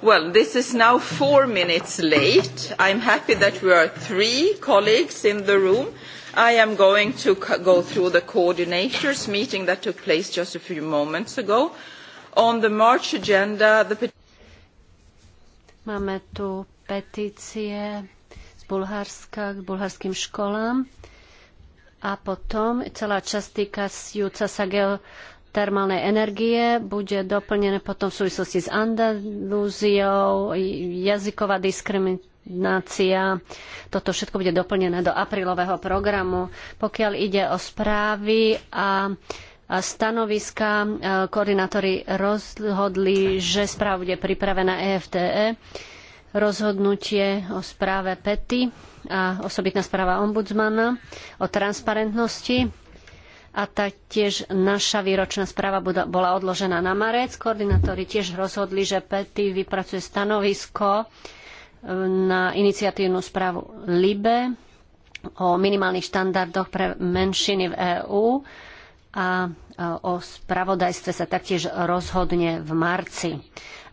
Well, this is now four minutes late. I'm happy that we are three colleagues in the room. I am going to go through the coordinators meeting that took place just a few moments ago. On the March agenda, the Máme tu petície z Bulharska k bulharským školám a potom celá časť týkajúca sa geotermálnej energie bude doplnené potom v súvislosti s Andalúziou, jazyková diskriminácia. Toto všetko bude doplnené do aprílového programu. Pokiaľ ide o správy a stanoviska, e, koordinátori rozhodli, že správa bude pripravená EFTE e. rozhodnutie o správe PETI a osobitná správa ombudsmana o transparentnosti a taktiež naša výročná správa bola odložená na marec. Koordinátori tiež rozhodli, že PETI vypracuje stanovisko e, na iniciatívnu správu LIBE o minimálnych štandardoch pre menšiny v EÚ a e, o spravodajstve sa taktiež rozhodne v marci.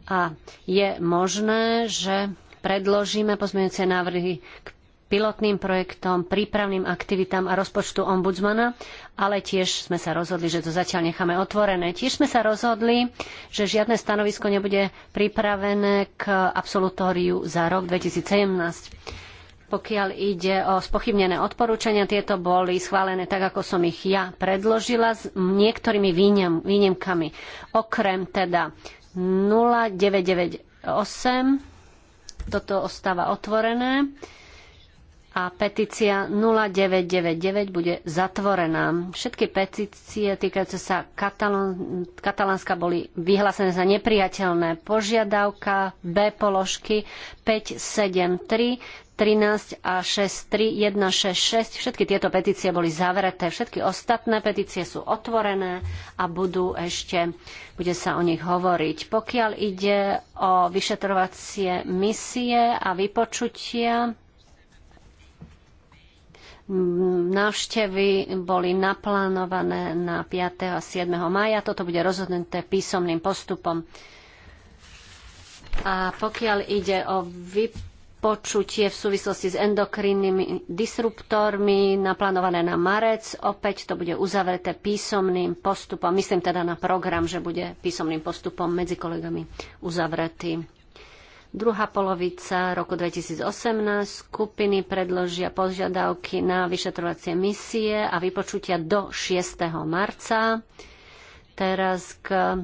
A je možné, že predložíme pozmeňujúce návrhy k pilotným projektom, prípravným aktivitám a rozpočtu ombudsmana, ale tiež sme sa rozhodli, že to zatiaľ necháme otvorené. Tiež sme sa rozhodli, že žiadne stanovisko nebude pripravené k absolutóriu za rok 2017. Pokiaľ ide o spochybnené odporúčania, tieto boli schválené tak, ako som ich ja predložila s niektorými výnimkami. Okrem teda 0998, toto ostáva otvorené a petícia 0999 bude zatvorená. Všetky petície týkajúce sa Katalón, Katalánska boli vyhlásené za nepriateľné. Požiadavka B položky 573 13 a 63 166. Všetky tieto petície boli zavreté. Všetky ostatné petície sú otvorené a budú ešte, bude sa o nich hovoriť. Pokiaľ ide o vyšetrovacie misie a vypočutia, Návštevy boli naplánované na 5. a 7. maja. Toto bude rozhodnuté písomným postupom. A pokiaľ ide o vypočutie v súvislosti s endokrinnými disruptormi naplánované na marec, opäť to bude uzavreté písomným postupom. Myslím teda na program, že bude písomným postupom medzi kolegami uzavretý. Druhá polovica roku 2018 skupiny predložia požiadavky na vyšetrovacie misie a vypočutia do 6. marca. Teraz k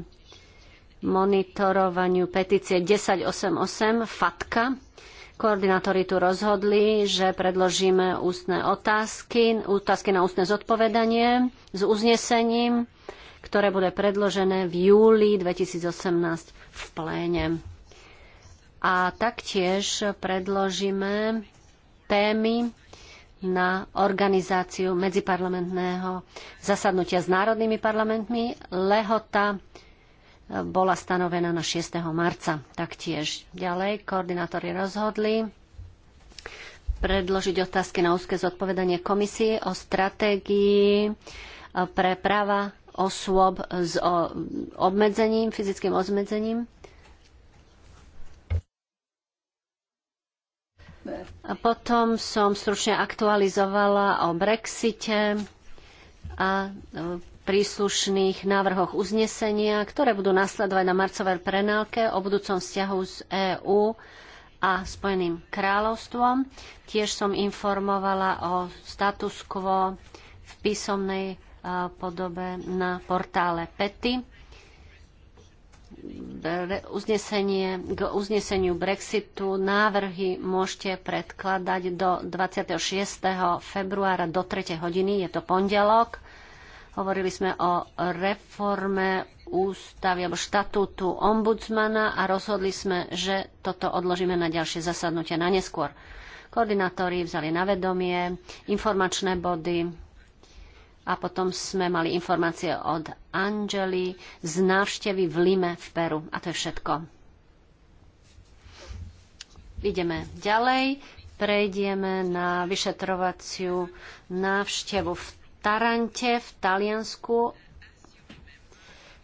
monitorovaniu petície 1088 FATKA. Koordinátori tu rozhodli, že predložíme ústne otázky, otázky na ústne zodpovedanie s uznesením, ktoré bude predložené v júli 2018 v pléne a taktiež predložíme témy na organizáciu medziparlamentného zasadnutia s národnými parlamentmi. Lehota e, bola stanovená na 6. marca taktiež. Ďalej koordinátori rozhodli predložiť otázky na úzke zodpovedanie komisie o stratégii pre práva osôb s obmedzením, fyzickým obmedzením A potom som stručne aktualizovala o Brexite a príslušných návrhoch uznesenia, ktoré budú nasledovať na marcovej prenálke o budúcom vzťahu s EÚ a Spojeným kráľovstvom. Tiež som informovala o status quo v písomnej podobe na portále PETI uznesenie, k uzneseniu Brexitu návrhy môžete predkladať do 26. februára do 3. hodiny, je to pondelok. Hovorili sme o reforme ústavy alebo štatútu ombudsmana a rozhodli sme, že toto odložíme na ďalšie zasadnutie na neskôr. Koordinátori vzali na vedomie informačné body a potom sme mali informácie od Angely z návštevy v Lime v Peru. A to je všetko. Ideme ďalej. Prejdeme na vyšetrovaciu návštevu v Tarante v Taliansku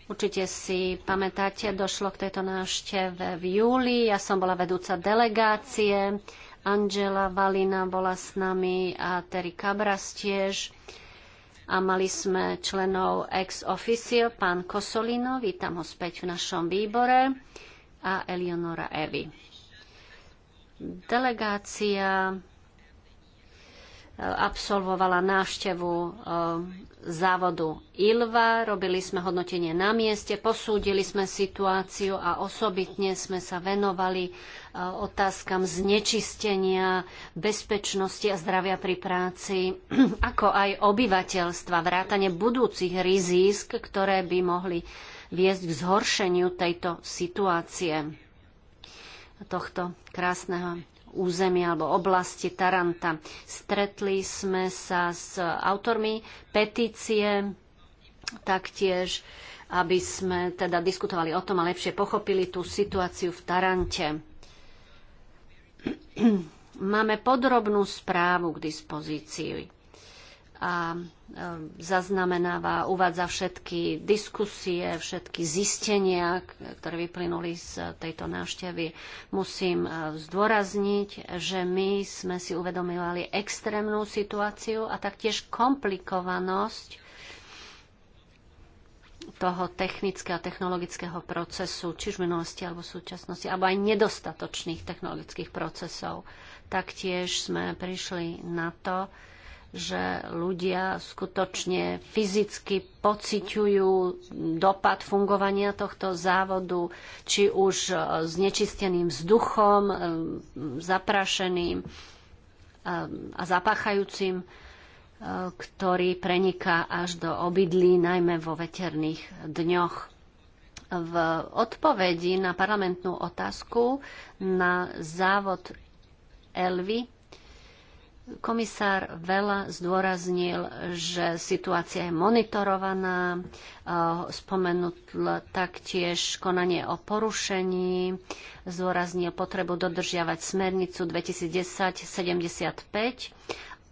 Určite si pamätáte, došlo k tejto návšteve v júli. Ja som bola vedúca delegácie. Angela Valina bola s nami a Terry Cabras tiež a mali sme členov ex officio, pán Kosolino, vítam ho späť v našom výbore, a Eleonora Evi. Delegácia absolvovala návštevu eh, závodu Ilva, robili sme hodnotenie na mieste, posúdili sme situáciu a osobitne sme sa venovali eh, otázkam znečistenia, bezpečnosti a zdravia pri práci, ako aj obyvateľstva, vrátane budúcich rizísk, ktoré by mohli viesť k zhoršeniu tejto situácie tohto krásneho územia alebo oblasti Taranta. Stretli sme sa s autormi petície taktiež, aby sme teda diskutovali o tom a lepšie pochopili tú situáciu v Tarante. Máme podrobnú správu k dispozícii a e, zaznamenáva, uvádza všetky diskusie, všetky zistenia, ktoré vyplynuli z tejto návštevy. Musím e, zdôrazniť, že my sme si uvedomovali extrémnu situáciu a taktiež komplikovanosť toho technického a technologického procesu, či už v minulosti alebo v súčasnosti, alebo aj nedostatočných technologických procesov. Taktiež sme prišli na to, že ľudia skutočne fyzicky pociťujú dopad fungovania tohto závodu, či už e, nečisteným vzduchom, e, zaprašeným e, a zapáchajúcim, ktorý preniká až do obydlí, najmä vo veterných dňoch. V odpovedi na parlamentnú otázku na závod Elvy Komisár veľa zdôraznil, že situácia je monitorovaná, eh, spomenul taktiež konanie o porušení, zdôraznil potrebu dodržiavať smernicu 2010-75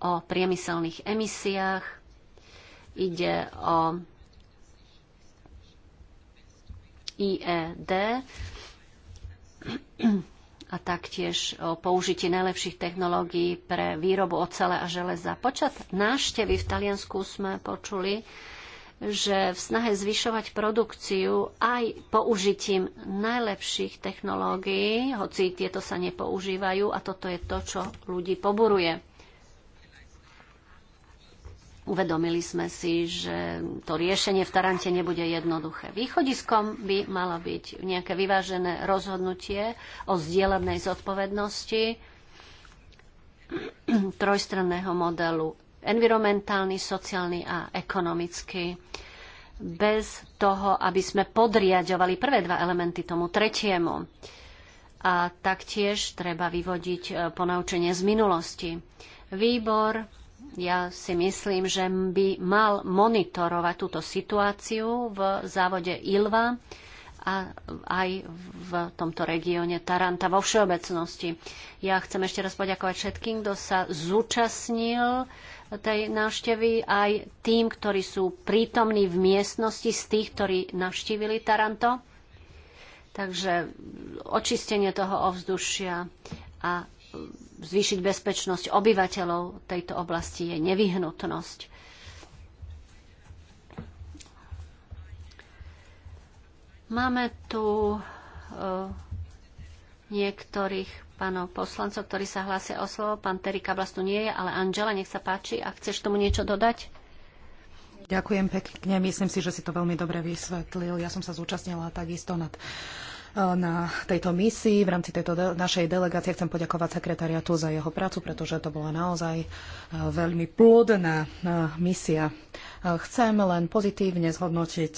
o priemyselných emisiách. Ide o IED a taktiež o použitie najlepších technológií pre výrobu ocele a železa. Počas návštevy v Taliansku sme počuli, že v snahe zvyšovať produkciu aj použitím najlepších technológií, hoci tieto sa nepoužívajú a toto je to, čo ľudí poburuje. Uvedomili sme si, že to riešenie v Tarante nebude jednoduché. Východiskom by malo byť nejaké vyvážené rozhodnutie o zdieľanej zodpovednosti trojstranného modelu environmentálny, sociálny a ekonomický bez toho, aby sme podriadovali prvé dva elementy tomu tretiemu. A taktiež treba vyvodiť eh, ponaučenie z minulosti. Výbor ja si myslím, že by mal monitorovať túto situáciu v závode Ilva a aj v tomto regióne Taranta vo všeobecnosti. Ja chcem ešte raz poďakovať všetkým, kto sa zúčastnil tej návštevy, aj tým, ktorí sú prítomní v miestnosti z tých, ktorí navštívili Taranto. Takže očistenie toho ovzdušia a zvýšiť bezpečnosť obyvateľov tejto oblasti je nevyhnutnosť. Máme tu e, niektorých pánov poslancov, ktorí sa hlásia o slovo. Pán Terika tu nie je, ale Angela, nech sa páči, a chceš tomu niečo dodať. Ďakujem pekne. Myslím si, že si to veľmi dobre vysvetlil. Ja som sa zúčastnila takisto nad na tejto misii. V rámci tejto de- našej delegácie chcem poďakovať sekretariatu za jeho prácu, pretože to bola naozaj e, veľmi plodná e, misia. E, chcem len pozitívne zhodnotiť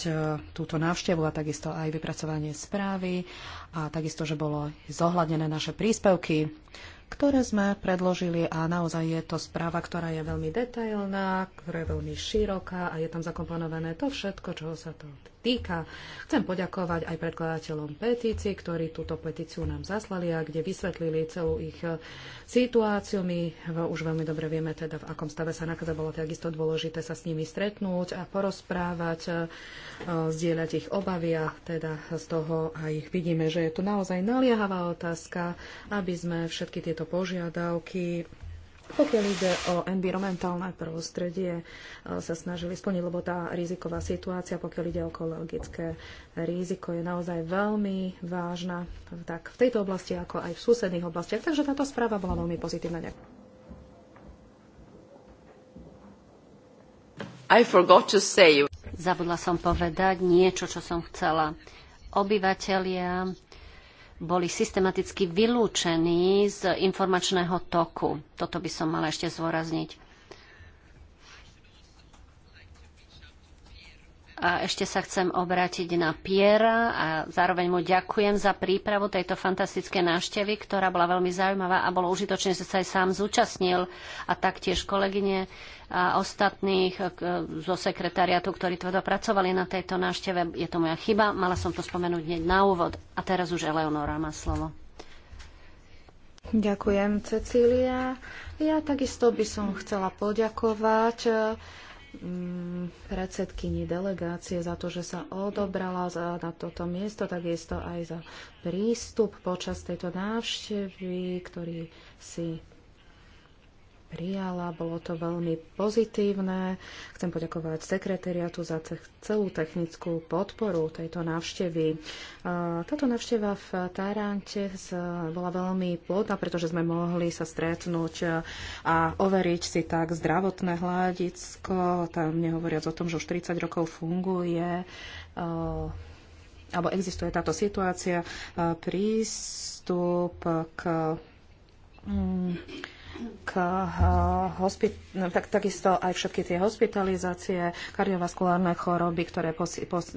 túto návštevu a takisto aj vypracovanie správy a takisto, že bolo zohľadnené naše príspevky, ktoré sme predložili a naozaj je to správa, ktorá je veľmi detailná, ktorá je veľmi široká a je tam zakomponované to všetko, čo sa to týka. Chcem poďakovať aj predkladateľom petície, ktorí túto petíciu nám zaslali a kde vysvetlili celú ich eh, situáciu. My eh, už veľmi dobre vieme teda, v akom stave sa nakaza Bolo takisto dôležité sa s nimi stretnúť a porozprávať, eh, zdieľať ich obavy a teda z toho aj vidíme, že je tu naozaj naliehavá otázka, aby sme všetky tieto požiadavky pokiaľ ide o environmentálne prostredie, e, sa snažili splniť, lebo tá riziková situácia, pokiaľ ide o ekologické riziko, je naozaj veľmi vážna tak v tejto oblasti, ako aj v susedných oblastiach. Takže táto správa bola veľmi pozitívna. I forgot to say. Zabudla som povedať niečo, čo som chcela. Obyvatelia boli systematicky vylúčení z informačného toku. Toto by som mala ešte zvorazniť. A ešte sa chcem obrátiť na Piera a zároveň mu ďakujem za prípravu tejto fantastickej návštevy, ktorá bola veľmi zaujímavá a bolo užitočné, že sa aj sám zúčastnil a taktiež kolegyne a ostatných e, zo sekretariatu, ktorí tvrdo pracovali na tejto návšteve. Je to moja chyba, mala som to spomenúť hneď na úvod. A teraz už Eleonora má slovo. Ďakujem, Cecília. Ja takisto by som chcela poďakovať e, Mm, predsedkyni delegácie za to, že sa odobrala za, na toto miesto, takisto aj za prístup počas tejto návštevy, ktorý si prijala. Bolo to veľmi pozitívne. Chcem poďakovať sekretariatu za celú technickú podporu tejto návštevy. Táto návšteva v Tarante bola veľmi plodná, pretože sme mohli sa stretnúť a overiť si tak zdravotné hľadisko, tam nehovoriac o tom, že už 30 rokov funguje alebo existuje táto situácia, prístup k mm, k eh, no, tak, takisto aj všetky tie hospitalizácie, kardiovaskulárne choroby ktoré posi, pos,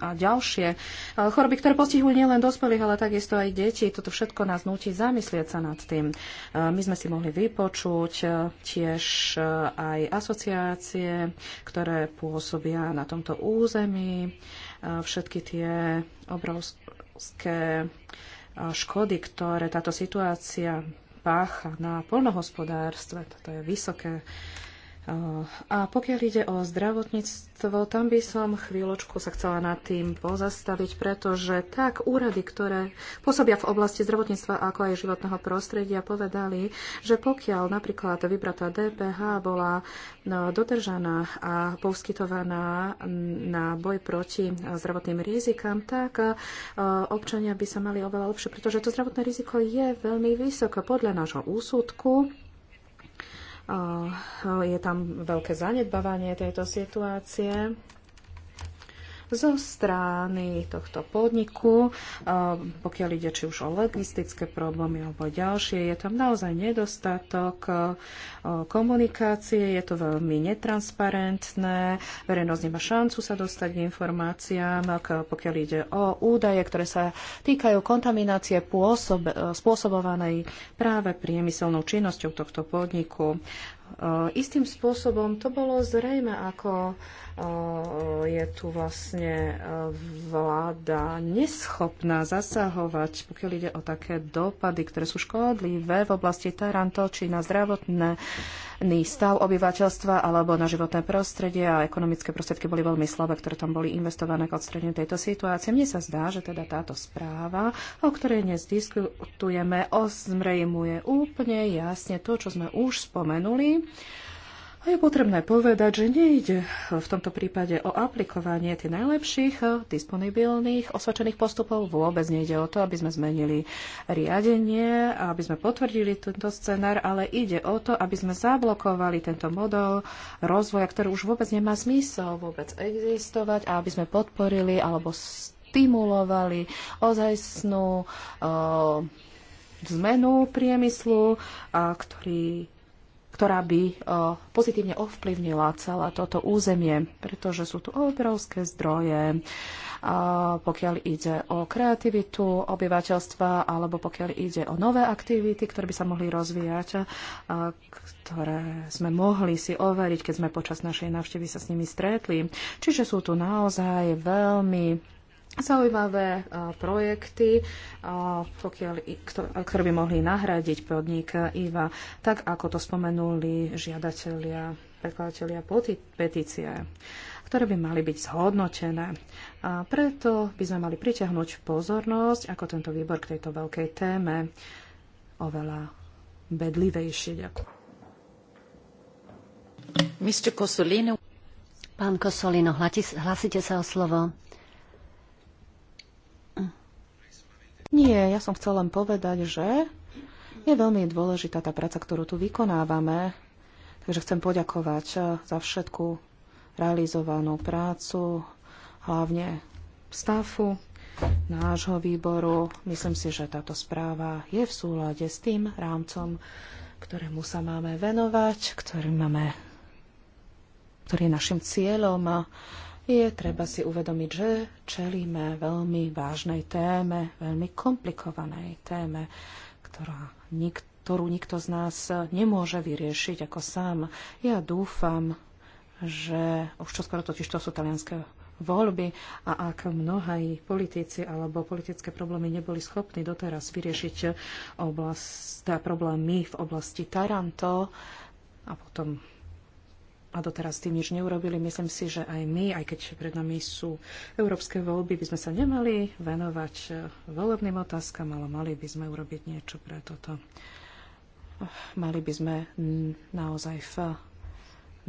a ďalšie eh, choroby, ktoré postihujú nielen dospelých, ale takisto aj deti. Toto všetko nás nutí zamyslieť sa nad tým. Eh, my sme si mohli vypočuť tiež aj asociácie, ktoré pôsobia na tomto území. Všetky tie obrovské škody, ktoré táto situácia pácha na polnohospodárstve. Toto je vysoké a pokiaľ ide o zdravotníctvo, tam by som chvíľočku sa chcela nad tým pozastaviť, pretože tak úrady, ktoré pôsobia v oblasti zdravotníctva ako aj životného prostredia, povedali, že pokiaľ napríklad vybratá DPH bola no, dodržaná a poskytovaná na boj proti zdravotným rizikám, tak e, občania by sa mali oveľa lepšie, pretože to zdravotné riziko je veľmi vysoké. Podľa nášho úsudku je tam veľké zanedbávanie tejto situácie zo strany tohto podniku, e, pokiaľ ide či už o logistické problémy alebo ďalšie. Je tam naozaj nedostatok e, komunikácie, je to veľmi netransparentné, verejnosť nemá šancu sa dostať k informáciám, pokiaľ ide o údaje, ktoré sa týkajú kontaminácie pôsob, e, spôsobovanej práve priemyselnou činnosťou tohto podniku. E, istým spôsobom to bolo zrejme, ako e, je tu vlastne e, vláda neschopná zasahovať, pokiaľ ide o také dopady, ktoré sú škodlivé v oblasti Taranto, či na zdravotné stav obyvateľstva alebo na životné prostredie a ekonomické prostriedky boli veľmi slabé, ktoré tam boli investované k odstredeniu tejto situácie. Mne sa zdá, že teda táto správa, o ktorej dnes diskutujeme, ozmrejmuje úplne jasne to, čo sme už spomenuli a je potrebné povedať, že nejde v tomto prípade o aplikovanie tých najlepších eh, disponibilných osvedčených postupov. Vôbec nejde o to, aby sme zmenili riadenie, aby sme potvrdili tento scenár, ale ide o to, aby sme zablokovali tento model rozvoja, ktorý už vôbec nemá zmysel vôbec existovať a aby sme podporili alebo stimulovali ozajstnú o, eh, zmenu priemyslu, a eh, ktorý ktorá by pozitívne ovplyvnila celé toto územie, pretože sú tu obrovské zdroje, pokiaľ ide o kreativitu obyvateľstva alebo pokiaľ ide o nové aktivity, ktoré by sa mohli rozvíjať, ktoré sme mohli si overiť, keď sme počas našej návštevy sa s nimi stretli. Čiže sú tu naozaj veľmi zaujímavé e, projekty, e, pokiaľ, ktoré by mohli nahradiť podnik e, IVA, tak ako to spomenuli žiadatelia, predkladatelia petície ktoré by mali byť zhodnotené. A preto by sme mali pritiahnuť pozornosť, ako tento výbor k tejto veľkej téme oveľa bedlivejšie. Ďakujem. Mr. Pán Kosolino, hlasíte sa o slovo. Nie, ja som chcel len povedať, že je veľmi dôležitá tá práca, ktorú tu vykonávame. Takže chcem poďakovať eh, za všetku realizovanú prácu, hlavne stafu nášho výboru. Myslím si, že táto správa je v súlade s tým rámcom, ktorému sa máme venovať, ktorý, máme, ktorý je našim cieľom je treba si uvedomiť, že čelíme veľmi vážnej téme, veľmi komplikovanej téme, ktorá nik- ktorú nikto z nás nemôže vyriešiť ako sám. Ja dúfam, že už čoskoro totiž to sú talianské voľby a ak mnohí politici alebo politické problémy neboli schopní doteraz vyriešiť oblast, teda problémy v oblasti Taranto a potom a doteraz tým nič neurobili. Myslím si, že aj my, aj keď pred nami sú európske voľby, by sme sa nemali venovať eh, volebným otázkam, ale mali by sme urobiť niečo pre toto. Mali by sme mm, naozaj v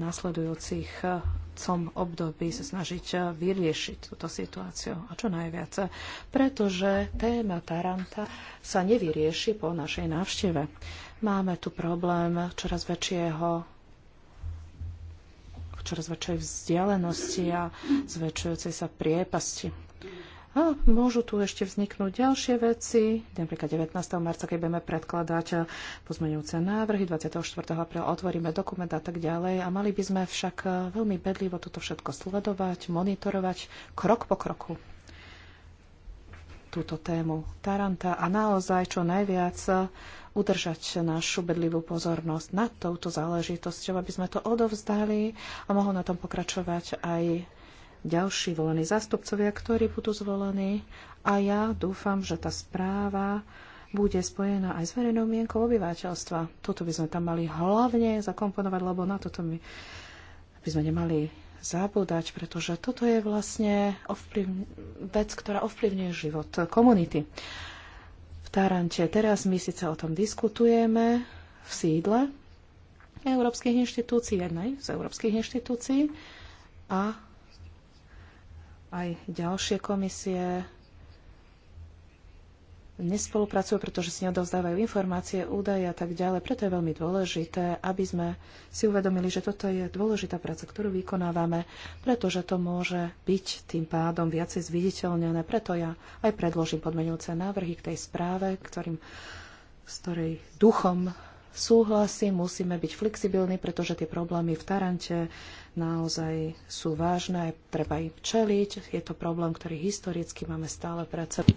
následujúcich som eh, období sa snažiť eh, vyriešiť túto situáciu a čo najviac, pretože téma Taranta sa nevyrieši po našej návšteve. Máme tu problém čoraz väčšieho čoraz väčšej vzdialenosti a zväčšujúcej sa priepasti. A môžu tu ešte vzniknúť ďalšie veci. Napríklad 19. marca, keď budeme predkladať pozmeňujúce návrhy, 24. apríla otvoríme dokument a tak ďalej. A mali by sme však veľmi bedlivo toto všetko sledovať, monitorovať krok po kroku túto tému Taranta a naozaj čo najviac udržať našu bedlivú pozornosť nad touto záležitosťou, aby sme to odovzdali a mohol na tom pokračovať aj ďalší volení zástupcovia, ktorí budú zvolení. A ja dúfam, že tá správa bude spojená aj s verejnou mienkou obyvateľstva. Toto by sme tam mali hlavne zakomponovať, lebo na toto my by sme nemali zabúdať, pretože toto je vlastne ovplyv... vec, ktorá ovplyvňuje život komunity. Uh, v Teraz my síce o tom diskutujeme v sídle európskych inštitúcií, jednej z európskych inštitúcií a aj ďalšie komisie nespolupracujú, pretože si neodovzdávajú informácie, údaje a tak ďalej. Preto je veľmi dôležité, aby sme si uvedomili, že toto je dôležitá práca, ktorú vykonávame, pretože to môže byť tým pádom viacej zviditeľnené. Preto ja aj predložím podmenujúce návrhy k tej správe, ktorým, s ktorej duchom súhlasím, musíme byť flexibilní, pretože tie problémy v Tarante naozaj sú vážne, treba im čeliť. Je to problém, ktorý historicky máme stále pred sebou.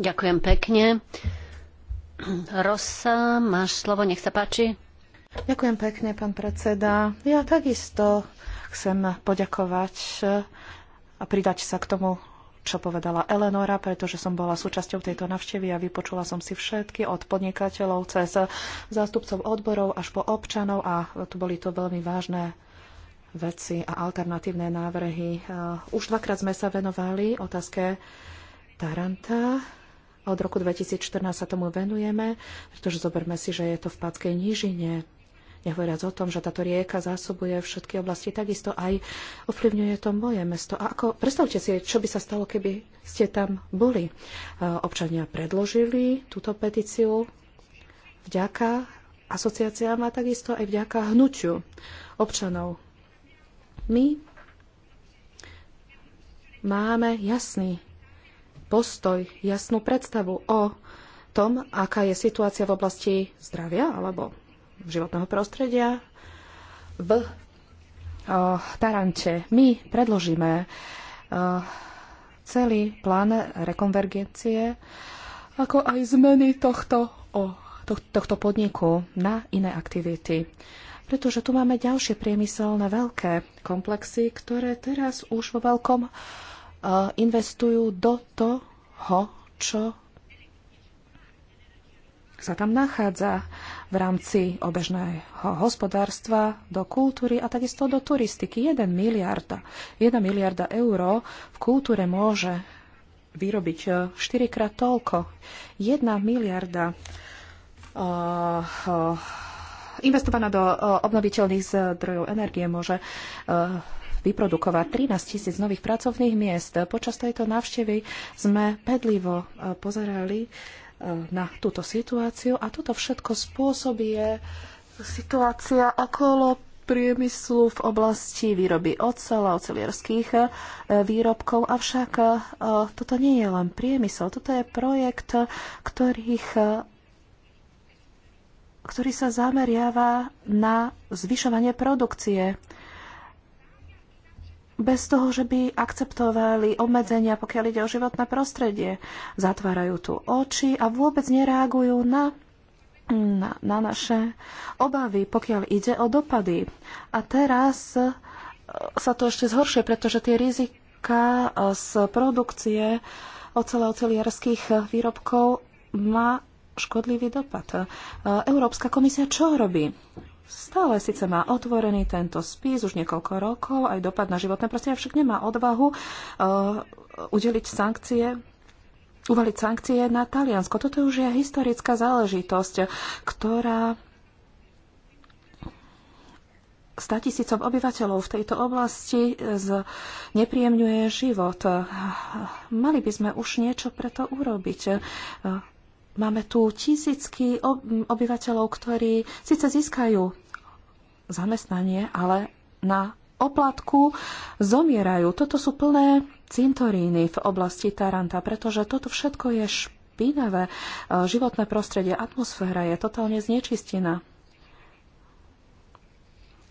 Ďakujem pekne. Rosa, máš slovo, nech sa páči. Ďakujem pekne, pán predseda. Ja takisto chcem poďakovať eh, a pridať sa k tomu, čo povedala Eleonora, pretože som bola súčasťou tejto navštevy a vypočula som si všetky od podnikateľov cez zástupcov odborov až po občanov a tu boli to veľmi vážne veci a alternatívne návrhy. Eh, už dvakrát sme sa venovali otázke Taranta. Od roku 2014 sa tomu venujeme, pretože zoberme si, že je to v Páckej nížine. Nehovoriac o tom, že táto rieka zásobuje všetky oblasti, takisto aj ovplyvňuje to moje mesto. A ako, predstavte si, čo by sa stalo, keby ste tam boli. Eh, občania predložili túto petíciu vďaka asociáciám a takisto aj vďaka hnutiu občanov my máme jasný postoj, jasnú predstavu o tom, aká je situácia v oblasti zdravia alebo životného prostredia v eh, Tarante. My predložíme eh, celý plán rekonvergencie, ako aj zmeny tohto, to, tohto podniku na iné aktivity pretože tu máme ďalšie priemyselné veľké komplexy, ktoré teraz už vo veľkom e, investujú do toho, čo sa tam nachádza v rámci obežného hospodárstva, do kultúry a takisto do turistiky. 1 miliarda, 1 miliarda eur v kultúre môže vyrobiť 4 e, krát toľko. 1 miliarda uh, uh, investovaná do e, obnoviteľných zdrojov energie môže e, vyprodukovať 13 tisíc nových pracovných miest. Počas tejto návštevy sme pedlivo e, pozerali na túto situáciu a toto všetko spôsobí situácia okolo priemyslu v oblasti výroby ocela, ocelierských výrobkov. Avšak toto nie je len priemysel, toto je projekt, ktorých ktorý sa zameriava na zvyšovanie produkcie bez toho, že by akceptovali obmedzenia, pokiaľ ide o životné prostredie. Zatvárajú tu oči a vôbec nereagujú na, na, na naše obavy, pokiaľ ide o dopady. A teraz e, sa to ešte zhoršuje, pretože tie rizika e, z produkcie oceliarských výrobkov má škodlivý dopad. E, Európska komisia čo robí? Stále síce má otvorený tento spis už niekoľko rokov, aj dopad na životné prostredie, však nemá odvahu e, udeliť sankcie uvaliť sankcie na Taliansko. Toto už je historická záležitosť, ktorá 100 tisícom obyvateľov v tejto oblasti nepríjemňuje život. Mali by sme už niečo pre to urobiť. Máme tu tisícky obyvateľov, ktorí síce získajú zamestnanie, ale na oplatku zomierajú. Toto sú plné cintoríny v oblasti Taranta, pretože toto všetko je špinavé. E, životné prostredie, atmosféra je totálne znečistená.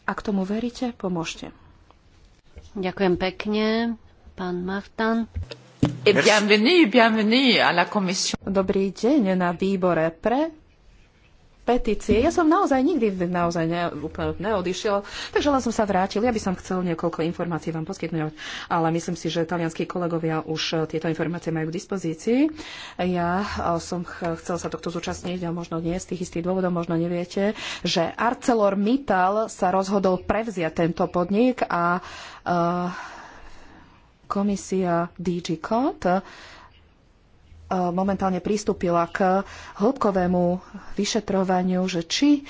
Ak tomu veríte, pomôžte. Ďakujem pekne, pán Martan. Dobrý deň na výbore pre petície. Ja som naozaj nikdy naozaj ne, úplne neodišiel, takže len som sa vrátil. Ja by som chcel niekoľko informácií vám poskytnúť, ale myslím si, že talianskí kolegovia už eh, tieto informácie majú k dispozícii. Ja eh, som chcel sa tohto zúčastniť a možno nie z tých istých dôvodov, možno neviete, že ArcelorMittal sa rozhodol prevziať tento podnik a uh, komisia DG Code e, momentálne pristúpila k hĺbkovému vyšetrovaniu, že či e,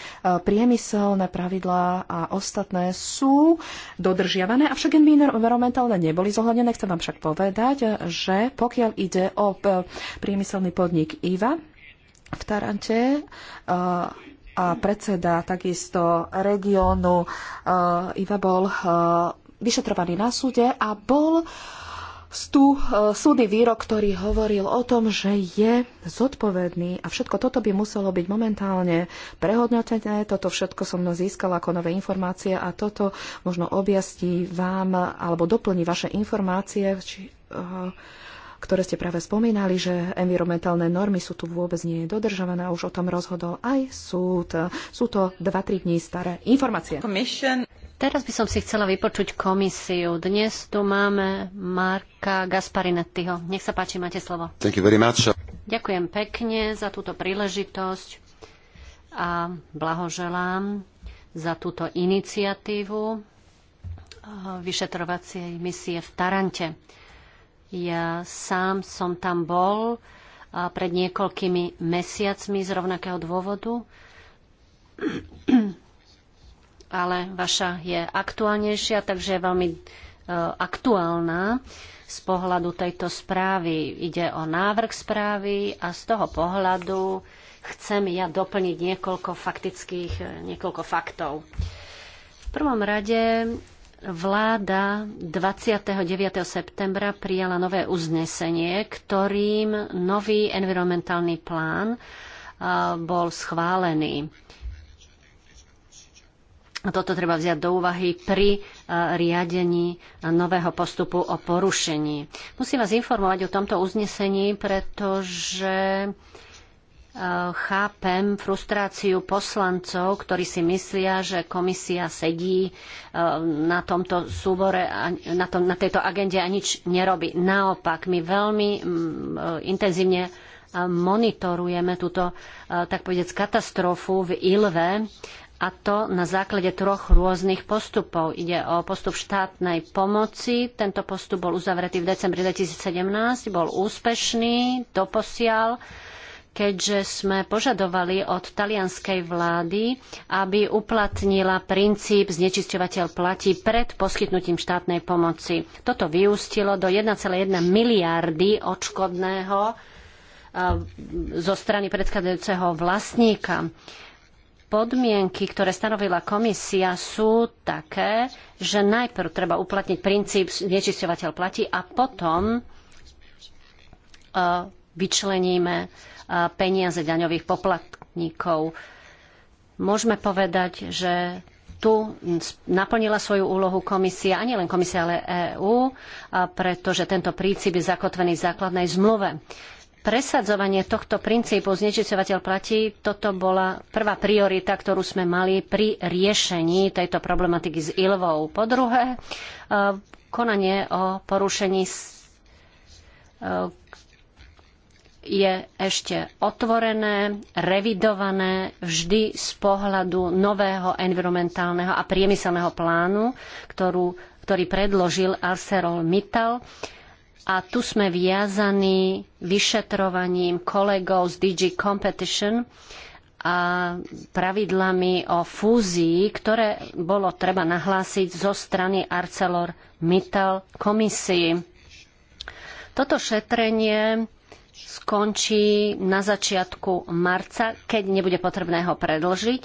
priemyselné pravidlá a ostatné sú dodržiavané, avšak environmentálne neboli zohľadené. Chcem vám však povedať, že pokiaľ ide o e, priemyselný podnik IVA v Tarante, a predseda takisto regiónu Iva bol vyšetrovaný na súde a bol stú, e, súdny výrok, ktorý hovoril o tom, že je zodpovedný a všetko toto by muselo byť momentálne prehodnotené. Toto všetko som získala ako nové informácie a toto možno objasní vám alebo doplní vaše informácie, či, uh, ktoré ste práve spomínali, že environmentálne normy sú tu vôbec nie dodržované. Už o tom rozhodol aj súd. Sú to 2-3 dní staré informácie. Commission. Teraz by som si chcela vypočuť komisiu. Dnes tu máme Marka Gasparinettiho. Nech sa páči, máte slovo. Ďakujem pekne za túto príležitosť a blahoželám za túto iniciatívu vyšetrovacej misie v Tarante. Ja sám som tam bol pred niekoľkými mesiacmi z rovnakého dôvodu ale vaša je aktuálnejšia, takže je veľmi e, aktuálna z pohľadu tejto správy. Ide o návrh správy a z toho pohľadu chcem ja doplniť niekoľko faktických, e, niekoľko faktov. V prvom rade vláda 29. septembra prijala nové uznesenie, ktorým nový environmentálny plán e, bol schválený toto treba vziať do úvahy pri e, riadení nového postupu o porušení. Musím vás informovať o tomto uznesení, pretože e, chápem frustráciu poslancov, ktorí si myslia, že komisia sedí e, na tomto súbore, na, tom, na tejto agende a nič nerobí. Naopak, my veľmi intenzívne monitorujeme túto, tak povedať, katastrofu v Ilve a to na základe troch rôznych postupov. Ide o postup štátnej pomoci. Tento postup bol uzavretý v decembri 2017, bol úspešný doposiaľ, keďže sme požadovali od talianskej vlády, aby uplatnila princíp znečisťovateľ platí pred poskytnutím štátnej pomoci. Toto vyústilo do 1,1 miliardy odškodného eh, zo strany predchádzajúceho vlastníka podmienky, ktoré stanovila komisia, sú také, že najprv treba uplatniť princíp znečisťovateľ platí a potom e, vyčleníme e, peniaze daňových poplatníkov. Môžeme povedať, že tu naplnila svoju úlohu komisia, a nielen komisia, ale EÚ, pretože tento princíp je zakotvený v základnej zmluve presadzovanie tohto princípu znečisťovateľ platí, toto bola prvá priorita, ktorú sme mali pri riešení tejto problematiky s Ilvou. Po druhé, e, konanie o porušení e, je ešte otvorené, revidované vždy z pohľadu nového environmentálneho a priemyselného plánu, ktorú, ktorý predložil ArcelorMittal. Mittal a tu sme viazaní vyšetrovaním kolegov z DG Competition a pravidlami o fúzii, ktoré bolo treba nahlásiť zo strany ArcelorMittal komisii. Toto šetrenie skončí na začiatku marca, keď nebude potrebné ho predlžiť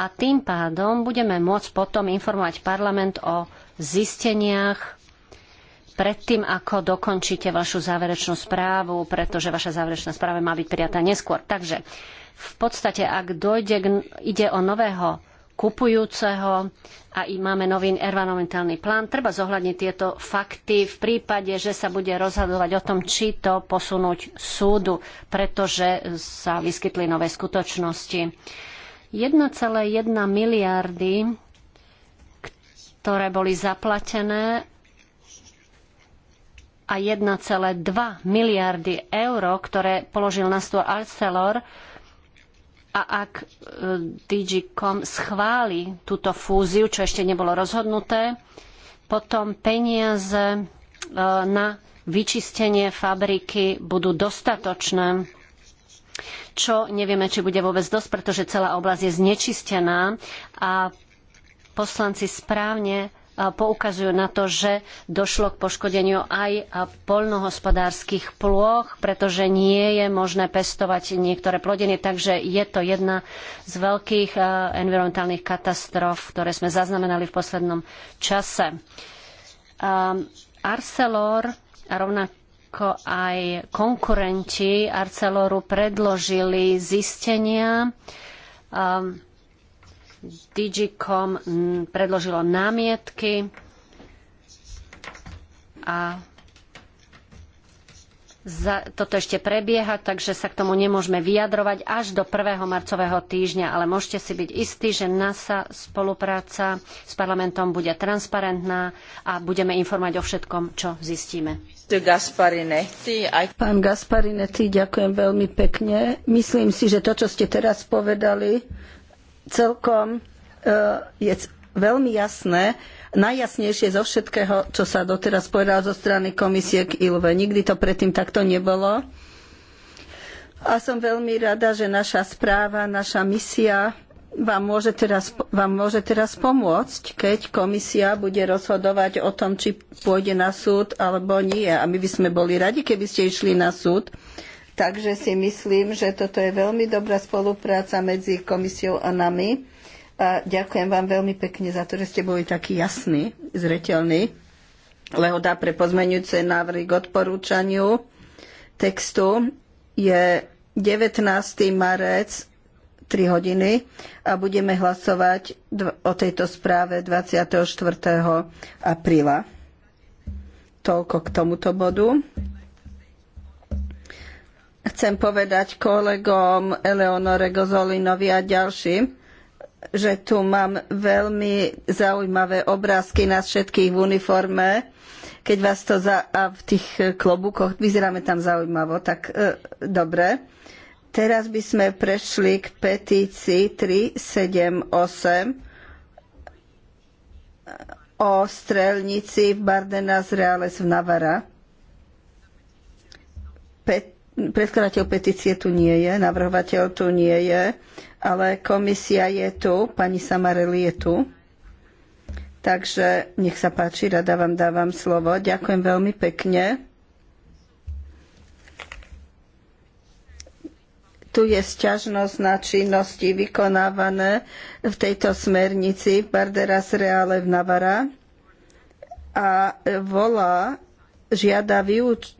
a tým pádom budeme môcť potom informovať parlament o zisteniach predtým, ako dokončíte vašu záverečnú správu, pretože vaša záverečná správa má byť prijatá neskôr. Takže v podstate, ak dojde k, ide o nového kupujúceho a i máme nový environmentálny plán. Treba zohľadniť tieto fakty v prípade, že sa bude rozhodovať o tom, či to posunúť súdu, pretože sa vyskytli nové skutočnosti. 1,1 miliardy, ktoré boli zaplatené a 1,2 miliardy eur, ktoré položil na stôl Arcelor, a ak e, DG.com schváli túto fúziu, čo ešte nebolo rozhodnuté, potom peniaze e, na vyčistenie fabriky budú dostatočné čo nevieme, či bude vôbec dosť, pretože celá oblasť je znečistená a poslanci správne poukazujú na to, že došlo k poškodeniu aj poľnohospodárskych plôch, pretože nie je možné pestovať niektoré plodiny, takže je to jedna z veľkých environmentálnych katastrof, ktoré sme zaznamenali v poslednom čase. Arcelor a rovnako aj konkurenti Arceloru predložili zistenia, Digicom predložilo námietky a za, toto ešte prebieha, takže sa k tomu nemôžeme vyjadrovať až do 1. marcového týždňa, ale môžete si byť istí, že NASA spolupráca s parlamentom bude transparentná a budeme informovať o všetkom, čo zistíme. Pán Gasparinetti, ďakujem veľmi pekne. Myslím si, že to, čo ste teraz povedali, celkom e, je veľmi jasné, najjasnejšie zo všetkého, čo sa doteraz povedalo zo strany komisie k ILVE. Nikdy to predtým takto nebolo. A som veľmi rada, že naša správa, naša misia vám môže, teraz, vám môže teraz pomôcť, keď komisia bude rozhodovať o tom, či pôjde na súd alebo nie. A my by sme boli radi, keby ste išli na súd, Takže si myslím, že toto je veľmi dobrá spolupráca medzi komisiou a nami. A ďakujem vám veľmi pekne za to, že ste boli takí jasní, zreteľní. Lehoda pre pozmeňujúce návrhy k odporúčaniu textu je 19. marec 3 hodiny a budeme hlasovať o tejto správe 24. apríla. Toľko k tomuto bodu. Chcem povedať kolegom Eleonore Gozolinovi a ďalším, že tu mám veľmi zaujímavé obrázky nás všetkých v uniforme. Keď vás to za, a v tých klobúkoch vyzeráme tam zaujímavo, tak e, dobre. Teraz by sme prešli k petícii 378 o strelnici v Bardenas Reales v Navara predkladateľ petície tu nie je, navrhovateľ tu nie je, ale komisia je tu, pani Samareli je tu. Takže nech sa páči, rada vám dávam slovo. Ďakujem veľmi pekne. Tu je sťažnosť na činnosti vykonávané v tejto smernici Barderas Reale v Navara a volá, žiada vyuč-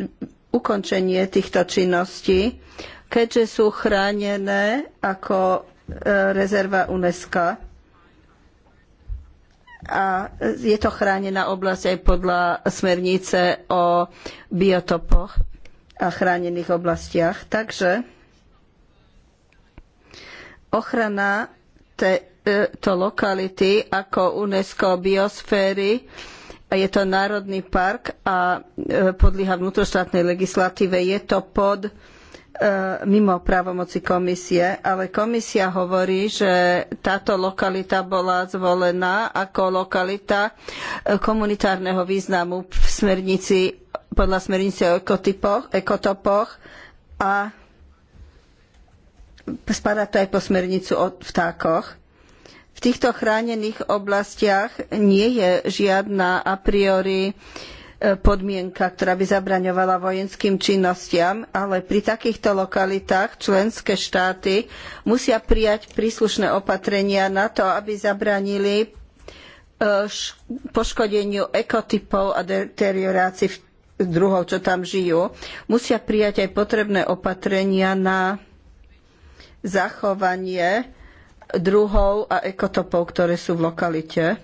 ukončenie týchto činností, keďže sú chránené ako e, rezerva UNESCO a je to chránená oblasť aj podľa smernice o biotopoch a chránených oblastiach. Takže ochrana tejto e, lokality ako UNESCO biosféry je to národný park a e, podlieha vnútroštátnej legislatíve. Je to pod e, mimo právomoci komisie, ale komisia hovorí, že táto lokalita bola zvolená ako lokalita e, komunitárneho významu v smernici, podľa smernice o ekotypoch, ekotopoch a spadá to aj po smernicu o vtákoch v týchto chránených oblastiach nie je žiadna a priori e, podmienka, ktorá by zabraňovala vojenským činnostiam, ale pri takýchto lokalitách členské štáty musia prijať príslušné opatrenia na to, aby zabránili e, poškodeniu ekotypov a deteriorácii druhov, čo tam žijú. Musia prijať aj potrebné opatrenia na zachovanie druhov a ekotopov, ktoré sú v lokalite.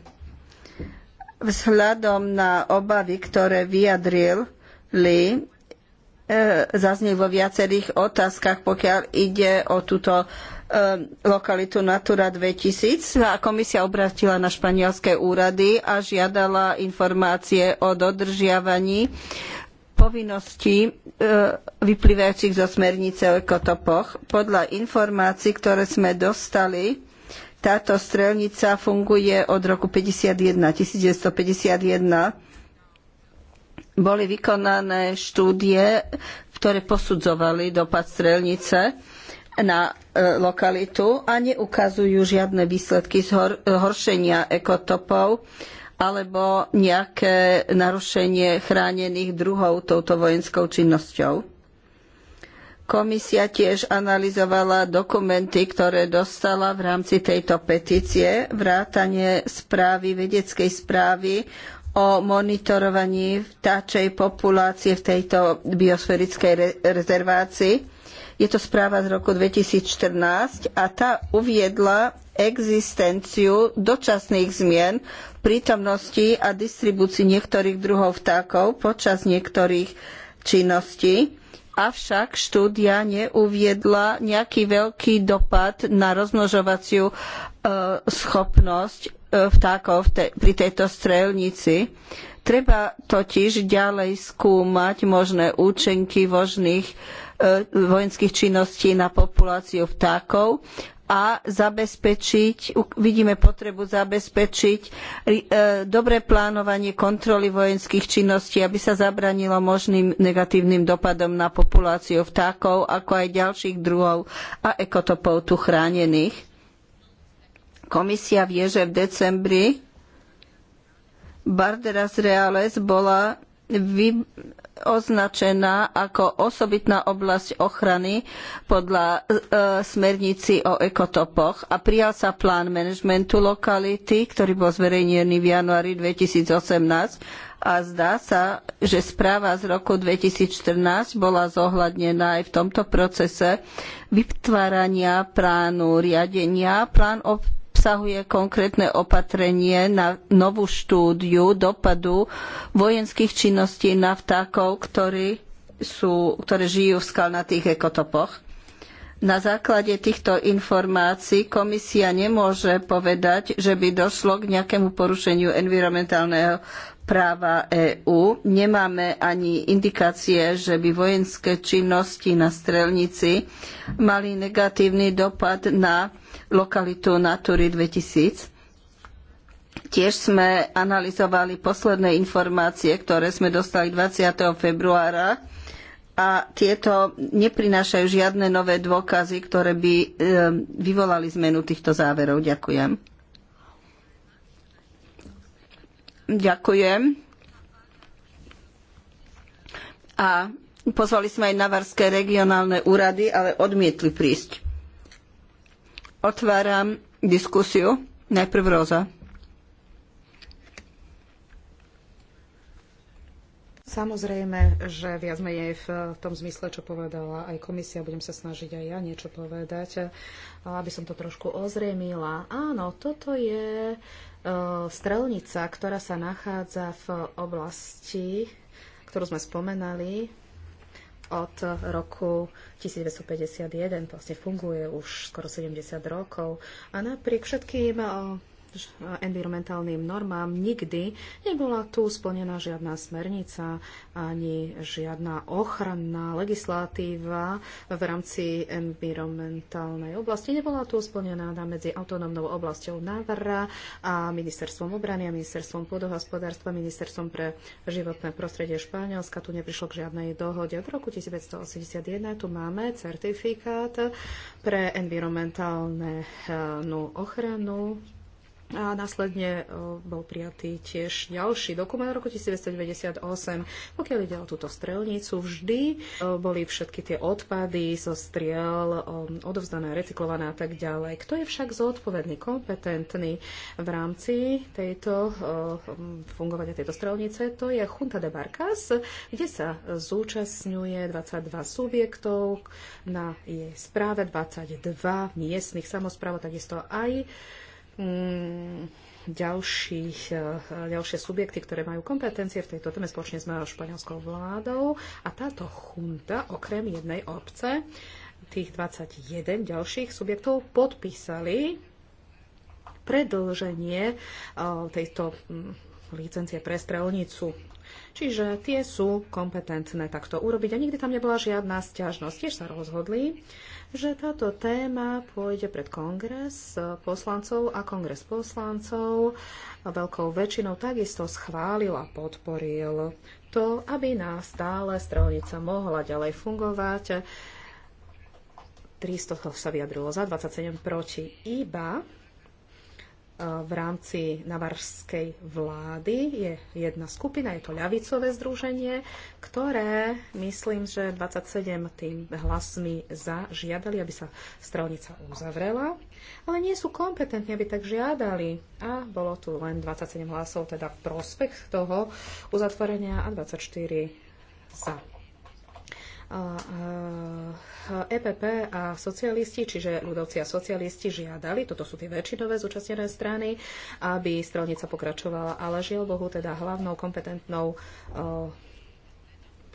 Vzhľadom na obavy, ktoré vyjadril Lee, e, zaznel vo viacerých otázkach, pokiaľ ide o túto e, lokalitu Natura 2000. A komisia obratila na španielske úrady a žiadala informácie o dodržiavaní povinností e, vyplývajúcich zo smernice o ekotopoch. Podľa informácií, ktoré sme dostali, táto strelnica funguje od roku 51, 1951. Boli vykonané štúdie, ktoré posudzovali dopad strelnice na e, lokalitu a neukazujú žiadne výsledky zhoršenia e, ekotopov alebo nejaké narušenie chránených druhov touto vojenskou činnosťou. Komisia tiež analyzovala dokumenty, ktoré dostala v rámci tejto petície, vrátanie správy, vedeckej správy o monitorovaní vtáčej populácie v tejto biosferickej rezervácii. Je to správa z roku 2014 a tá uviedla existenciu dočasných zmien prítomnosti a distribúcii niektorých druhov vtákov počas niektorých činností. Avšak štúdia neuviedla nejaký veľký dopad na rozmnožovaciu e, schopnosť e, vtákov pri tejto strelnici. Treba totiž ďalej skúmať možné účinky vožných, e, vojenských činností na populáciu vtákov a zabezpečiť, vidíme potrebu zabezpečiť e, dobré plánovanie kontroly vojenských činností, aby sa zabránilo možným negatívnym dopadom na populáciu vtákov, ako aj ďalších druhov a ekotopov tu chránených. Komisia vie, že v decembri Barderas Reales bola vy, označená ako osobitná oblasť ochrany podľa e, smernici o ekotopoch a prijal sa plán manažmentu lokality, ktorý bol zverejnený v januári 2018 a zdá sa, že správa z roku 2014 bola zohľadnená aj v tomto procese vytvárania plánu riadenia. Plán obsahuje konkrétne opatrenie na novú štúdiu dopadu vojenských činností na vtákov, ktorí sú, ktoré žijú v skalnatých ekotopoch. Na základe týchto informácií komisia nemôže povedať, že by došlo k nejakému porušeniu environmentálneho práva EÚ. Nemáme ani indikácie, že by vojenské činnosti na strelnici mali negatívny dopad na lokalitu Natury 2000. Tiež sme analyzovali posledné informácie, ktoré sme dostali 20. februára a tieto neprinášajú žiadne nové dôkazy, ktoré by e, vyvolali zmenu týchto záverov. Ďakujem. Ďakujem. A pozvali sme aj navarské regionálne úrady, ale odmietli prísť. Otváram diskusiu. Najprv Roza. Samozrejme, že viac menej v tom zmysle, čo povedala aj komisia, budem sa snažiť aj ja niečo povedať, aby som to trošku ozriemila. Áno, toto je e, strelnica, ktorá sa nachádza v oblasti, ktorú sme spomenali, od roku 1951, vlastne funguje už skoro 70 rokov a napriek všetkým eh, environmentálnym normám nikdy nebola tu splnená žiadna smernica ani žiadna ochranná legislatíva v rámci environmentálnej oblasti. Nebola tu splnená medzi autonómnou oblasťou Navarra a ministerstvom obrany a ministerstvom pôdohospodárstva, ministerstvom pre životné prostredie Španielska. Tu neprišlo k žiadnej dohode. V roku 1981 tu máme certifikát pre environmentálne ochranu a následne e, bol prijatý tiež ďalší dokument v roku 1998. Pokiaľ ide o túto strelnicu, vždy e, boli všetky tie odpady zo striel e, odovzdané, recyklované a tak ďalej. Kto je však zodpovedný, kompetentný v rámci tejto fungovania tejto strelnice? To je Junta de Barcas, kde sa zúčastňuje 22 subjektov na jej správe, 22 miestnych samozpráv, takisto aj Mm, ďalších, e, ďalšie subjekty, ktoré majú kompetencie v tejto téme spoločne s španielskou vládou. A táto chunta, okrem jednej obce, tých 21 ďalších subjektov podpísali predlženie e, tejto mm, licencie pre strelnicu. Čiže tie sú kompetentné takto urobiť a nikdy tam nebola žiadna stiažnosť. Tiež sa rozhodli, že táto téma pôjde pred kongres poslancov a kongres poslancov veľkou väčšinou takisto schválil a podporil to, aby na stále strelnica mohla ďalej fungovať. 300 sa vyjadrilo za, 27 proti. Iba v rámci navarskej vlády je jedna skupina, je to ľavicové združenie, ktoré, myslím, že 27 tým hlasmi za žiadali, aby sa strelnica uzavrela, ale nie sú kompetentní, aby tak žiadali. A bolo tu len 27 hlasov, teda prospech toho uzatvorenia a 24 za. EPP eh, e a socialisti, čiže ľudovci a socialisti žiadali, toto sú tie väčšinové zúčastnené strany, aby strelnica pokračovala, ale žiaľ Bohu teda hlavnou kompetentnou eh,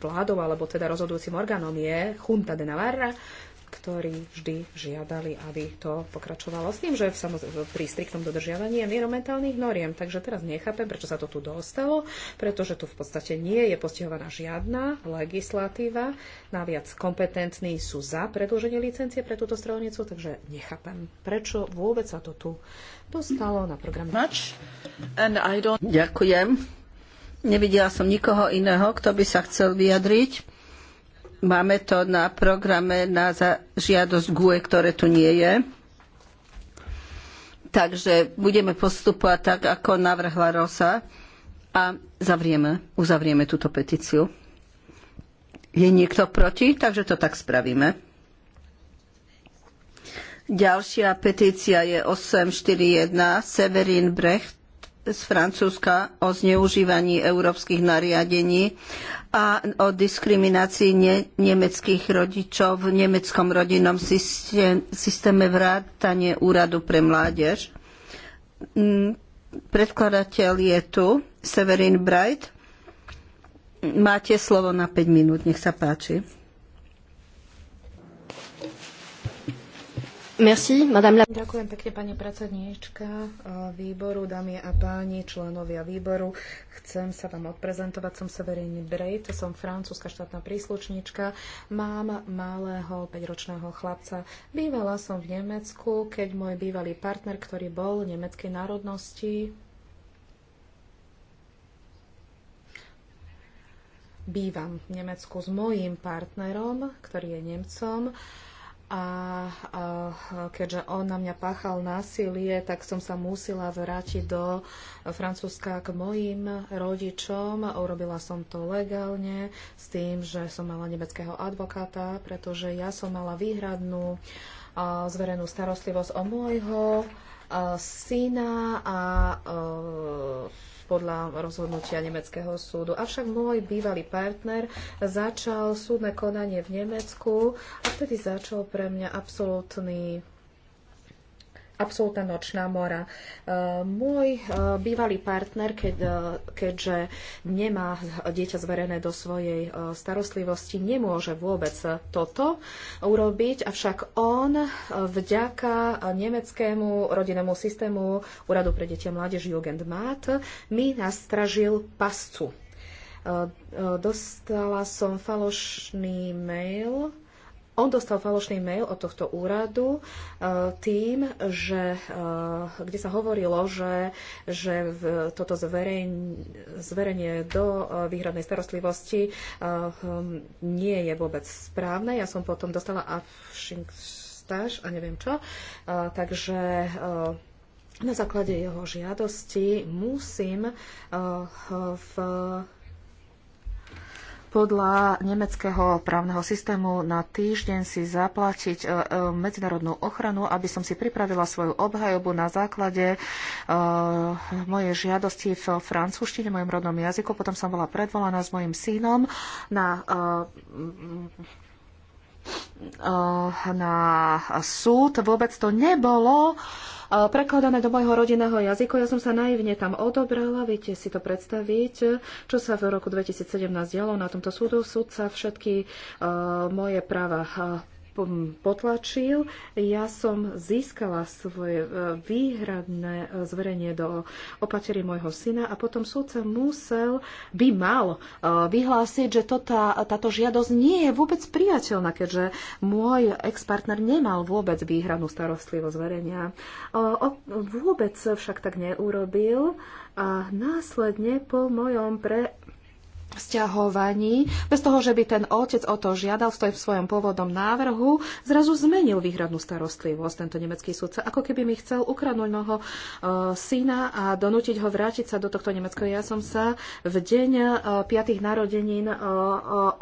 vládou, alebo teda rozhodujúcim orgánom je Junta de Navarra, ktorí vždy žiadali, aby to pokračovalo s tým, že samozrejme pri striktnom dodržiavaní environmentálnych noriem. Takže teraz nechápem, prečo sa to tu dostalo, pretože tu v podstate nie je postihovaná žiadna legislatíva. Naviac kompetentní sú za predlženie licencie pre túto strelnicu, takže nechápem, prečo vôbec sa to tu dostalo na program. Ďakujem. Nevidela som nikoho iného, kto by sa chcel vyjadriť. Máme to na programe na žiadosť GUE, ktoré tu nie je. Takže budeme postupovať tak, ako navrhla Rosa a zavrieme, uzavrieme túto petíciu. Je niekto proti? Takže to tak spravíme. Ďalšia petícia je 841 Severin Brecht z Francúzska o zneužívaní európskych nariadení a o diskriminácii ne- nemeckých rodičov v nemeckom rodinnom systém, systéme vrátane úradu pre mládež. Mm, predkladateľ je tu, Severin Bright. Máte slovo na 5 minút, nech sa páči. Merci, madame la... Ďakujem pekne, pani predsedníčka eh, výboru, dámy a páni, členovia výboru. Chcem sa vám odprezentovať, som Severine Brejt, som francúzska štátna príslušníčka, mám malého 5-ročného chlapca. Bývala som v Nemecku, keď môj bývalý partner, ktorý bol nemeckej národnosti, bývam v Nemecku s mojím partnerom, ktorý je Nemcom a, a keďže on na mňa páchal násilie, tak som sa musela vrátiť do Francúzska k mojim rodičom. Urobila som to legálne s tým, že som mala nemeckého advokáta, pretože ja som mala výhradnú a, zverenú starostlivosť o môjho a, syna a podľa rozhodnutia nemeckého súdu. Avšak môj bývalý partner začal súdne konanie v Nemecku a vtedy začal pre mňa absolútny absolútna nočná mora. E, môj e, bývalý partner, keď, e, keďže nemá dieťa zverené do svojej starostlivosti, nemôže vôbec toto urobiť, avšak on vďaka nemeckému rodinnému systému Úradu pre deti a mládež Jugendmat mi nastražil pascu. Dostala som falošný mail on dostal falošný mail od tohto úradu e, tým, že, e, kde sa hovorilo, že, že v, toto zverejn, zverenie do e, výhradnej starostlivosti hm, nie je vôbec správne. Ja som potom dostala avšing stáž a neviem čo. Takže na základe jeho žiadosti musím v podľa nemeckého právneho systému na týždeň si zaplatiť e, e, medzinárodnú ochranu, aby som si pripravila svoju obhajobu na základe e, mojej žiadosti v francúzštine, mojom rodnom jazyku. Potom som bola predvolaná s mojim synom na Eh, na súd. Vôbec to nebolo eh, prekladané do môjho rodinného jazyku. Ja som sa naivne tam odobrala, viete si to predstaviť, čo sa v roku 2017 dialo na tomto súdu. Súd sa všetky eh, moje práva potlačil. Ja som získala svoje e, výhradné e, zverenie do opatery môjho syna a potom súdca musel, by mal e, vyhlásiť, že to tá, táto žiadosť nie je vôbec priateľná, keďže môj ex-partner nemal vôbec výhradnú starostlivosť zverenia. Vôbec však tak neurobil a následne po mojom pre vzťahovaní, bez toho, že by ten otec o to žiadal v svojom pôvodnom návrhu, zrazu zmenil výhradnú starostlivosť tento nemecký sudca, ako keby mi chcel ukradnúť mnoho e, syna a donútiť ho vrátiť sa do tohto Nemecka. Ja som sa v deň e, piatých narodenín e, e,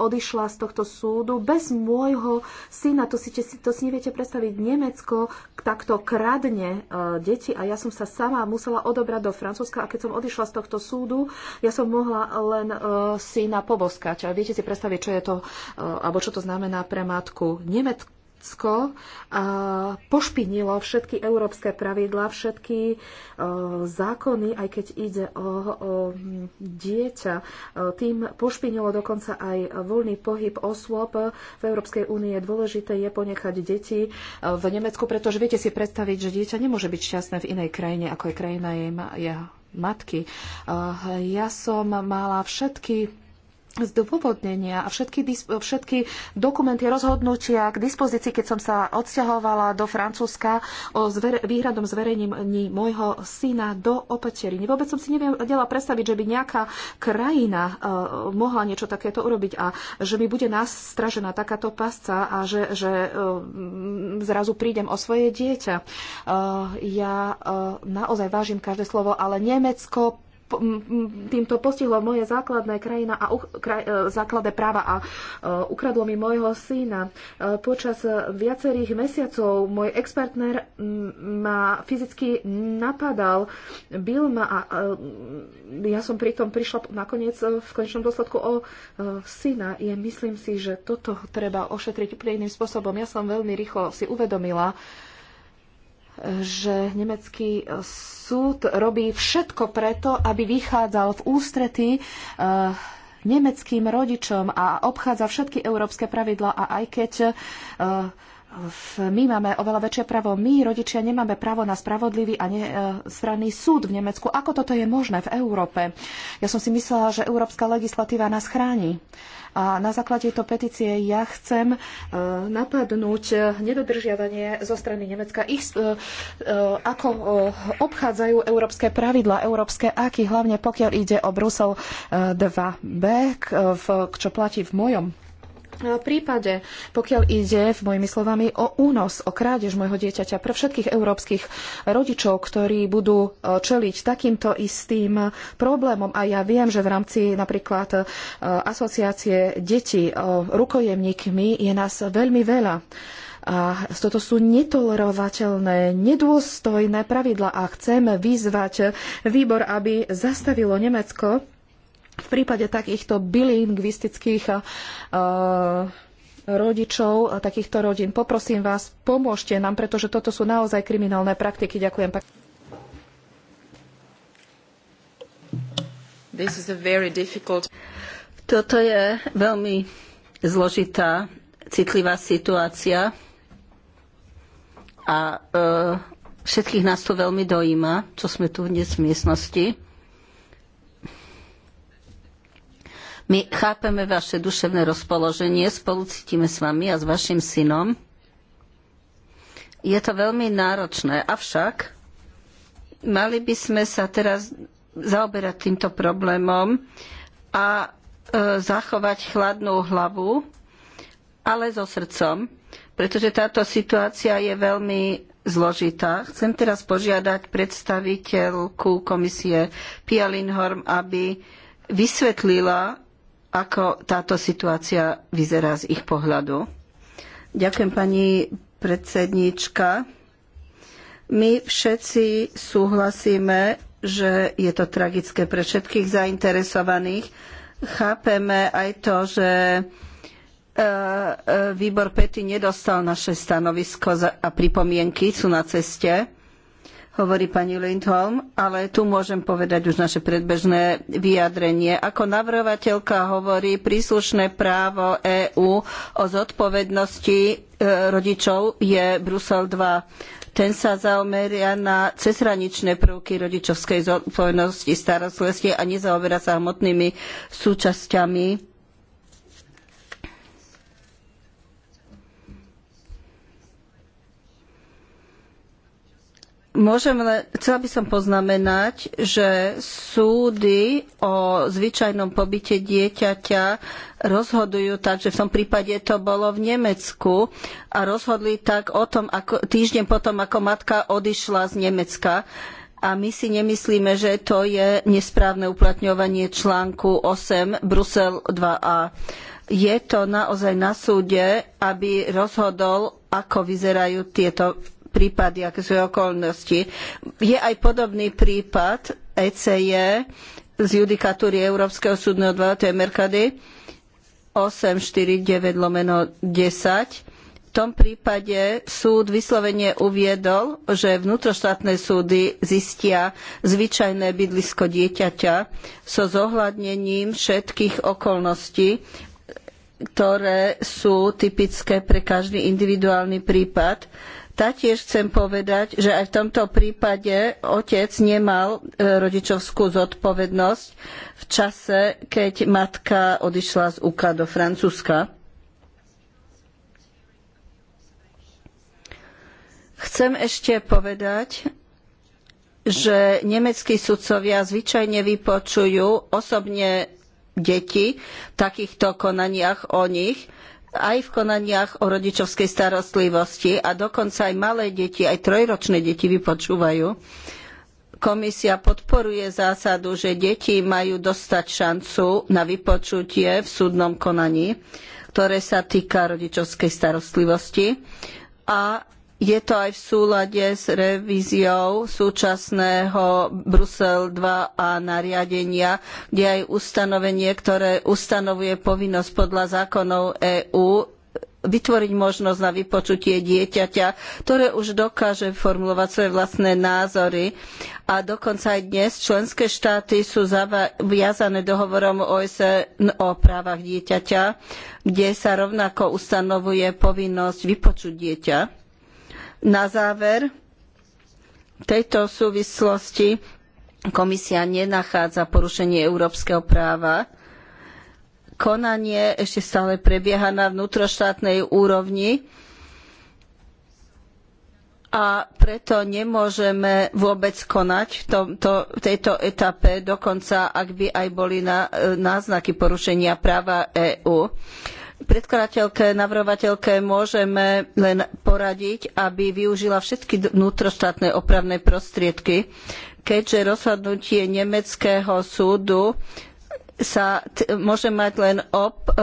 odišla z tohto súdu bez môjho syna. To si, to si neviete predstaviť. Nemecko takto kradne e, deti a ja som sa sama musela odobrať do Francúzska a keď som odišla z tohto súdu, ja som mohla len e, syna povoskať. A viete si predstaviť, čo je to, eh, alebo čo to znamená pre matku. Nemecko eh, pošpinilo všetky európske pravidlá, všetky eh, zákony, aj keď ide o, o dieťa. Tým pošpinilo dokonca aj voľný pohyb osôb v Európskej únii. Dôležité je ponechať deti v Nemecku, pretože viete si predstaviť, že dieťa nemôže byť šťastné v inej krajine, ako je krajina jej, jeho matky. Eh, ja som mala všetky zdôvodnenia a všetky, všetky dokumenty, rozhodnutia k dispozícii, keď som sa odsťahovala do Francúzska o zver- výhradom zverejnení môjho syna do opatery. Vôbec som si nevedela predstaviť, že by nejaká krajina uh, mohla niečo takéto urobiť a že mi bude nastražená takáto pasca a že, že uh, zrazu prídem o svoje dieťa. Uh, ja uh, naozaj vážim každé slovo, ale Nemecko týmto postihlo moje základné krajina a uh, kraj, uh, základné práva a uh, ukradlo mi môjho syna. E, počas viacerých mesiacov môj expertner ma fyzicky napadal, bil ma a ja som pritom prišla nakoniec v konečnom dôsledku o syna. Je, myslím si, že toto treba ošetriť úplne iným spôsobom. Ja som veľmi rýchlo si uvedomila, že nemecký súd robí všetko preto, aby vychádzal v ústretí eh, nemeckým rodičom a obchádza všetky európske pravidlá a aj keď eh, my máme oveľa väčšie právo, my rodičia nemáme právo na spravodlivý a ne, eh, súd v Nemecku. Ako toto je možné v Európe? Ja som si myslela, že európska legislatíva nás chráni. A na základe tejto petície ja chcem e, napadnúť nedodržiavanie zo strany Nemecka, ich, e, e, ako obchádzajú európske pravidla, európske aky, hlavne pokiaľ ide o Brusel 2b, čo platí v mojom prípade, pokiaľ ide, v mojimi slovami, o únos, o krádež môjho dieťaťa pre všetkých európskych rodičov, ktorí budú e, čeliť takýmto istým problémom. A ja viem, že v rámci napríklad e, asociácie detí e, rukojemníkmi je nás veľmi veľa. A toto sú netolerovateľné, nedôstojné pravidla a chcem vyzvať výbor, aby zastavilo Nemecko v prípade takýchto bilingvistických eh, rodičov eh, takýchto rodín. Poprosím vás, pomôžte nám, pretože toto sú naozaj kriminálne praktiky. Ďakujem. Difficult... Toto je veľmi zložitá, citlivá situácia a eh, všetkých nás to veľmi dojíma, čo sme tu dnes v miestnosti. My chápeme vaše duševné rozpoloženie, spolucítime s vami a s vašim synom. Je to veľmi náročné, avšak mali by sme sa teraz zaoberať týmto problémom a e, zachovať chladnú hlavu, ale so srdcom, pretože táto situácia je veľmi zložitá. Chcem teraz požiadať predstaviteľku komisie Pia aby vysvetlila ako táto situácia vyzerá z ich pohľadu. Ďakujem pani predsednička. My všetci súhlasíme, že je to tragické pre všetkých zainteresovaných. Chápeme aj to, že e, e, výbor Pety nedostal naše stanovisko a pripomienky, sú na ceste hovorí pani Lindholm, ale tu môžem povedať už naše predbežné vyjadrenie. Ako navrhovateľka hovorí príslušné právo EÚ o zodpovednosti e, rodičov je Brusel 2. Ten sa zaomeria na cezhraničné prvky rodičovskej zodpovednosti starostlivosti a nezaoberá sa hmotnými súčasťami Môžem, chcela by som poznamenať, že súdy o zvyčajnom pobyte dieťaťa rozhodujú tak, že v tom prípade to bolo v Nemecku a rozhodli tak o tom, ako, týždeň potom, ako matka odišla z Nemecka. A my si nemyslíme, že to je nesprávne uplatňovanie článku 8 Brusel 2a. Je to naozaj na súde, aby rozhodol, ako vyzerajú tieto prípady, aké sú okolnosti. Je aj podobný prípad ECE z judikatúry Európskeho súdneho dvora, to je Merkady 849 lomeno 10. V tom prípade súd vyslovene uviedol, že vnútroštátne súdy zistia zvyčajné bydlisko dieťaťa so zohľadnením všetkých okolností ktoré sú typické pre každý individuálny prípad Taktiež chcem povedať, že aj v tomto prípade otec nemal e, rodičovskú zodpovednosť v čase, keď matka odišla z UK do Francúzska. Chcem ešte povedať, že nemeckí sudcovia zvyčajne vypočujú osobne deti v takýchto konaniach o nich, aj v konaniach o rodičovskej starostlivosti a dokonca aj malé deti, aj trojročné deti vypočúvajú. Komisia podporuje zásadu, že deti majú dostať šancu na vypočutie v súdnom konaní, ktoré sa týka rodičovskej starostlivosti a je to aj v súlade s revíziou súčasného Brusel 2a nariadenia, kde aj ustanovenie, ktoré ustanovuje povinnosť podľa zákonov EÚ vytvoriť možnosť na vypočutie dieťaťa, ktoré už dokáže formulovať svoje vlastné názory. A dokonca aj dnes členské štáty sú zaviazané dohovorom OSN o právach dieťaťa, kde sa rovnako ustanovuje povinnosť vypočuť dieťa na záver, v tejto súvislosti komisia nenachádza porušenie európskeho práva. Konanie ešte stále prebieha na vnútroštátnej úrovni a preto nemôžeme vôbec konať v tomto, tejto etape, dokonca ak by aj boli na, e, náznaky porušenia práva EÚ. Predkladateľke, navrhovateľke môžeme len poradiť, aby využila všetky vnútroštátne opravné prostriedky, keďže rozhodnutie nemeckého súdu sa môže mať len ob, e, e,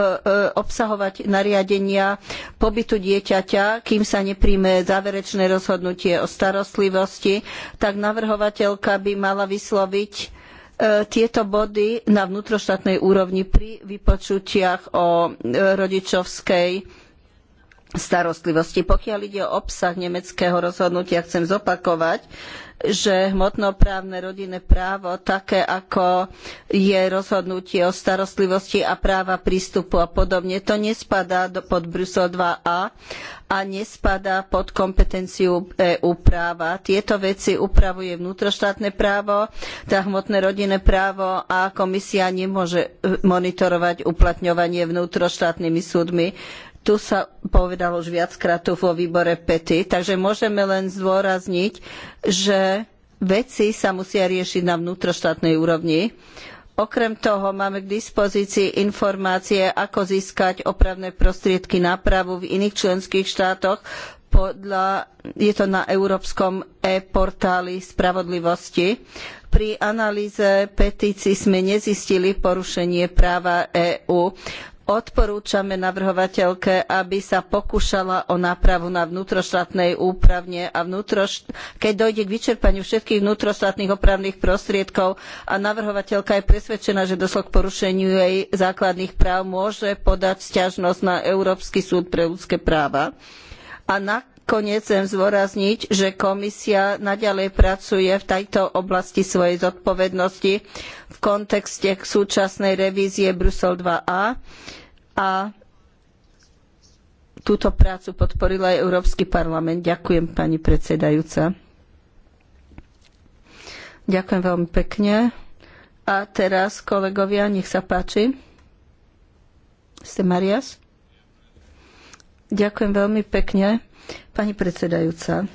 obsahovať nariadenia pobytu dieťaťa, kým sa nepríjme záverečné rozhodnutie o starostlivosti, tak navrhovateľka by mala vysloviť E, tieto body na vnútroštátnej úrovni pri vypočutiach o e, rodičovskej starostlivosti. Pokiaľ ide o obsah nemeckého rozhodnutia, chcem zopakovať, že hmotnoprávne rodinné právo, také ako je rozhodnutie o starostlivosti a práva prístupu a podobne, to nespadá pod Brusel 2a a nespadá pod kompetenciu EU práva. Tieto veci upravuje vnútroštátne právo, tá hmotné rodinné právo a komisia nemôže eh, monitorovať uplatňovanie vnútroštátnymi súdmi. Tu sa povedalo už viackrát tu vo výbore PETY, takže môžeme len zdôrazniť, že veci sa musia riešiť na vnútroštátnej úrovni. Okrem toho máme k dispozícii informácie, ako získať opravné prostriedky nápravu v iných členských štátoch. Podľa, je to na európskom e-portáli spravodlivosti. Pri analýze petícií sme nezistili porušenie práva EÚ. Odporúčame navrhovateľke, aby sa pokúšala o nápravu na vnútroštátnej úpravne a keď dojde k vyčerpaniu všetkých vnútroštátnych opravných prostriedkov a navrhovateľka je presvedčená, že došlo k porušeniu jej základných práv, môže podať sťažnosť na Európsky súd pre ľudské práva. A na Nakoniec chcem zdôrazniť, že komisia naďalej pracuje v tejto oblasti svojej zodpovednosti v kontexte súčasnej revízie Brusel 2a a túto prácu podporil aj Európsky parlament. Ďakujem, pani predsedajúca. Ďakujem veľmi pekne. A teraz, kolegovia, nech sa páči. Ste Marias? Ďakujem veľmi pekne. Pani predsedajúca,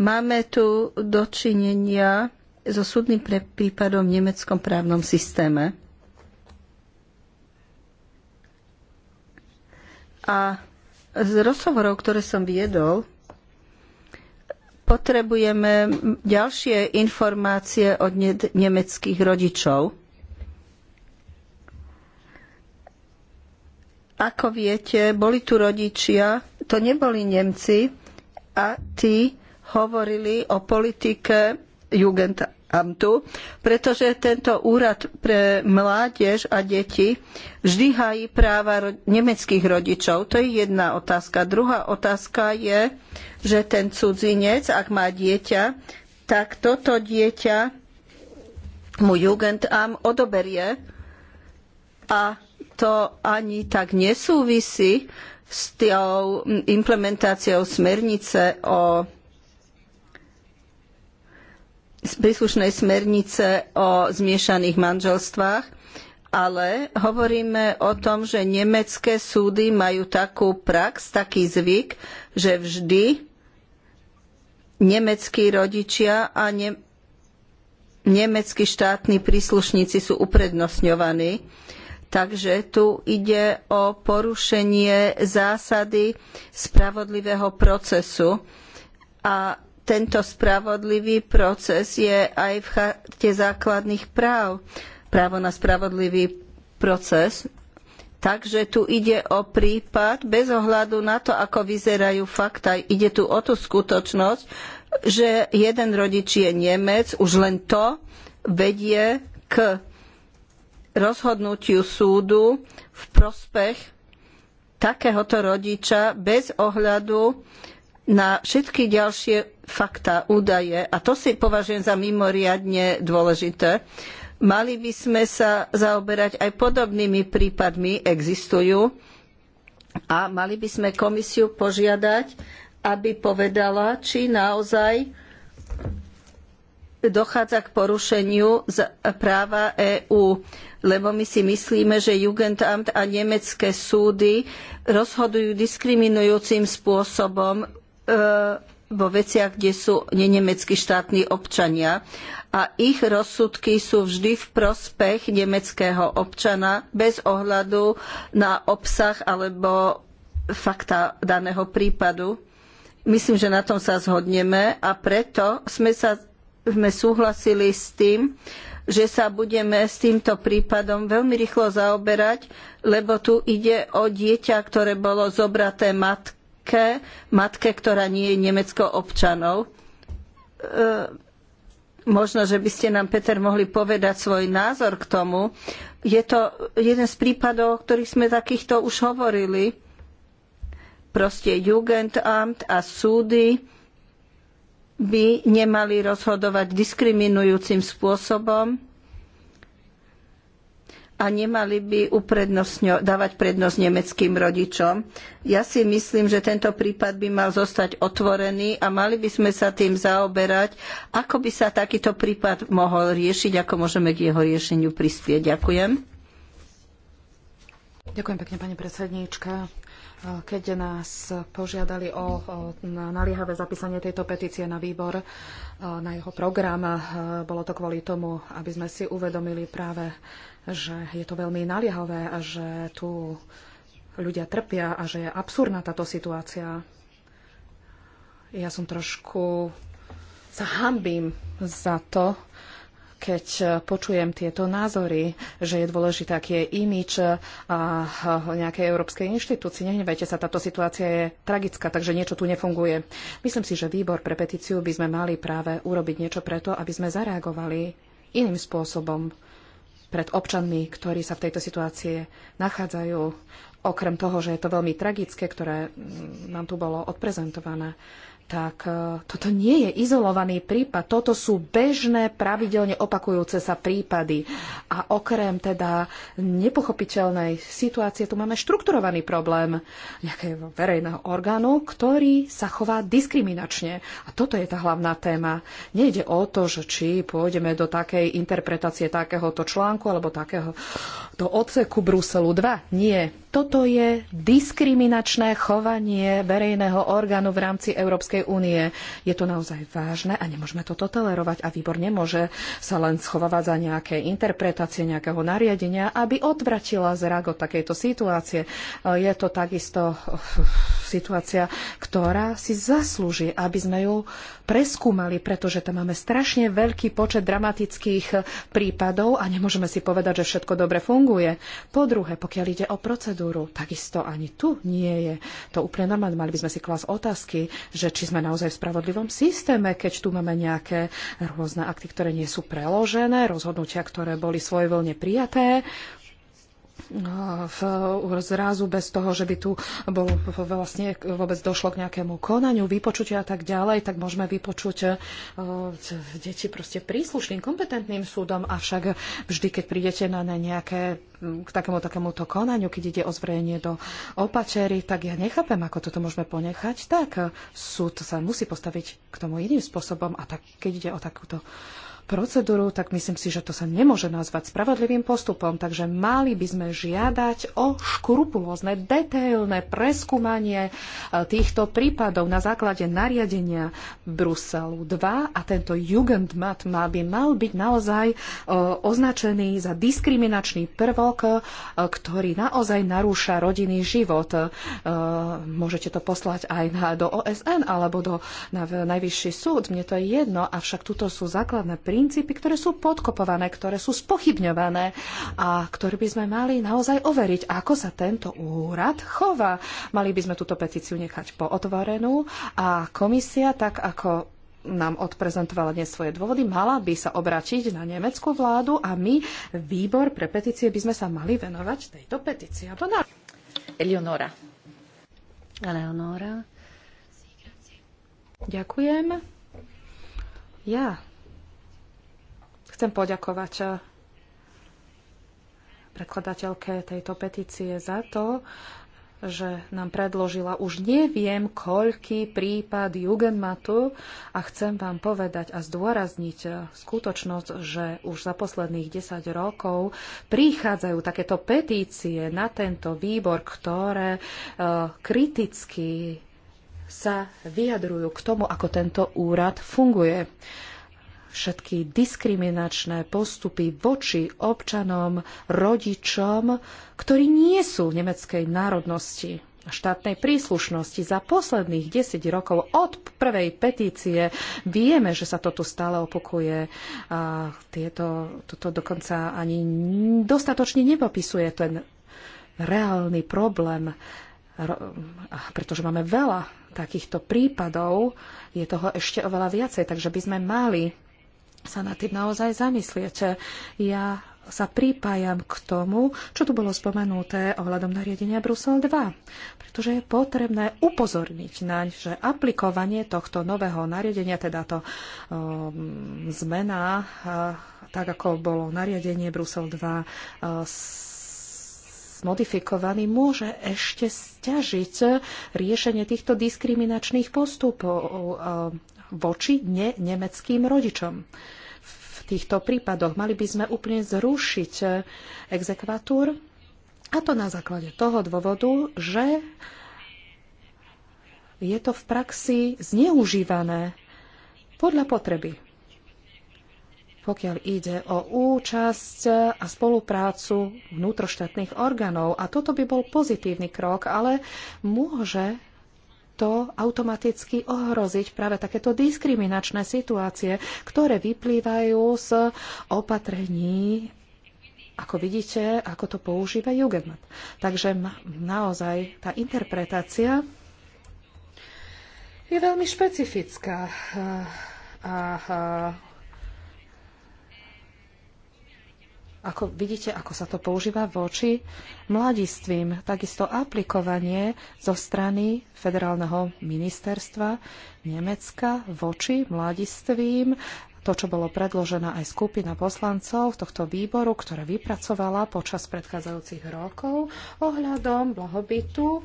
Máme tu dočinenia so súdnym prípadom v nemeckom právnom systéme. A z rozhovorov, ktoré som viedol, potrebujeme ďalšie informácie od nemeckých rodičov. Ako viete, boli tu rodičia, to neboli Nemci, a tí hovorili o politike Jugenda amtu, pretože tento úrad pre mládež a deti vždy hájí práva nemeckých rodičov. To je jedna otázka. Druhá otázka je, že ten cudzinec, ak má dieťa, tak toto dieťa mu Jugendamt odoberie a to ani tak nesúvisí s tou implementáciou smernice o z príslušnej smernice o zmiešaných manželstvách, ale hovoríme o tom, že nemecké súdy majú takú prax, taký zvyk, že vždy nemeckí rodičia a ne- nemeckí štátni príslušníci sú uprednostňovaní. Takže tu ide o porušenie zásady spravodlivého procesu a tento spravodlivý proces je aj v charte základných práv, právo na spravodlivý proces. Takže tu ide o prípad bez ohľadu na to, ako vyzerajú fakta. Ide tu o tú skutočnosť, že jeden rodič je Nemec, už len to vedie k rozhodnutiu súdu v prospech takéhoto rodiča bez ohľadu na všetky ďalšie fakta, údaje, a to si považujem za mimoriadne dôležité, mali by sme sa zaoberať aj podobnými prípadmi, existujú, a mali by sme komisiu požiadať, aby povedala, či naozaj dochádza k porušeniu práva EÚ, lebo my si myslíme, že Jugendamt a nemecké súdy rozhodujú diskriminujúcim spôsobom E, vo veciach, kde sú nenemeckí štátni občania a ich rozsudky sú vždy v prospech nemeckého občana bez ohľadu na obsah alebo fakta daného prípadu. Myslím, že na tom sa zhodneme a preto sme, sa, sme súhlasili s tým, že sa budeme s týmto prípadom veľmi rýchlo zaoberať, lebo tu ide o dieťa, ktoré bolo zobraté matkou matke, matke, ktorá nie je nemeckou občanou. E, možno, že by ste nám, Peter, mohli povedať svoj názor k tomu. Je to jeden z prípadov, o ktorých sme takýchto už hovorili. Proste Jugendamt a súdy by nemali rozhodovať diskriminujúcim spôsobom a nemali by dávať prednosť nemeckým rodičom. Ja si myslím, že tento prípad by mal zostať otvorený a mali by sme sa tým zaoberať, ako by sa takýto prípad mohol riešiť, ako môžeme k jeho riešeniu prispieť. Ďakujem. Ďakujem pekne, pani predsedníčka keď nás požiadali o naliehavé zapísanie tejto petície na výbor, e, na jeho program. E, bolo to kvôli tomu, aby sme si uvedomili práve, že je to veľmi naliehavé a že tu ľudia trpia a že je absurdná táto situácia. Ja som trošku sa hambím za to, keď e, počujem tieto názory, že je dôležitá, aký je imič e, e, nejakej európskej inštitúcii. Nehnevajte sa, táto situácia je tragická, takže niečo tu nefunguje. Myslím si, že výbor pre petíciu by sme mali práve urobiť niečo preto, aby sme zareagovali iným spôsobom pred občanmi, ktorí sa v tejto situácii nachádzajú. Okrem toho, že je to veľmi tragické, ktoré mm, nám tu bolo odprezentované tak e, toto nie je izolovaný prípad, toto sú bežné, pravidelne opakujúce sa prípady. A okrem teda nepochopiteľnej situácie tu máme štrukturovaný problém nejakého verejného orgánu, ktorý sa chová diskriminačne. A toto je tá hlavná téma. Nejde o to, že či pôjdeme do takej interpretácie takéhoto článku alebo takého do odseku Bruselu 2. Nie toto je diskriminačné chovanie verejného orgánu v rámci Európskej únie. Je to naozaj vážne a nemôžeme toto tolerovať. A výbor nemôže sa len schovávať za nejaké interpretácie nejakého nariadenia, aby odvratila zrak od takejto situácie. Je to takisto eh, situácia, ktorá si zaslúži, aby sme ju preskúmali, pretože tam máme strašne veľký počet dramatických prípadov a nemôžeme si povedať, že všetko dobre funguje. Po druhé, pokiaľ ide o procedúru, takisto ani tu nie je to úplne normálne. Mali by sme si klásť otázky, že či sme naozaj v spravodlivom systéme, keď tu máme nejaké rôzne akty, ktoré nie sú preložené, rozhodnutia, ktoré boli svojvoľne prijaté v zrazu bez toho, že by tu bol vlastne vôbec došlo k nejakému konaniu, vypočutia a tak ďalej, tak môžeme vypočuť e, deti proste príslušným, kompetentným súdom, avšak vždy, keď prídete na nejaké k takému takémuto konaniu, keď ide o zverejnenie do opačery, tak ja nechápem, ako toto môžeme ponechať. Tak súd sa musí postaviť k tomu iným spôsobom a tak, keď ide o takúto procedúru, tak myslím si, že to sa nemôže nazvať spravodlivým postupom. Takže mali by sme žiadať o škrupulózne, detailné preskúmanie e, týchto prípadov na základe nariadenia Bruselu 2 a tento Jugendmat mal by mal byť naozaj e, označený za diskriminačný prvok, e, ktorý naozaj narúša rodinný život. Môžete to poslať aj na, do OSN alebo do, na, na Najvyšší súd, mne to je jedno, avšak tuto sú základné príjmy princípy, ktoré sú podkopované, ktoré sú spochybňované a ktoré by sme mali naozaj overiť, ako sa tento úrad chová. Mali by sme túto petíciu nechať pootvorenú a komisia, tak ako nám odprezentovala dnes svoje dôvody, mala by sa obrátiť na nemeckú vládu a my, výbor pre petície, by sme sa mali venovať tejto petícii. A to na... Eleonora. Eleonora. Ďakujem. Ja Chcem poďakovať eh, predkladateľke tejto petície za to, že nám predložila už neviem koľký prípad Jugendmatu a chcem vám povedať a zdôrazniť eh, skutočnosť, že už za posledných 10 rokov prichádzajú takéto petície na tento výbor, ktoré eh, kriticky sa vyjadrujú k tomu, ako tento úrad funguje všetky diskriminačné postupy voči občanom, rodičom, ktorí nie sú nemeckej národnosti a štátnej príslušnosti za posledných 10 rokov od prvej petície. Vieme, že sa to tu stále opakuje. A tieto, toto dokonca ani dostatočne nepopisuje ten reálny problém, pretože máme veľa takýchto prípadov, je toho ešte oveľa viacej, takže by sme mali sa nad tým naozaj zamyslieť. Ja sa pripájam k tomu, čo tu bolo spomenuté ohľadom nariadenia Brusel 2, pretože je potrebné upozorniť naň, že aplikovanie tohto nového nariadenia, teda to um, zmena, uh, tak ako bolo nariadenie Brusel 2 uh, môže ešte stiažiť riešenie týchto diskriminačných postupov uh, voči ne nemeckým rodičom. Uh, týchto prípadoch. Mali by sme úplne zrušiť e, exekvatúr a to na základe toho dôvodu, že je to v praxi zneužívané podľa potreby. Pokiaľ ide o účasť a spoluprácu vnútroštátnych orgánov. A toto by bol pozitívny krok, ale môže to automaticky ohroziť práve takéto diskriminačné situácie, ktoré vyplývajú z opatrení ako vidíte, ako to používa Jugendmat. Takže naozaj tá interpretácia je veľmi špecifická. A ako vidíte, ako sa to používa voči mladistvím. Takisto aplikovanie zo strany federálneho ministerstva Nemecka voči mladistvím to, čo bolo predložená aj skupina poslancov tohto výboru, ktorá vypracovala počas predchádzajúcich rokov ohľadom blahobytu eh,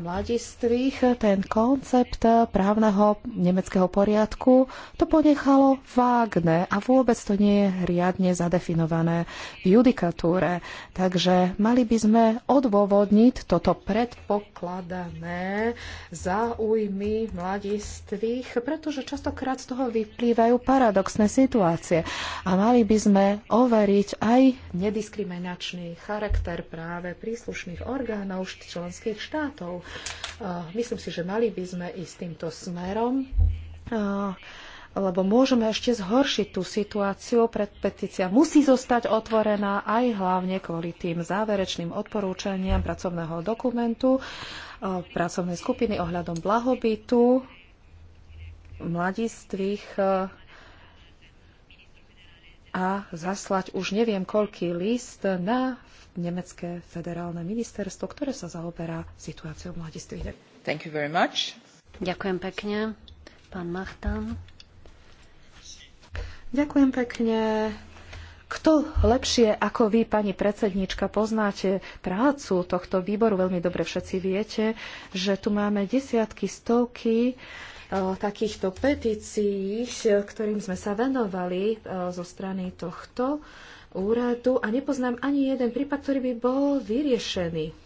mladistvých. Ten koncept právneho nemeckého poriadku to ponechalo vágne a vôbec to nie je riadne zadefinované v judikatúre. Takže mali by sme odôvodniť toto predpokladané záujmy mladistvých, pretože častokrát z toho vyplývajú paradoxy paradoxné situácie. A mali by sme overiť aj nediskriminačný charakter práve príslušných orgánov členských štátov. Myslím si, že mali by sme ísť týmto smerom lebo môžeme ešte zhoršiť tú situáciu, predpetícia petícia musí zostať otvorená aj hlavne kvôli tým záverečným odporúčaniam pracovného dokumentu, pracovnej skupiny ohľadom blahobytu mladistvých a zaslať už neviem koľký list na nemecké federálne ministerstvo, ktoré sa zaoberá situáciou mladistvých. Thank you very much. Ďakujem pekne. Pán Machtan. Ďakujem pekne. Kto lepšie ako vy, pani predsednička, poznáte prácu tohto výboru? Veľmi dobre všetci viete, že tu máme desiatky, stovky uh, takýchto petícií, ktorým sme sa venovali zo strany tohto úradu a nepoznám ani jeden prípad, ktorý by bol vyriešený.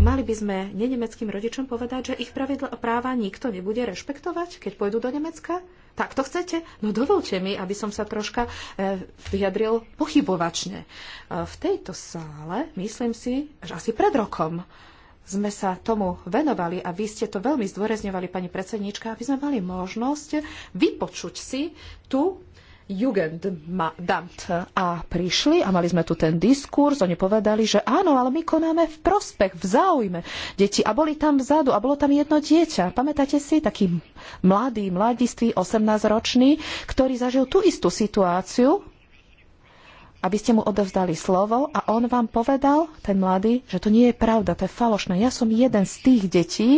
Mali by sme nenemeckým rodičom povedať, že ich pravidla práva nikto nebude rešpektovať, keď pôjdu do Nemecka? Tak to chcete? No dovolte mi, aby som sa troška e, vyjadril pochybovačne. V tejto sále, myslím si, že asi pred rokom sme sa tomu venovali a vy ste to veľmi zdôrezňovali, pani predsednička, aby sme mali možnosť vypočuť si tu Jugendamt a prišli a mali sme tu ten diskurs, oni povedali, že áno, ale my konáme v prospech, v záujme Deti a boli tam vzadu a bolo tam jedno dieťa. Pamätáte si taký mladý, mladistvý, 18-ročný, ktorý zažil tú istú situáciu aby ste mu odovzdali slovo a on vám povedal, ten mladý, že to nie je pravda, to je falošné. Ja som jeden z tých detí,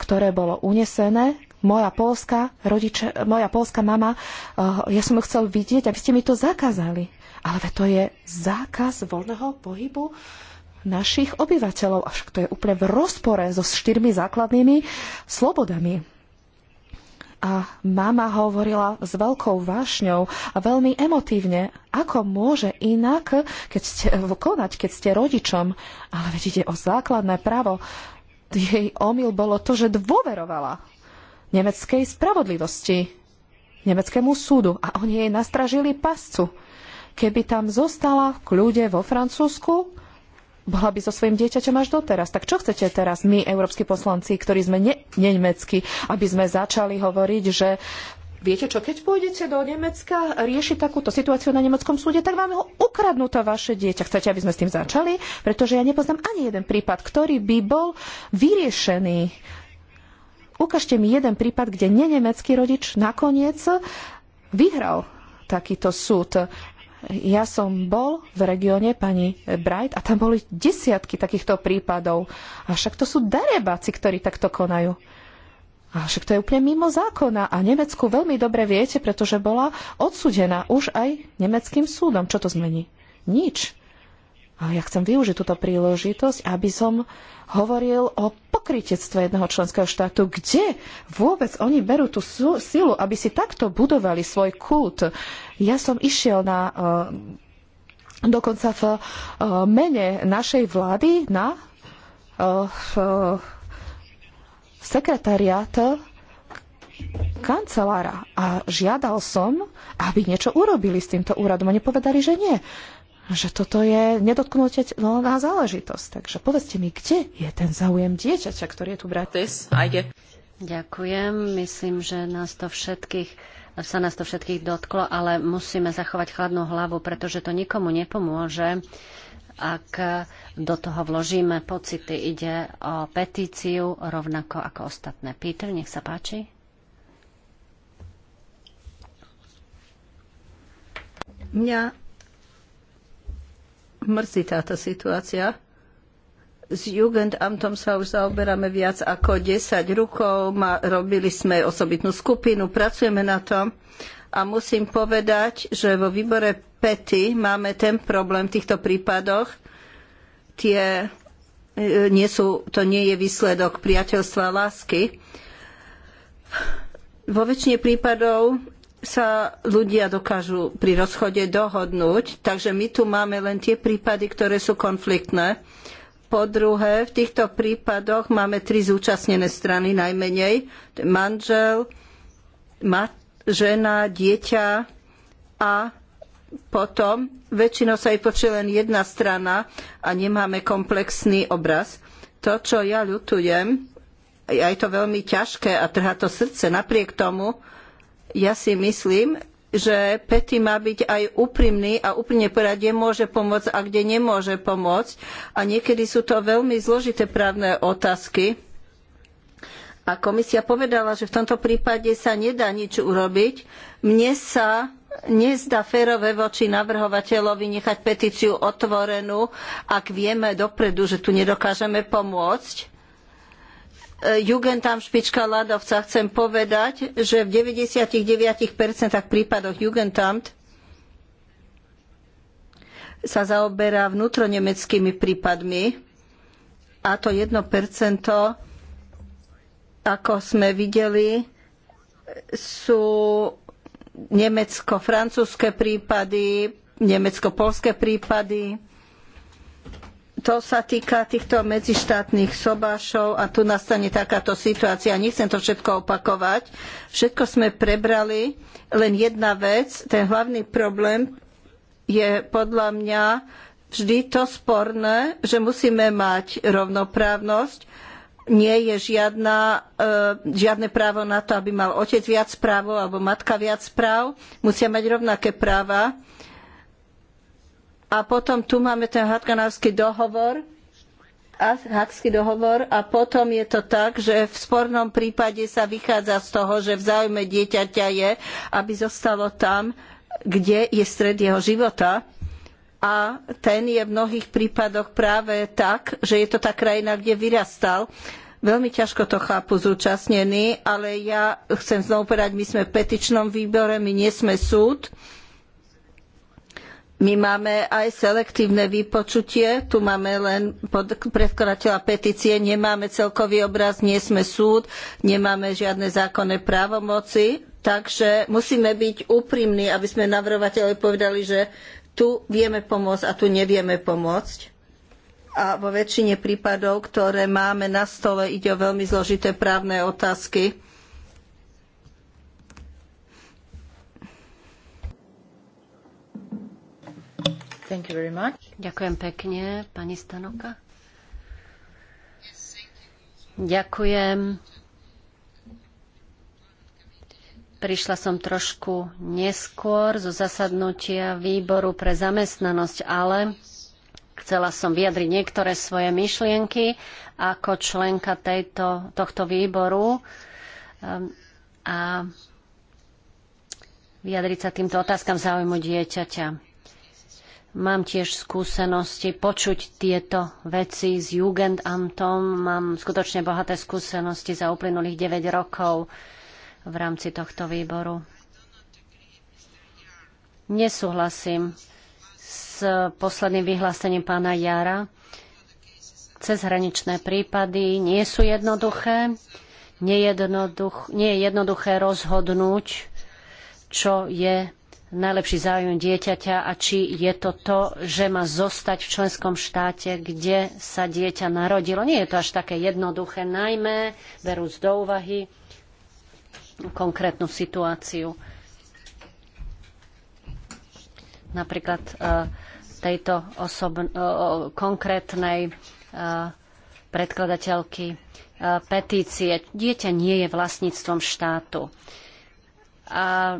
ktoré bolo unesené, moja polská, rodiče, moja polská mama, eh, ja som ju chcel vidieť, aby ste mi to zakázali. Ale to je zákaz voľného pohybu našich obyvateľov. Avšak to je úplne v rozpore so štyrmi základnými slobodami. A mama hovorila s veľkou vášňou a veľmi emotívne, ako môže inak keď ste, konať, keď ste rodičom. Ale veď ide o základné právo. Jej omyl bolo to, že dôverovala nemeckej spravodlivosti, nemeckému súdu a oni jej nastražili pascu. Keby tam zostala k kľude vo Francúzsku, bola by so svojím dieťaťom až doteraz. Tak čo chcete teraz my, európsky poslanci, ktorí sme ne- nemeckí, aby sme začali hovoriť, že Viete čo, keď pôjdete do Nemecka riešiť takúto situáciu na nemeckom súde, tak vám ho ukradnú to vaše dieťa. Chcete, aby sme s tým začali? Pretože ja nepoznám ani jeden prípad, ktorý by bol vyriešený. Ukážte mi jeden prípad, kde nenemecký rodič nakoniec vyhral takýto súd. Ja som bol v regióne pani Bright a tam boli desiatky takýchto prípadov. A však to sú darebáci, ktorí takto konajú. A však to je úplne mimo zákona a Nemecku veľmi dobre viete, pretože bola odsudená už aj nemeckým súdom. Čo to zmení? Nič ja chcem využiť túto príležitosť, aby som hovoril o pokrytectve jedného členského štátu, kde vôbec oni berú tú silu, aby si takto budovali svoj kult. Ja som išiel na eh, dokonca v eh, mene našej vlády na eh, sekretariát kancelára a žiadal som, aby niečo urobili s týmto úradom. Oni povedali, že nie že toto je nedotknutelná záležitosť. Takže povedzte mi, kde je ten záujem dieťaťa, ktorý je tu brať? Ďakujem. Myslím, že nás to všetkých sa nás to všetkých dotklo, ale musíme zachovať chladnú hlavu, pretože to nikomu nepomôže, ak do toho vložíme pocity. Ide o petíciu rovnako ako ostatné. Peter, nech sa páči. Mňa mrzí táto situácia. S Jugendamtom sa už zaoberáme viac ako 10 rokov, robili sme osobitnú skupinu, pracujeme na tom a musím povedať, že vo výbore PETY máme ten problém v týchto prípadoch. Tie, e, nie sú, to nie je výsledok priateľstva a lásky. Vo väčšine prípadov sa ľudia dokážu pri rozchode dohodnúť, takže my tu máme len tie prípady, ktoré sú konfliktné. Po druhé, v týchto prípadoch máme tri zúčastnené strany najmenej. Manžel, mat, žena, dieťa a potom väčšinou sa vypočuje len jedna strana a nemáme komplexný obraz. To, čo ja ľutujem, a je to veľmi ťažké a trhá to srdce napriek tomu, ja si myslím, že Peti má byť aj úprimný a úprimne povedať, kde môže pomôcť a kde nemôže pomôcť. A niekedy sú to veľmi zložité právne otázky. A komisia povedala, že v tomto prípade sa nedá nič urobiť. Mne sa nezdá férové voči navrhovateľovi nechať petíciu otvorenú, ak vieme dopredu, že tu nedokážeme pomôcť E, Jugendám špička ľadovca chcem povedať, že v 99% prípadoch Jugendamt sa zaoberá vnútronemeckými prípadmi a to 1%, ako sme videli, sú nemecko-francúzske prípady, nemecko-polské prípady, to sa týka týchto medzištátnych sobášov a tu nastane takáto situácia. Nechcem to všetko opakovať. Všetko sme prebrali, len jedna vec, ten hlavný problém je podľa mňa vždy to sporné, že musíme mať rovnoprávnosť. Nie je žiadna, e, žiadne právo na to, aby mal otec viac práv alebo matka viac práv. Musia mať rovnaké práva. A potom tu máme ten Hatkanársky dohovor, a dohovor a potom je to tak, že v spornom prípade sa vychádza z toho, že v záujme dieťaťa je, aby zostalo tam, kde je stred jeho života a ten je v mnohých prípadoch práve tak, že je to tá krajina, kde vyrastal. Veľmi ťažko to chápu zúčastnení, ale ja chcem znovu povedať, my sme v petičnom výbore, my nie sme súd. My máme aj selektívne vypočutie, tu máme len predkladateľa petície, nemáme celkový obraz, nie sme súd, nemáme žiadne zákonné právomoci, takže musíme byť úprimní, aby sme navrhovateľovi povedali, že tu vieme pomôcť a tu nevieme pomôcť. A vo väčšine prípadov, ktoré máme na stole, ide o veľmi zložité právne otázky Thank you very much. Ďakujem pekne, pani Stanoka. Ďakujem. Prišla som trošku neskôr zo zasadnutia výboru pre zamestnanosť, ale chcela som vyjadriť niektoré svoje myšlienky ako členka tejto, tohto výboru um, a vyjadriť sa týmto otázkam záujmu dieťaťa. Mám tiež skúsenosti počuť tieto veci s Jugendamtom. Mám skutočne bohaté skúsenosti za uplynulých 9 rokov v rámci tohto výboru. Nesúhlasím s posledným vyhlásením pána Jara. Cezhraničné prípady nie sú jednoduché. Nie, nie je jednoduché rozhodnúť, čo je najlepší záujem dieťaťa a či je to to, že má zostať v členskom štáte, kde sa dieťa narodilo. Nie je to až také jednoduché, najmä berúc do úvahy konkrétnu situáciu. Napríklad e, tejto osob- e, konkrétnej e, predkladateľky petície. Dieťa nie je vlastníctvom štátu. A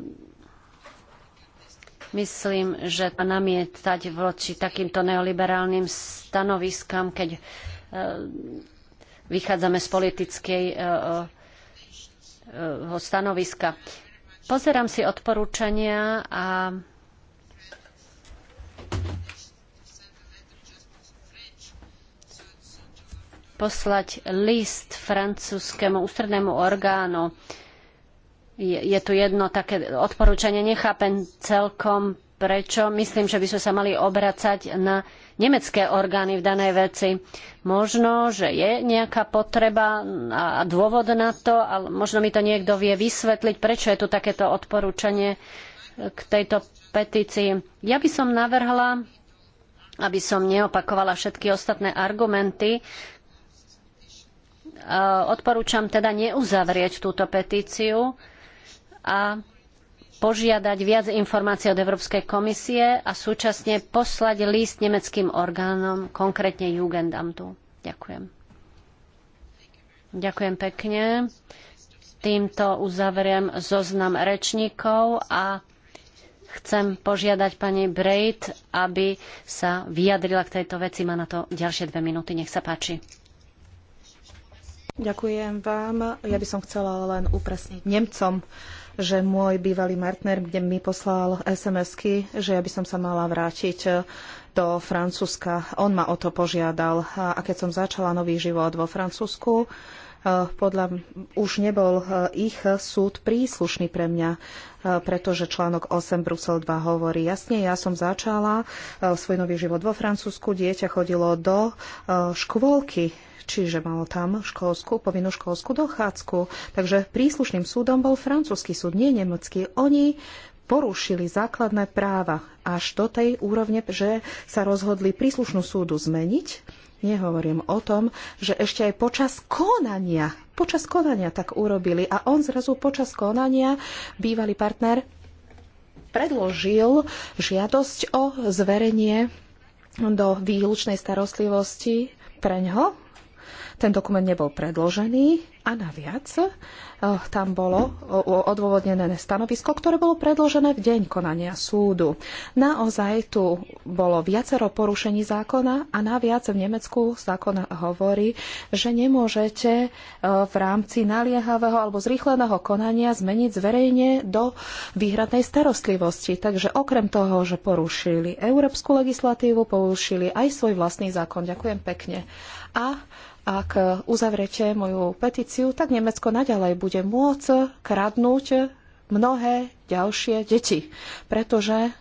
Myslím, že namietať voči takýmto neoliberálnym stanoviskám, keď e, vychádzame z politickej e, e, stanoviska. Pozerám si odporúčania a poslať list francúzskému ústrednému orgánu je, tu jedno také odporúčanie, nechápem celkom prečo. Myslím, že by sme sa mali obracať na nemecké orgány v danej veci. Možno, že je nejaká potreba a dôvod na to, ale možno mi to niekto vie vysvetliť, prečo je tu takéto odporúčanie k tejto petícii. Ja by som navrhla, aby som neopakovala všetky ostatné argumenty, odporúčam teda neuzavrieť túto petíciu, a požiadať viac informácií od Európskej komisie a súčasne poslať list nemeckým orgánom, konkrétne Jugendamtu. Ďakujem. Ďakujem pekne. Týmto uzavriem zoznam rečníkov a chcem požiadať pani Braid, aby sa vyjadrila k tejto veci. Má na to ďalšie dve minúty. Nech sa páči. Ďakujem vám. Ja by som chcela len upresniť Nemcom, že môj bývalý partner, kde mi poslal SMS-ky, že ja by som sa mala vrátiť e, do Francúzska. On ma o to požiadal. A keď som začala nový život vo Francúzsku, e, podľa už nebol e, ich súd príslušný pre mňa, pretože článok 8 Brusel 2 hovorí jasne, ja som začala svoj nový život vo Francúzsku, dieťa chodilo do škôlky čiže mal tam školskú, povinnú školskú dochádzku. Takže príslušným súdom bol francúzsky súd, nie nemecký. Oni porušili základné práva až do tej úrovne, že sa rozhodli príslušnú súdu zmeniť Nehovorím o tom, že ešte aj počas konania, počas konania tak urobili a on zrazu počas konania, bývalý partner, predložil žiadosť o zverenie do výlučnej starostlivosti pre ňoho, ten dokument nebol predložený a naviac eh, tam bolo eh, odôvodnené stanovisko, ktoré bolo predložené v deň konania súdu. Naozaj tu bolo viacero porušení zákona a naviac v Nemecku zákon hovorí, že nemôžete eh, v rámci naliehavého alebo zrýchleného konania zmeniť zverejne do výhradnej starostlivosti. Takže okrem toho, že porušili európsku legislatívu, porušili aj svoj vlastný zákon. Ďakujem pekne. A ak uzavrete moju petíciu, tak Nemecko naďalej bude môcť kradnúť mnohé ďalšie deti, pretože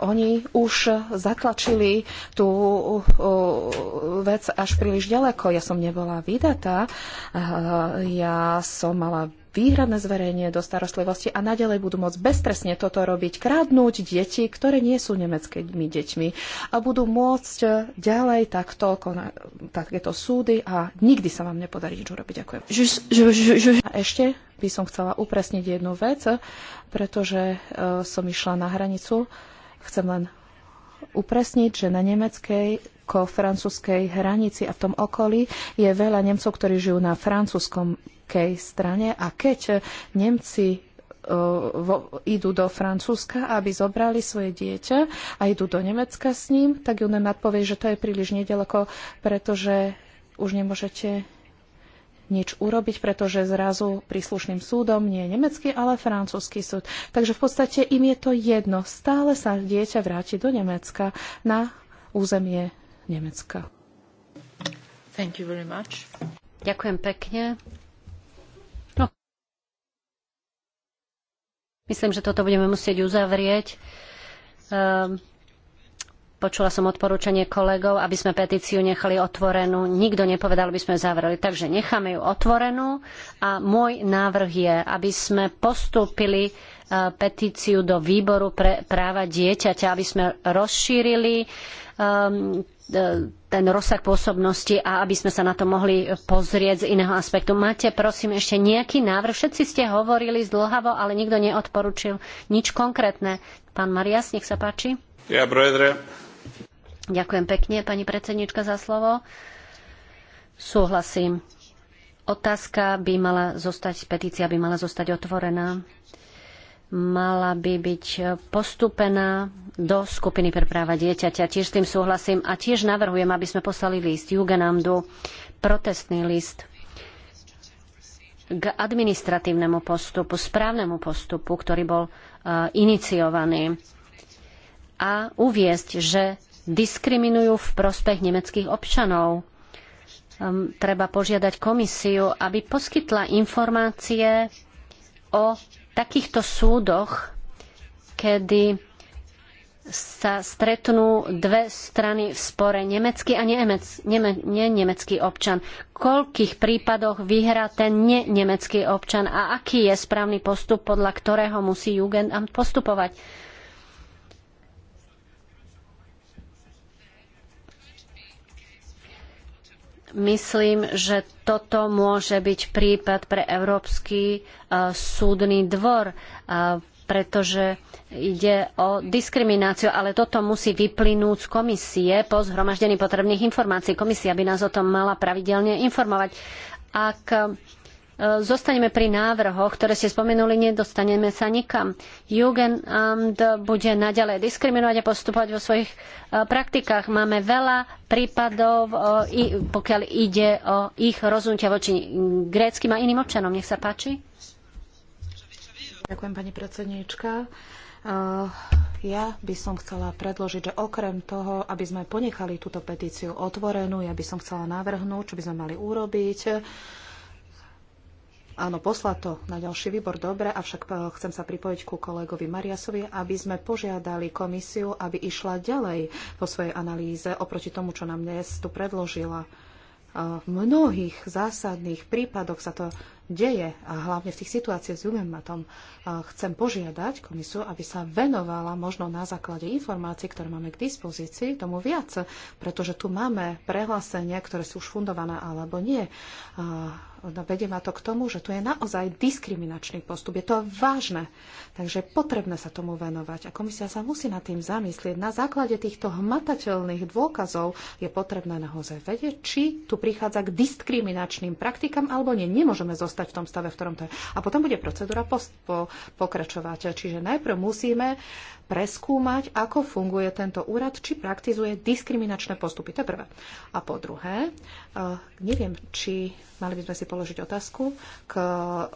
oni už zatlačili tú vec až príliš ďaleko. Ja som nebola vydatá, ja som mala výhradné zverejnie do starostlivosti a naďalej budú môcť beztrestne toto robiť, kradnúť deti, ktoré nie sú nemeckými deťmi a budú môcť ďalej takto takéto súdy a nikdy sa vám nepodarí nič urobiť. Ďakujem. A ešte by som chcela upresniť jednu vec, pretože e, som išla na hranicu. Chcem len upresniť, že na nemeckej ko francúzskej hranici a v tom okolí je veľa Nemcov, ktorí žijú na francúzskom nemeckej strane a keď Nemci e, vo, idú do Francúzska, aby zobrali svoje dieťa a idú do Nemecka s ním, tak UNEMAT povie, že to je príliš nedaleko, pretože už nemôžete nič urobiť, pretože zrazu príslušným súdom nie je nemecký, ale francúzsky súd. Takže v podstate im je to jedno. Stále sa dieťa vráti do Nemecka na územie Nemecka. Ďakujem pekne. Myslím, že toto budeme musieť uzavrieť. Ehm, počula som odporúčanie kolegov, aby sme petíciu nechali otvorenú. Nikto nepovedal, aby sme ju zavreli. Takže necháme ju otvorenú a môj návrh je, aby sme postúpili e, petíciu do výboru pre práva dieťaťa, aby sme rozšírili ehm, E, ten rozsah pôsobnosti a aby sme sa na to mohli pozrieť z iného aspektu. Máte prosím ešte nejaký návrh? Všetci ste hovorili zdlhavo, ale nikto neodporučil nič konkrétne. Pán Marias, nech sa páči. Ja, Ďakujem pekne, pani predsednička, za slovo. Súhlasím. Otázka by mala zostať, petícia by mala zostať otvorená mala by byť postupená do skupiny pre práva dieťaťa. Tiež s tým súhlasím a tiež navrhujem, aby sme poslali list Jugendandu, protestný list k administratívnemu postupu, správnemu postupu, ktorý bol uh, iniciovaný a uviesť, že diskriminujú v prospech nemeckých občanov. Um, treba požiadať komisiu, aby poskytla informácie o takýchto súdoch, kedy sa stretnú dve strany v spore, nemecký a nenemecký občan. V koľkých prípadoch vyhrá ten nenemecký občan a aký je správny postup, podľa ktorého musí Jugendamt postupovať? Myslím, že toto môže byť prípad pre Európsky e, súdny dvor, e, pretože ide o diskrimináciu, ale toto musí vyplynúť z komisie po zhromaždení potrebných informácií. Komisia by nás o tom mala pravidelne informovať. Ak zostaneme pri návrhoch, ktoré ste spomenuli, nedostaneme sa nikam. Jugendamt bude naďalej diskriminovať a postupovať vo svojich e, praktikách. Máme veľa prípadov, e, pokiaľ ide o ich rozhodnutia voči gréckym a iným občanom. Nech sa páči. Ďakujem, pani predsedníčka. E, ja by som chcela predložiť, že okrem toho, aby sme ponechali túto petíciu otvorenú, ja by som chcela navrhnúť, čo by sme mali urobiť Áno, poslať to na ďalší výbor, dobre, avšak e, chcem sa pripojiť ku kolegovi Mariasovi, aby sme požiadali komisiu, aby išla ďalej po svojej analýze oproti tomu, čo nám dnes tu predložila. E, v mnohých zásadných prípadoch sa to deje, a hlavne v tých situáciách s Jumematom. E, chcem požiadať komisiu, aby sa venovala možno na základe informácií, ktoré máme k dispozícii, tomu viac, pretože tu máme prehlásenia, ktoré sú už fundované alebo nie no vedie ma to k tomu, že tu je naozaj diskriminačný postup. Je to vážne. Takže je potrebné sa tomu venovať. A komisia sa musí nad tým zamyslieť. Na základe týchto hmatateľných dôkazov je potrebné naozaj vedieť, či tu prichádza k diskriminačným praktikám alebo nie. Nemôžeme zostať v tom stave, v ktorom to je. A potom bude procedúra post- po- pokračovať. Čiže najprv musíme preskúmať, ako funguje tento úrad, či praktizuje diskriminačné postupy. To je prvé. A po druhé, eh, neviem, či mali by sme si položiť otázku k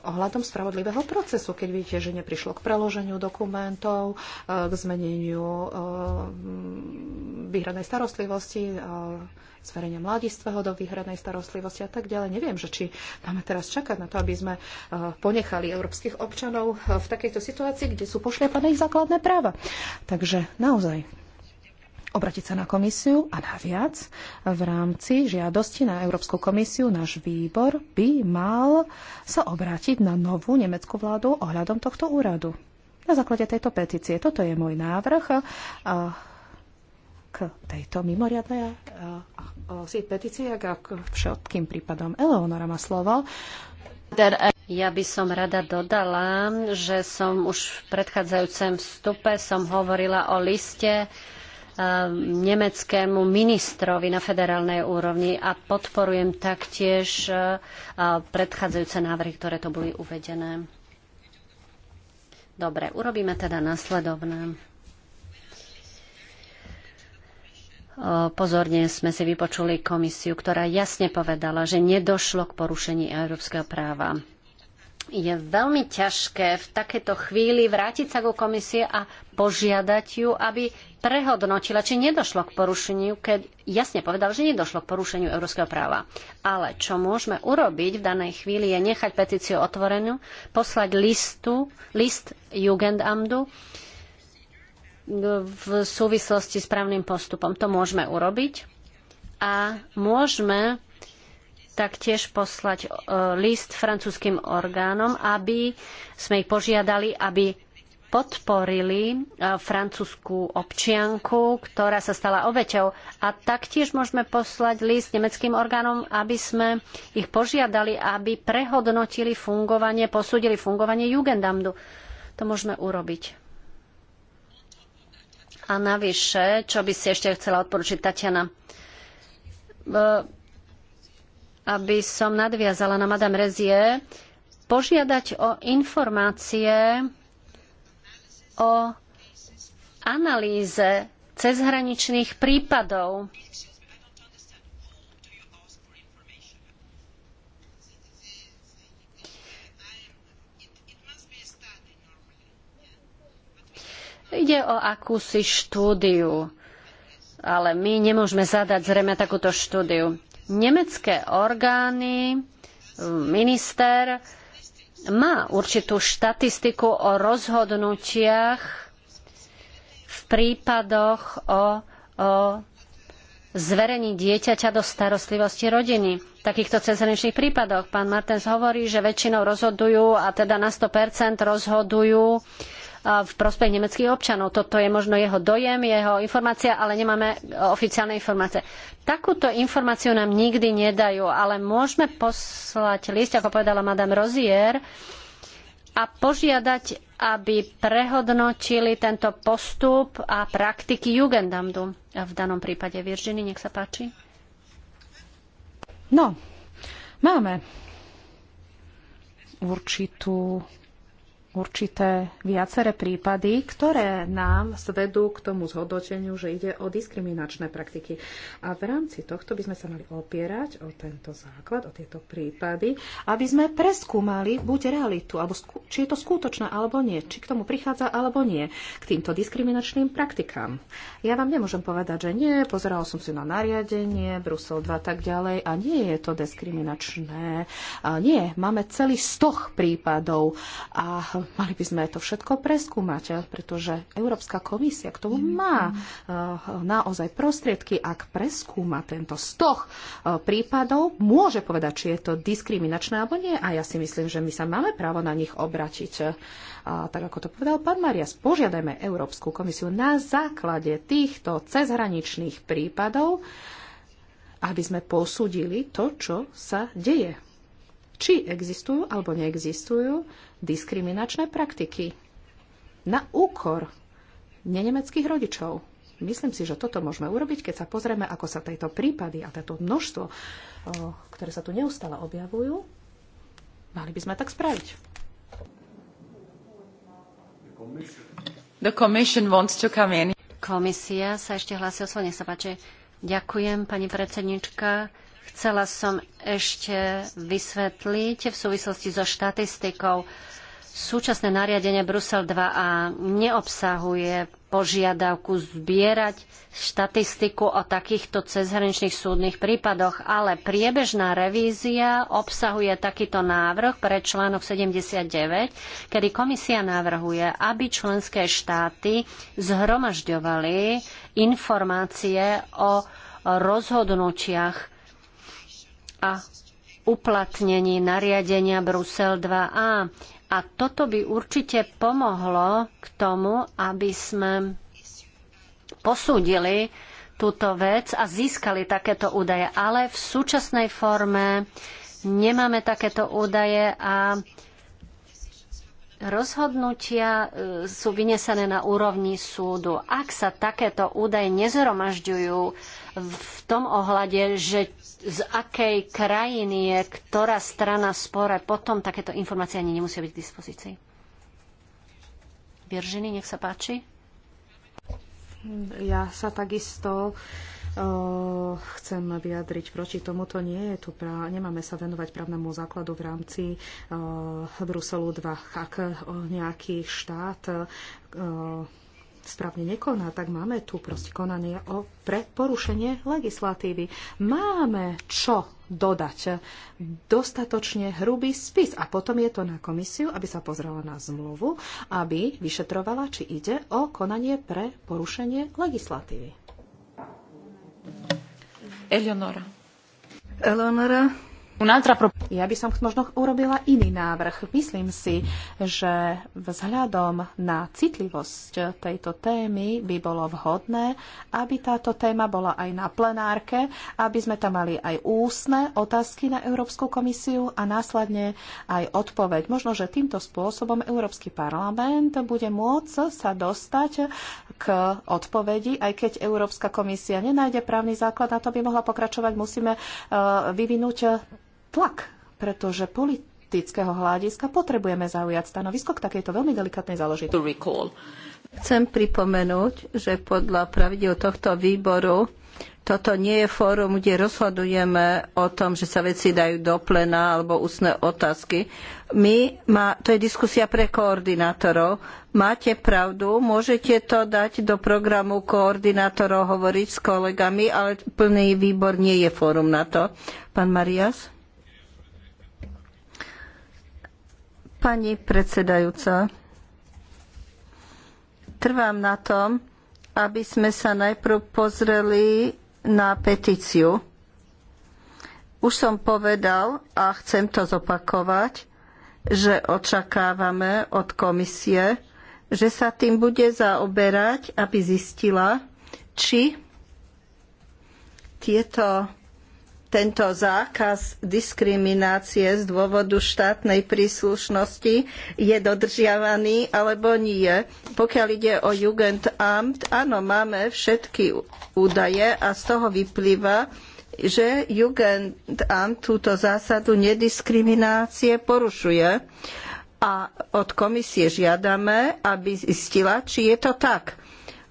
ohľadom spravodlivého procesu, keď vidíte, že neprišlo k preloženiu dokumentov, e, k zmeneniu e, výhradnej starostlivosti, e, zverenia mladistvého do výhradnej starostlivosti a tak ďalej. Neviem, že či máme teraz čakať na to, aby sme ponechali európskych občanov v takejto situácii, kde sú pošliapané ich základné práva. Takže naozaj obratiť sa na komisiu a naviac v rámci žiadosti na Európsku komisiu náš výbor by mal sa obrátiť na novú nemeckú vládu ohľadom tohto úradu. Na základe tejto petície. Toto je môj návrh k tejto mimoriadnej petície a k všetkým prípadom. Eleonora má slovo. Ja by som rada dodala, že som už v predchádzajúcem vstupe som hovorila o liste, Um, nemeckému ministrovi na federálnej úrovni a podporujem taktiež uh, uh, predchádzajúce návrhy, ktoré to boli uvedené. Dobre, urobíme teda nasledovné. Pozorne sme si vypočuli komisiu, ktorá jasne povedala, že nedošlo k porušení európskeho práva je veľmi ťažké v takéto chvíli vrátiť sa ku komisie a požiadať ju, aby prehodnotila, či nedošlo k porušeniu, keď jasne povedal, že nedošlo k porušeniu európskeho práva. Ale čo môžeme urobiť v danej chvíli je nechať petíciu otvorenú, poslať listu, list Jugendamdu v súvislosti s právnym postupom. To môžeme urobiť a môžeme taktiež poslať e, list francúzským orgánom, aby sme ich požiadali, aby podporili e, francúzskú občianku, ktorá sa stala obeťou. A taktiež môžeme poslať list nemeckým orgánom, aby sme ich požiadali, aby prehodnotili fungovanie, posúdili fungovanie Jugendamdu. To môžeme urobiť. A navyše, čo by si ešte chcela odporučiť Tatiana? E, aby som nadviazala na Madame Rezie, požiadať o informácie o analýze cezhraničných prípadov. Ide o akúsi štúdiu, ale my nemôžeme zadať zrejme takúto štúdiu nemecké orgány, minister má určitú štatistiku o rozhodnutiach v prípadoch o, o zverení dieťaťa do starostlivosti rodiny. V takýchto cezhraničných prípadoch pán Martens hovorí, že väčšinou rozhodujú a teda na 100% rozhodujú uh, v prospech nemeckých občanov. Toto je možno jeho dojem, jeho informácia, ale nemáme oficiálne informácie. Takúto informáciu nám nikdy nedajú, ale môžeme poslať list, ako povedala Madame Rozier, a požiadať, aby prehodnotili tento postup a praktiky Jugendamtu. A v danom prípade Virginie, nech sa páči. No, máme určitú určité viaceré prípady, ktoré nám svedú k tomu zhodnoteniu, že ide o diskriminačné praktiky. A v rámci tohto by sme sa mali opierať o tento základ, o tieto prípady, aby sme preskúmali buď realitu, alebo či je to skutočné alebo nie, či k tomu prichádza alebo nie, k týmto diskriminačným praktikám. Ja vám nemôžem povedať, že nie, pozeral som si na nariadenie, Brusel 2 tak ďalej a nie je to diskriminačné. A nie, máme celý stoch prípadov a mali by sme to všetko preskúmať, eh, pretože Európska komisia k tomu mhm. má eh, naozaj prostriedky, ak preskúma tento stoch eh, prípadov, môže povedať, či je to diskriminačné alebo nie. A ja si myslím, že my sa máme právo na nich obratiť. A tak ako to povedal pán Marias, požiadajme Európsku komisiu na základe týchto cezhraničných prípadov, aby sme posúdili to, čo sa deje či existujú alebo neexistujú diskriminačné praktiky na úkor nenemeckých rodičov. Myslím si, že toto môžeme urobiť, keď sa pozrieme, ako sa tieto prípady a toto množstvo, ktoré sa tu neustále objavujú, mali by sme tak spraviť. Komisia sa ešte hlási o svoj, nech sa páči. Ďakujem, pani predsednička. Chcela som ešte vysvetliť v súvislosti so štatistikou. Súčasné nariadenie Brusel 2a neobsahuje požiadavku zbierať štatistiku o takýchto cezhraničných súdnych prípadoch, ale priebežná revízia obsahuje takýto návrh pre článok 79, kedy komisia navrhuje, aby členské štáty zhromažďovali informácie o rozhodnutiach a uplatnení nariadenia Brusel 2a. A toto by určite pomohlo k tomu, aby sme posúdili túto vec a získali takéto údaje. Ale v súčasnej forme nemáme takéto údaje a rozhodnutia e, sú vynesené na úrovni súdu. Ak sa takéto údaje nezhromažďujú v tom ohľade, že z akej krajiny je ktorá strana spore, potom takéto informácie ani nemusia byť k dispozícii. Viržiny, nech sa páči. Ja sa takisto Uh, chcem vyjadriť proti tomuto. Nie je tu pra- nemáme sa venovať právnemu základu v rámci uh, Bruselu 2. Ak uh, nejaký štát e, správne nekoná, tak máme tu proste konanie o pre porušenie legislatívy. Máme čo dodať dostatočne hrubý spis a potom je to na komisiu, aby sa pozrela na zmluvu, aby vyšetrovala, či ide o konanie pre porušenie legislatívy. Eleonora. Eleonora, ja by som možno urobila iný návrh. Myslím si, že vzhľadom na citlivosť tejto témy by bolo vhodné, aby táto téma bola aj na plenárke, aby sme tam mali aj ústne otázky na Európsku komisiu a následne aj odpoveď. Možno, že týmto spôsobom Európsky parlament bude môcť sa dostať k odpovedi, aj keď Európska komisia nenájde právny základ na to, by mohla pokračovať, musíme eh, vyvinúť tlak, pretože politického hľadiska potrebujeme zaujať stanovisko k takejto veľmi delikatnej záležitosti. Chcem pripomenúť, že podľa pravidel tohto výboru toto nie je fórum, kde rozhodujeme o tom, že sa veci dajú do plena alebo ústne otázky. My má, to je diskusia pre koordinátorov. Máte pravdu, môžete to dať do programu koordinátorov, hovoriť s kolegami, ale plný výbor nie je fórum na to. Pán Marias? Pani predsedajúca, trvám na tom, aby sme sa najprv pozreli na petíciu. Už som povedal a chcem to zopakovať, že očakávame od komisie, že sa tým bude zaoberať, aby zistila, či tieto tento zákaz diskriminácie z dôvodu štátnej príslušnosti je dodržiavaný alebo nie. Pokiaľ ide o Jugendamt, áno, máme všetky údaje a z toho vyplýva, že Jugendamt túto zásadu nediskriminácie porušuje a od komisie žiadame, aby zistila, či je to tak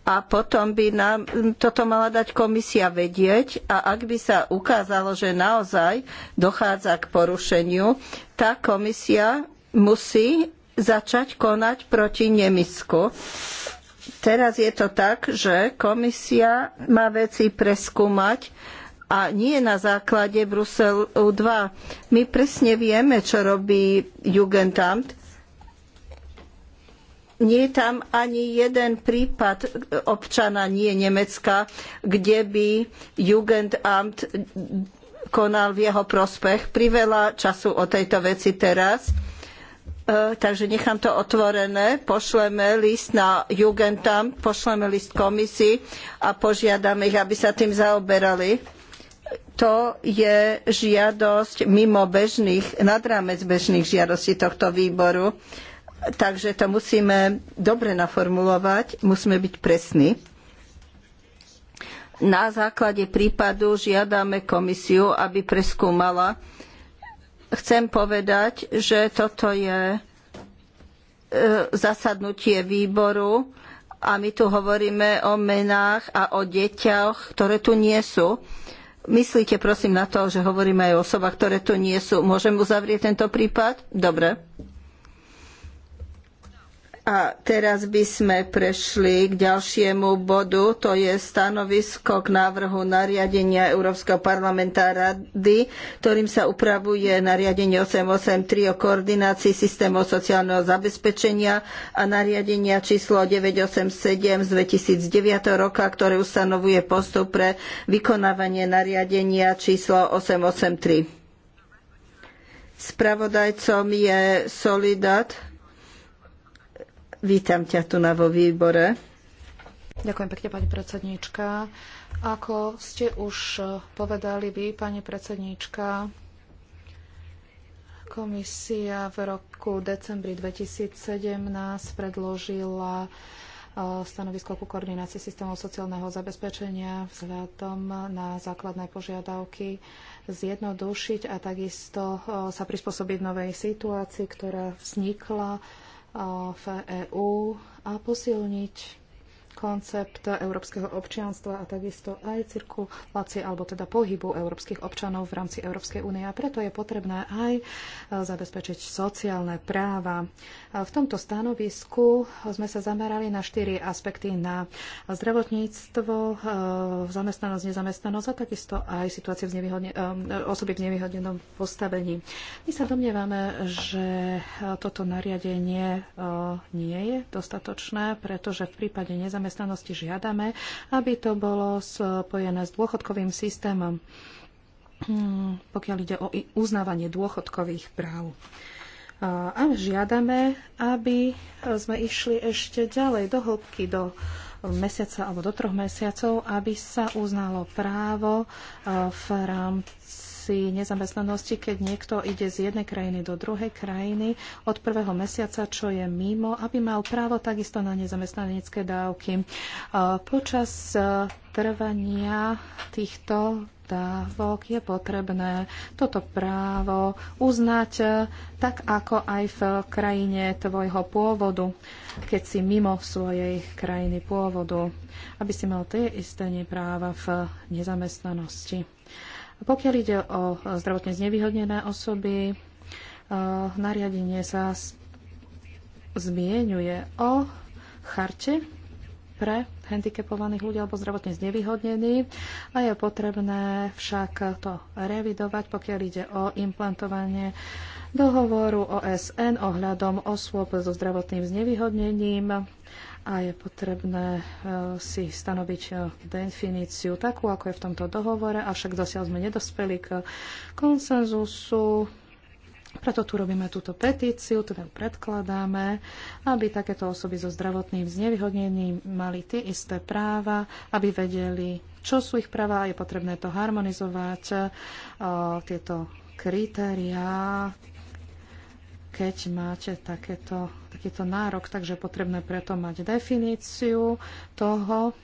a potom by nám toto mala dať komisia vedieť a ak by sa ukázalo, že naozaj dochádza k porušeniu, tá komisia musí začať konať proti Nemecku. Teraz je to tak, že komisia má veci preskúmať a nie na základe Bruselu 2. My presne vieme, čo robí Jugendamt nie je tam ani jeden prípad občana, nie Nemecka, kde by Jugendamt konal v jeho prospech. Priveľa času o tejto veci teraz. E, takže nechám to otvorené, pošleme list na Jugendamt, pošleme list komisii a požiadame ich, aby sa tým zaoberali. To je žiadosť mimo bežných, nad rámec bežných žiadostí tohto výboru. Takže to musíme dobre naformulovať, musíme byť presní. Na základe prípadu žiadame komisiu, aby preskúmala. Chcem povedať, že toto je e, zasadnutie výboru a my tu hovoríme o menách a o deťoch, ktoré tu nie sú. Myslíte prosím na to, že hovoríme aj o osobách, ktoré tu nie sú. Môžem uzavrieť tento prípad? Dobre. A teraz by sme prešli k ďalšiemu bodu, to je stanovisko k návrhu nariadenia Európskeho parlamenta rady, ktorým sa upravuje nariadenie 883 o koordinácii systémov sociálneho zabezpečenia a nariadenia číslo 987 z 2009 roka, ktoré ustanovuje postup pre vykonávanie nariadenia číslo 883. Spravodajcom je Solidat Vítam ťa tu na vo výbore. Ďakujem pekne, pani predsedníčka. Ako ste už e, povedali vy, pani predsedníčka, komisia v roku decembri 2017 predložila e, stanovisko ku koordinácii systémov sociálneho zabezpečenia vzhľadom na základné požiadavky zjednodušiť a takisto e, sa prispôsobiť novej situácii, ktorá vznikla v EÚ a posilniť koncept európskeho občianstva a takisto aj cirkulácie alebo teda pohybu európskych občanov v rámci Európskej únie. A preto je potrebné aj e, zabezpečiť sociálne práva. V tomto stanovisku sme sa zamerali na štyri aspekty na zdravotníctvo, e, zamestnanosť, nezamestnanosť a takisto aj situácie v e, osoby v nevyhodnenom postavení. My sa domnievame, že toto nariadenie nie je dostatočné, pretože v prípade nezamestnanosti nezamestnanosti žiadame, aby to bolo spojené s dôchodkovým systémom, hm, pokiaľ ide o uznávanie dôchodkových práv. A žiadame, aby sme išli ešte ďalej do hĺbky, do mesiaca alebo do troch mesiacov, aby sa uznalo právo v rámci redukcii nezamestnanosti, keď niekto ide z jednej krajiny do druhej krajiny od prvého mesiaca, čo je mimo, aby mal právo takisto na nezamestnanecké dávky. Počas e, trvania týchto dávok je potrebné toto právo uznať e, tak, ako aj v krajine tvojho pôvodu, keď si mimo svojej krajiny pôvodu, aby si mal tie isté práva v nezamestnanosti. Pokiaľ ide o e, zdravotne znevýhodnené osoby, e, nariadenie sa zmienuje o charte pre handicapovaných ľudí alebo zdravotne znevýhodnení a je potrebné však to revidovať, pokiaľ ide o implantovanie dohovoru OSN ohľadom osôb so zdravotným znevýhodnením a je potrebné e, si stanoviť e, definíciu takú, ako je v tomto dohovore, avšak zasiaľ sme nedospeli k konsenzusu. Preto tu robíme túto petíciu, teda ju predkladáme, aby takéto osoby so zdravotným znevýhodnením mali tie isté práva, aby vedeli, čo sú ich práva a je potrebné to harmonizovať, e, tieto kritériá, keď máte takéto, takýto nárok, takže potrebné preto mať definíciu toho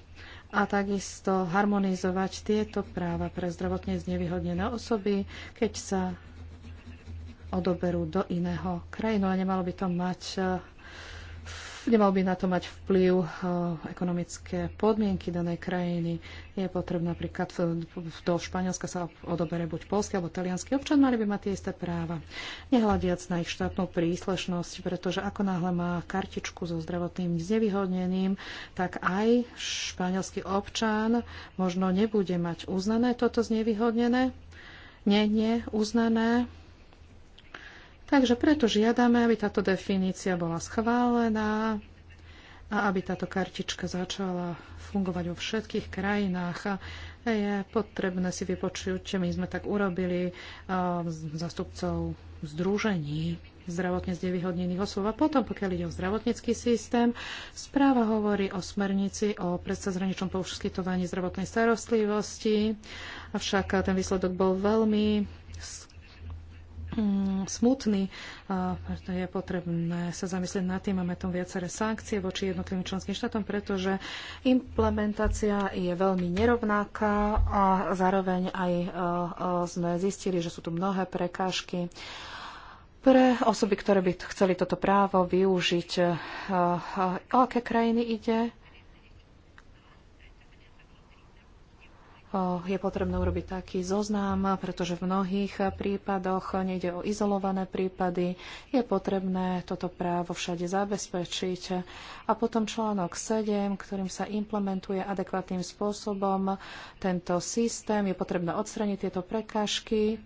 a takisto harmonizovať tieto práva pre zdravotne znevýhodnené osoby, keď sa odoberú do iného krajinu a nemalo by to mať Nemal by na to mať vplyv eh, ekonomické podmienky danej krajiny. Je potrebné napríklad eh, do Španielska sa odobere buď polský alebo talianský občan, mali by mať tie isté práva. Nehľadiac na ich štátnu príslušnosť, pretože ako náhle má kartičku so zdravotným znevýhodneným, tak aj španielský občan možno nebude mať uznané toto znevýhodnené, nie, nie, uznané Takže preto žiadame, aby táto definícia bola schválená a aby táto kartička začala fungovať vo všetkých krajinách. A je potrebné si vypočuť, my sme tak urobili zastupcov združení zdravotne znevýhodnených osôb. A potom, pokiaľ ide o zdravotnícky systém, správa hovorí o smernici o predsazraničnom poskytovaní zdravotnej starostlivosti, avšak ten výsledok bol veľmi Mm, smutný. Je potrebné sa zamyslieť nad tým, máme tam viaceré sankcie voči jednotlivým členským štátom, pretože implementácia je veľmi nerovnaká a zároveň aj e, e, sme zistili, že sú tu mnohé prekážky pre osoby, ktoré by chceli toto právo využiť. E, o aké krajiny ide? je potrebné urobiť taký zoznam, pretože v mnohých prípadoch nejde o izolované prípady. Je potrebné toto právo všade zabezpečiť. A potom článok 7, ktorým sa implementuje adekvátnym spôsobom tento systém. Je potrebné odstraniť tieto prekážky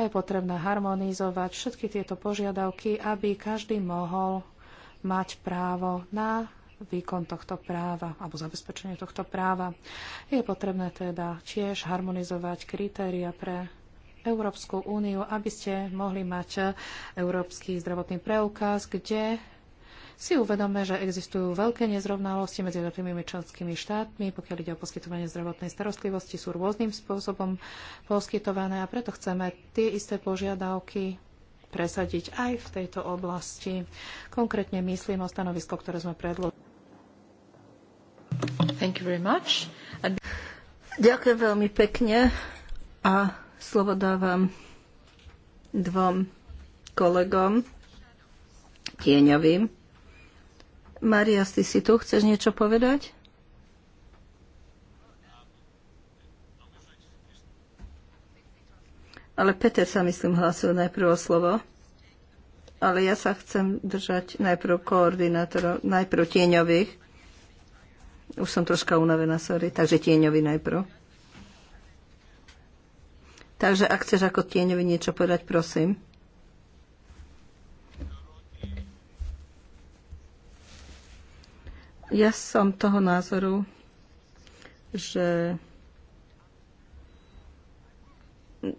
a je potrebné harmonizovať všetky tieto požiadavky, aby každý mohol mať právo na výkon tohto práva alebo zabezpečenie tohto práva. Je potrebné teda tiež harmonizovať kritéria pre Európsku úniu, aby ste mohli mať európsky zdravotný preukaz, kde si uvedome, že existujú veľké nezrovnalosti medzi jednotlivými členskými štátmi, pokiaľ ide o poskytovanie zdravotnej starostlivosti, sú rôznym spôsobom poskytované a preto chceme tie isté požiadavky presadiť aj v tejto oblasti. Konkrétne myslím o stanovisko, ktoré sme predložili Ďakujem veľmi pekne a slovo dávam dvom kolegom tieňovým. Maria, ty si tu, chceš niečo povedať? Ale Peter sa, myslím, hlasil najprv o slovo. Ale ja sa chcem držať najprv koordinátorov, najprv tieňových. Už som troška unavená, sorry. Takže tieňovi najprv. Takže ak chceš ako tieňovi niečo povedať, prosím. Ja som toho názoru, že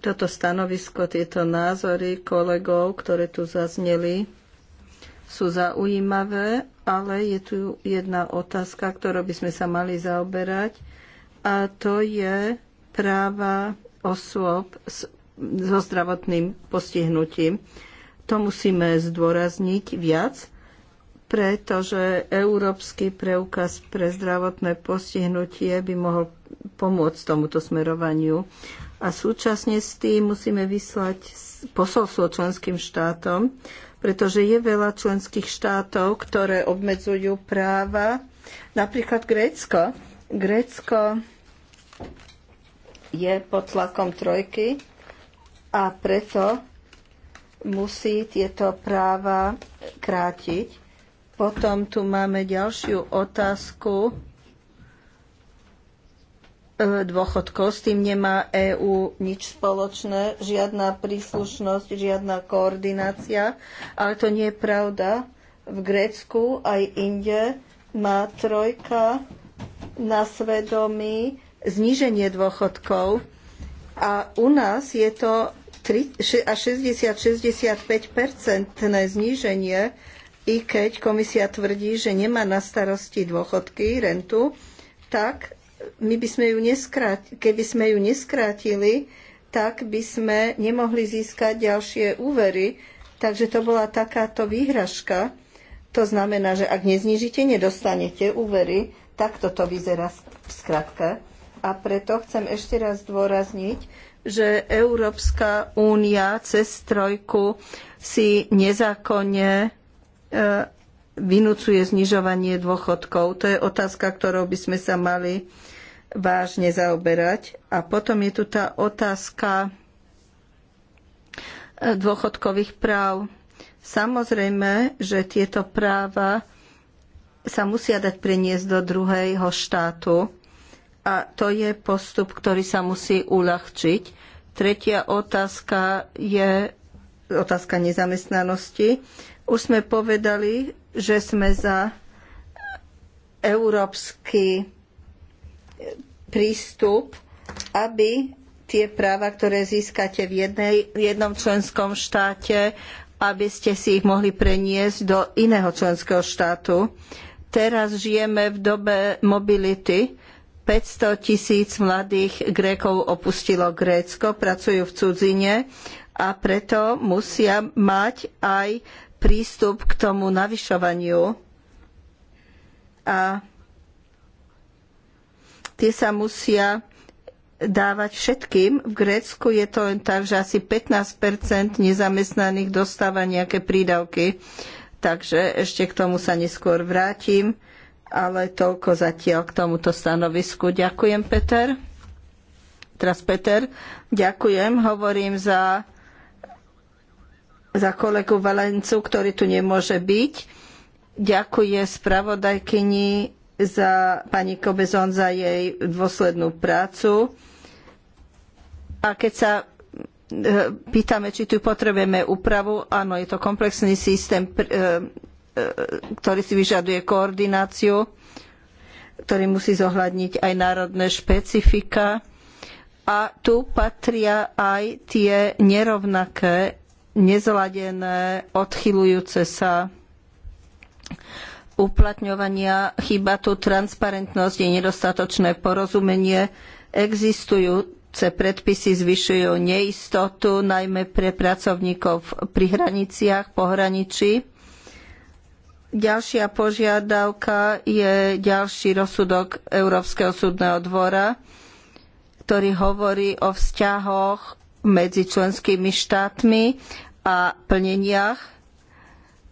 toto stanovisko, tieto názory kolegov, ktoré tu zazneli, sú zaujímavé, ale je tu jedna otázka, ktorou by sme sa mali zaoberať a to je práva osôb s, so zdravotným postihnutím. To musíme zdôrazniť viac, pretože Európsky preukaz pre zdravotné postihnutie by mohol pomôcť tomuto smerovaniu. A súčasne s tým musíme vyslať posolstvo členským štátom, pretože je veľa členských štátov, ktoré obmedzujú práva, napríklad Grécko. Grécko je pod tlakom trojky a preto musí tieto práva krátiť. Potom tu máme ďalšiu otázku E, dôchodkov. S tým nemá EÚ nič spoločné, žiadna príslušnosť, žiadna koordinácia, ale to nie je pravda. V Grécku aj inde má trojka na svedomí zníženie dôchodkov a u nás je to 60-65-percentné zníženie, i keď komisia tvrdí, že nemá na starosti dôchodky, rentu, tak my by sme ju neskrát, keby sme ju neskrátili, tak by sme nemohli získať ďalšie úvery. Takže to bola takáto výhražka. To znamená, že ak neznižíte, nedostanete úvery. Tak toto vyzerá v skratke. A preto chcem ešte raz dôrazniť, že Európska únia cez trojku si nezákonne e, vynúcuje znižovanie dôchodkov. To je otázka, ktorou by sme sa mali vážne zaoberať. A potom je tu tá otázka e, dôchodkových práv. Samozrejme, že tieto práva sa musia dať preniesť do druhého štátu a to je postup, ktorý sa musí uľahčiť. Tretia otázka je otázka nezamestnanosti. Už sme povedali, že sme za európsky prístup, aby tie práva, ktoré získate v jednej, jednom členskom štáte, aby ste si ich mohli preniesť do iného členského štátu. Teraz žijeme v dobe mobility. 500 tisíc mladých Grékov opustilo Grécko, pracujú v cudzine a preto musia mať aj prístup k tomu navyšovaniu. A Tie sa musia dávať všetkým. V Grécku je to len tak, že asi 15 nezamestnaných dostáva nejaké prídavky. Takže ešte k tomu sa neskôr vrátim, ale toľko zatiaľ k tomuto stanovisku. Ďakujem, Peter. Teraz Peter, ďakujem, hovorím za, za kolegu Valencu, ktorý tu nemôže byť. Ďakujem spravodajkyni za pani Kobezon za jej dôslednú prácu. A keď sa e, pýtame, či tu potrebujeme úpravu, áno, je to komplexný systém, e, e, ktorý si vyžaduje koordináciu, ktorý musí zohľadniť aj národné špecifika. A tu patria aj tie nerovnaké, nezladené, odchylujúce sa uplatňovania, chýba tu transparentnosť, je nedostatočné porozumenie, existujúce predpisy zvyšujú neistotu, najmä pre pracovníkov pri hraniciach, pohraničí. Ďalšia požiadavka je ďalší rozsudok Európskeho súdneho dvora, ktorý hovorí o vzťahoch medzi členskými štátmi a plneniach.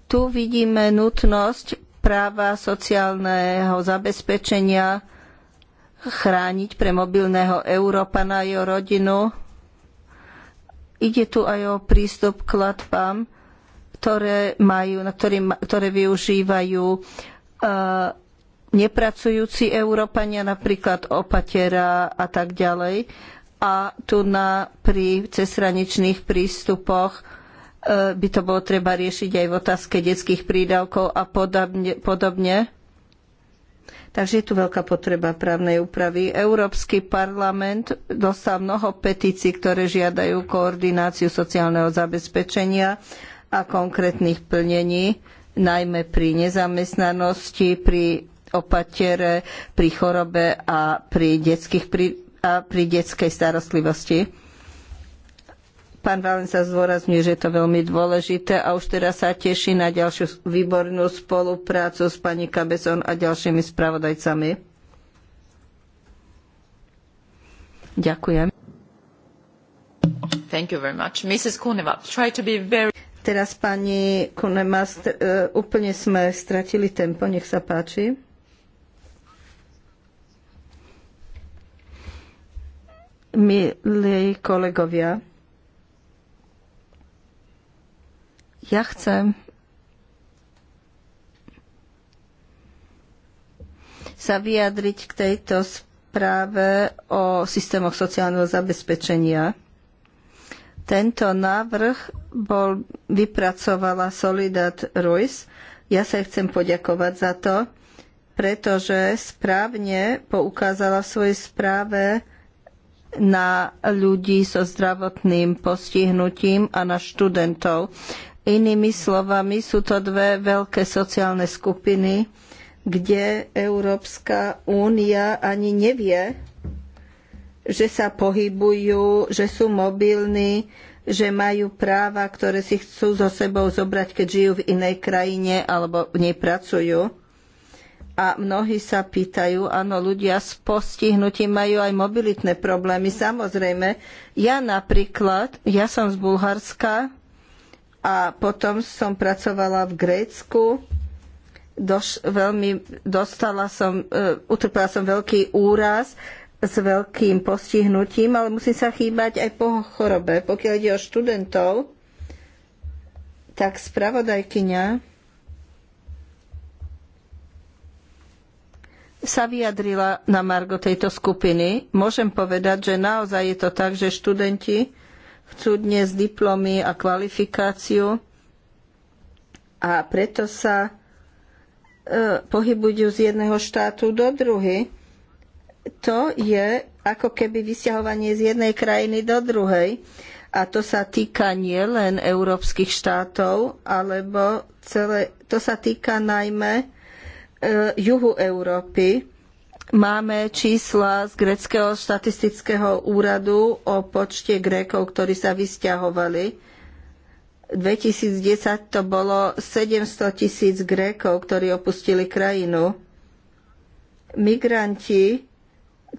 Tu vidíme nutnosť práva sociálneho zabezpečenia chrániť pre mobilného Európana a jeho rodinu. Ide tu aj o prístup k platbám, ktoré, majú, ktorý, ktoré využívajú e, nepracujúci Európania, napríklad opatera a tak ďalej. A tu na, pri cezhraničných prístupoch E, by to bolo treba riešiť aj v otázke detských prídavkov a podobne. Takže je tu veľká potreba právnej úpravy. Európsky parlament dostal mnoho petícií, ktoré žiadajú koordináciu sociálneho zabezpečenia a konkrétnych plnení, najmä pri nezamestnanosti, pri opatere, pri chorobe a pri, detských, a pri detskej starostlivosti Pán Valenca zdôrazňuje, že je to veľmi dôležité a už teraz sa teší na ďalšiu výbornú spoluprácu s pani Kabezon a ďalšími spravodajcami. Ďakujem. Kuneva, very... Teraz pani Kuneva, e, úplne sme stratili tempo, nech sa páči. Milí kolegovia, Ja chcem sa vyjadriť k tejto správe o systémoch sociálneho zabezpečenia. Tento návrh bol, vypracovala Solidat Ruiz. Ja sa chcem poďakovať za to, pretože správne poukázala v svojej správe na ľudí so zdravotným postihnutím a na študentov. Inými slovami, sú to dve veľké sociálne skupiny, kde Európska únia ani nevie, že sa pohybujú, že sú mobilní, že majú práva, ktoré si chcú so sebou zobrať, keď žijú v inej krajine alebo v nej pracujú. A mnohí sa pýtajú, áno, ľudia s postihnutím majú aj mobilitné problémy. Samozrejme, ja napríklad, ja som z Bulharska, a potom som pracovala v Grécku. Doš, veľmi, dostala som, uh, utrpela som veľký úraz s veľkým postihnutím, ale musím sa chýbať aj po chorobe. Pokiaľ ide o študentov, tak spravodajkyňa sa vyjadrila na margo tejto skupiny. Môžem povedať, že naozaj je to tak, že študenti chcú dnes diplomy a kvalifikáciu a preto sa e, pohybujú z jedného štátu do druhy. To je ako keby vysťahovanie z jednej krajiny do druhej. A to sa týka nielen európskych štátov, alebo celé, to sa týka najmä e, juhu Európy, Máme čísla z Gréckeho štatistického úradu o počte Grékov, ktorí sa vysťahovali. 2010 to bolo 700 tisíc Grékov, ktorí opustili krajinu. Migranti,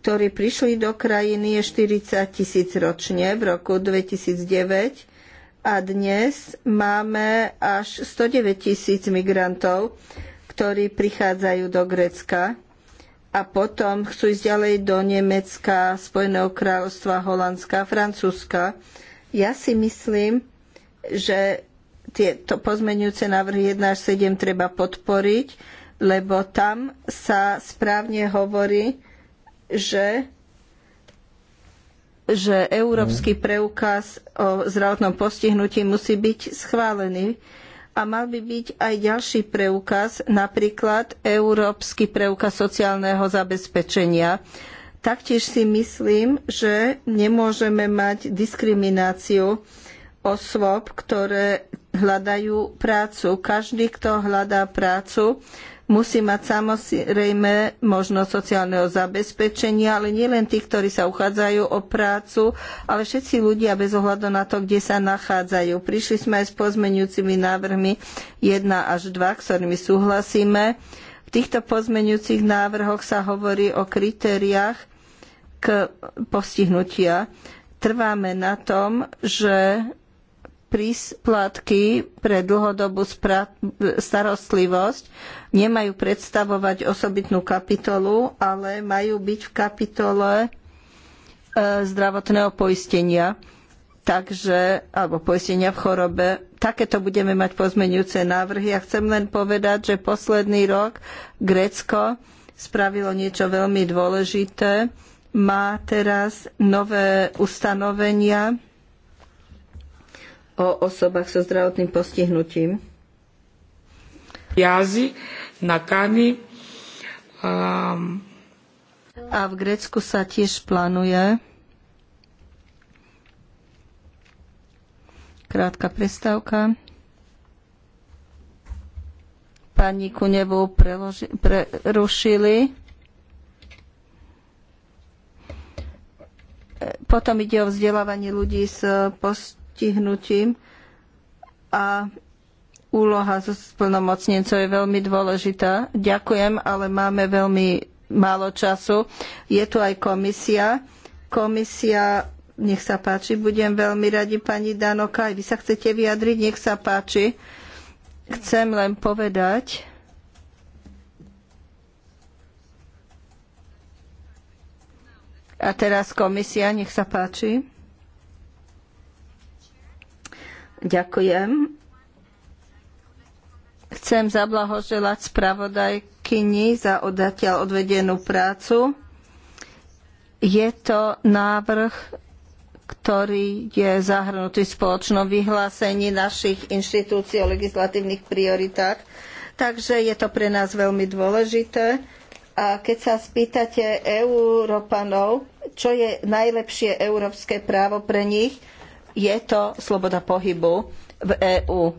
ktorí prišli do krajiny, je 40 tisíc ročne v roku 2009 a dnes máme až 109 tisíc migrantov, ktorí prichádzajú do Grécka a potom chcú ísť ďalej do Nemecka, Spojeného kráľovstva, Holandska, Francúzska. Ja si myslím, že tieto pozmenujúce návrhy 1 až 7 treba podporiť, lebo tam sa správne hovorí, že že európsky mhm. preukaz o zdravotnom postihnutí musí byť schválený a mal by byť aj ďalší preukaz, napríklad Európsky preukaz sociálneho zabezpečenia. Taktiež si myslím, že nemôžeme mať diskrimináciu osôb, ktoré hľadajú prácu. Každý, kto hľadá prácu, musí mať samozrejme možnosť sociálneho zabezpečenia, ale nielen tí, ktorí sa uchádzajú o prácu, ale všetci ľudia bez ohľadu na to, kde sa nachádzajú. Prišli sme aj s pozmeňujúcimi návrhmi 1 až 2, ktorými súhlasíme. V týchto pozmeňujúcich návrhoch sa hovorí o kritériách k postihnutia. Trváme na tom, že prísplatky pre dlhodobú starostlivosť nemajú predstavovať osobitnú kapitolu, ale majú byť v kapitole e, zdravotného poistenia takže, alebo poistenia v chorobe. Takéto budeme mať pozmeňujúce návrhy. Ja chcem len povedať, že posledný rok Grécko spravilo niečo veľmi dôležité. Má teraz nové ustanovenia o osobách so zdravotným postihnutím. Jazy, nakany. Um... A v Grécku sa tiež plánuje krátka prestávka. Pani Kunevu preloži, prerušili. Potom ide o vzdelávanie ľudí s post postihnutím a úloha splnomocnencov je veľmi dôležitá. Ďakujem, ale máme veľmi málo času. Je tu aj komisia. Komisia, nech sa páči, budem veľmi radi, pani Danoka, aj vy sa chcete vyjadriť, nech sa páči. Chcem len povedať, A teraz komisia, nech sa páči. Ďakujem. Chcem zablahoželať spravodajkyni za odatiaľ odvedenú prácu. Je to návrh, ktorý je zahrnutý v spoločnom vyhlásení našich inštitúcií o legislatívnych prioritách. Takže je to pre nás veľmi dôležité. A keď sa spýtate Európanov, čo je najlepšie európske právo pre nich, je to sloboda pohybu v EÚ.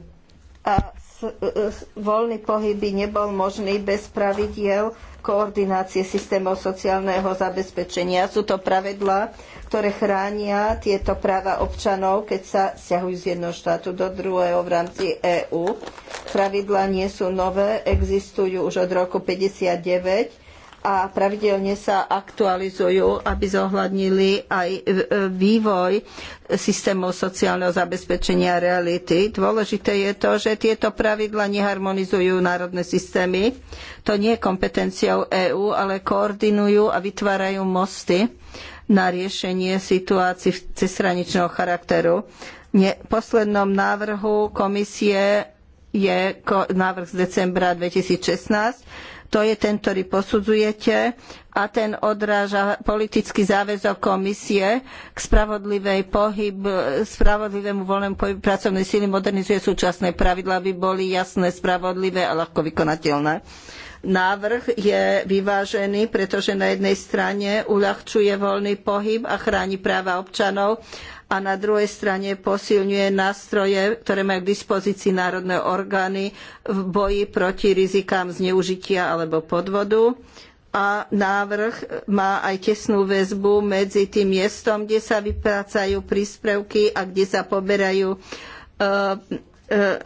A voľný pohyb by nebol možný bez pravidiel koordinácie systémov sociálneho zabezpečenia. Sú to pravidlá, ktoré chránia tieto práva občanov, keď sa sťahujú z jedného štátu do druhého v rámci EÚ. Pravidlá nie sú nové, existujú už od roku 59 a pravidelne sa aktualizujú, aby zohľadnili aj e, vývoj systémov sociálneho zabezpečenia reality. Dôležité je to, že tieto pravidla neharmonizujú národné systémy. To nie je kompetenciou EÚ, ale koordinujú a vytvárajú mosty na riešenie situácií cezhraničného charakteru. V poslednom návrhu komisie je návrh z decembra 2016 to je ten, ktorý posudzujete a ten odráža politický záväzok komisie k spravodlivej pohyb, spravodlivému voľnému pohybu pracovnej síly, modernizuje súčasné pravidlá, aby boli jasné, spravodlivé a ľahko vykonateľné. Návrh je vyvážený, pretože na jednej strane uľahčuje voľný pohyb a chráni práva občanov a na druhej strane posilňuje nástroje, ktoré majú k dispozícii národné orgány v boji proti rizikám zneužitia alebo podvodu. A návrh má aj tesnú väzbu medzi tým miestom, kde sa vyprácajú príspevky a kde sa poberajú e, e,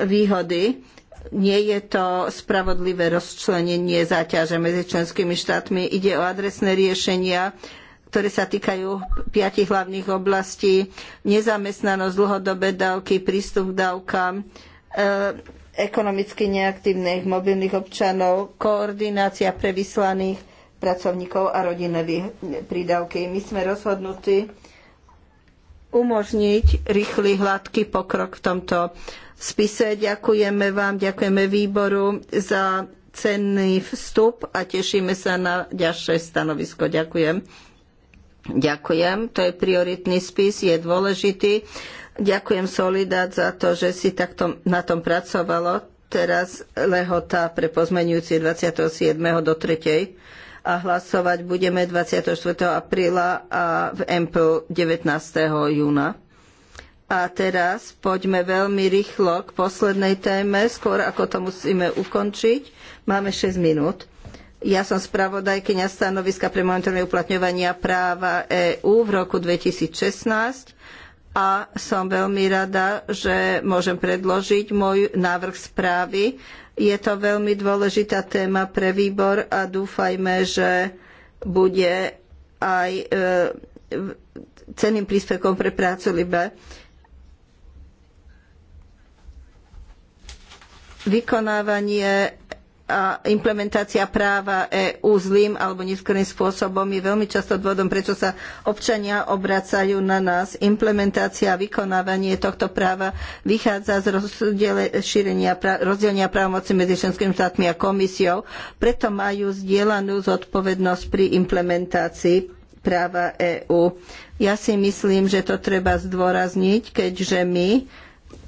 výhody. Nie je to spravodlivé rozčlenenie záťaže medzi členskými štátmi. Ide o adresné riešenia, ktoré sa týkajú piatich hlavných oblastí. Nezamestnanosť, dlhodobé dávky, prístup k dávkam, eh, ekonomicky neaktívnych mobilných občanov, koordinácia pre vyslaných pracovníkov a rodinné prídavky. My sme rozhodnutí umožniť rýchly, hladký pokrok v tomto spise. Ďakujeme vám, ďakujeme výboru za cenný vstup a tešíme sa na ďalšie stanovisko. Ďakujem. Ďakujem, to je prioritný spis, je dôležitý. Ďakujem Solidat za to, že si takto na tom pracovalo. Teraz lehota pre pozmenujúci 27. do 3. a hlasovať budeme 24. apríla a v EMPL 19. júna. A teraz poďme veľmi rýchlo k poslednej téme, skôr ako to musíme ukončiť. Máme 6 minút. Ja som spravodajkyňa stanoviska pre monitorovanie uplatňovania práva EÚ v roku 2016 a som veľmi rada, že môžem predložiť môj návrh správy. Je to veľmi dôležitá téma pre výbor a dúfajme, že bude aj e, cenným príspevkom pre prácu LIBE. Vykonávanie a implementácia práva EÚ zlým alebo neskorým spôsobom je veľmi často dôvodom, prečo sa občania obracajú na nás. Implementácia a vykonávanie tohto práva vychádza z rozdelenia, rozdelenia právomoci medzi členskými štátmi a komisiou, preto majú zdieľanú zodpovednosť pri implementácii práva EÚ. Ja si myslím, že to treba zdôrazniť, keďže my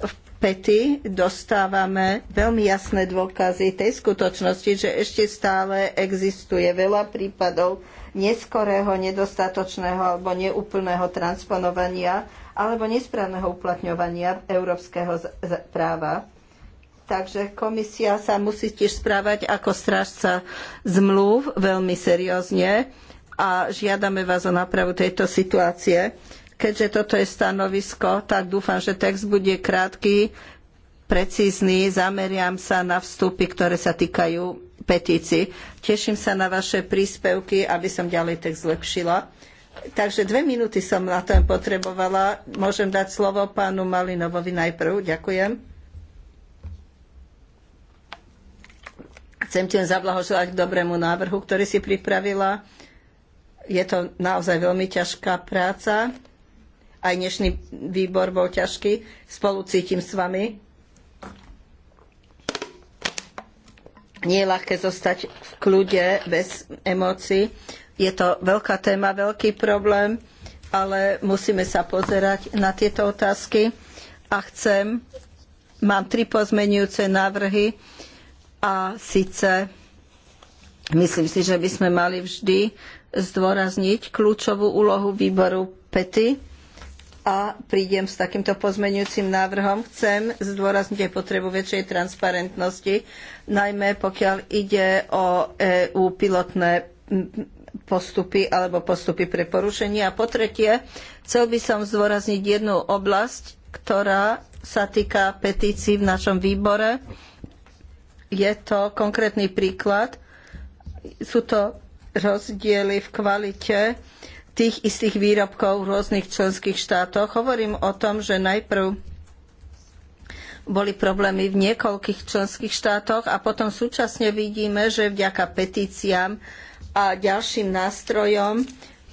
v Pety dostávame veľmi jasné dôkazy tej skutočnosti, že ešte stále existuje veľa prípadov neskorého, nedostatočného alebo neúplného transponovania alebo nesprávneho uplatňovania európskeho práva. Takže komisia sa musí tiež správať ako strážca zmluv veľmi seriózne a žiadame vás o nápravu tejto situácie. Keďže toto je stanovisko, tak dúfam, že text bude krátky, precízny, zameriam sa na vstupy, ktoré sa týkajú petícií. Teším sa na vaše príspevky, aby som ďalej text zlepšila. Takže dve minúty som na to potrebovala. Môžem dať slovo pánu Malinovovi najprv. Ďakujem. Chcem ti zablahoželať k dobrému návrhu, ktorý si pripravila. Je to naozaj veľmi ťažká práca. Aj dnešný výbor bol ťažký. Spolu cítim s vami. Nie je ľahké zostať v kľude, bez emócií. Je to veľká téma, veľký problém, ale musíme sa pozerať na tieto otázky. A chcem, mám tri pozmenujúce návrhy a síce myslím si, že by sme mali vždy zdôrazniť kľúčovú úlohu výboru Pety a prídem s takýmto pozmenujúcim návrhom. Chcem zdôrazniť aj potrebu väčšej transparentnosti, najmä pokiaľ ide o EU pilotné postupy alebo postupy pre porušenie. A po tretie, chcel by som zdôrazniť jednu oblasť, ktorá sa týka petícií v našom výbore. Je to konkrétny príklad. Sú to rozdiely v kvalite tých istých výrobkov v rôznych členských štátoch. Hovorím o tom, že najprv boli problémy v niekoľkých členských štátoch a potom súčasne vidíme, že vďaka petíciám a ďalším nástrojom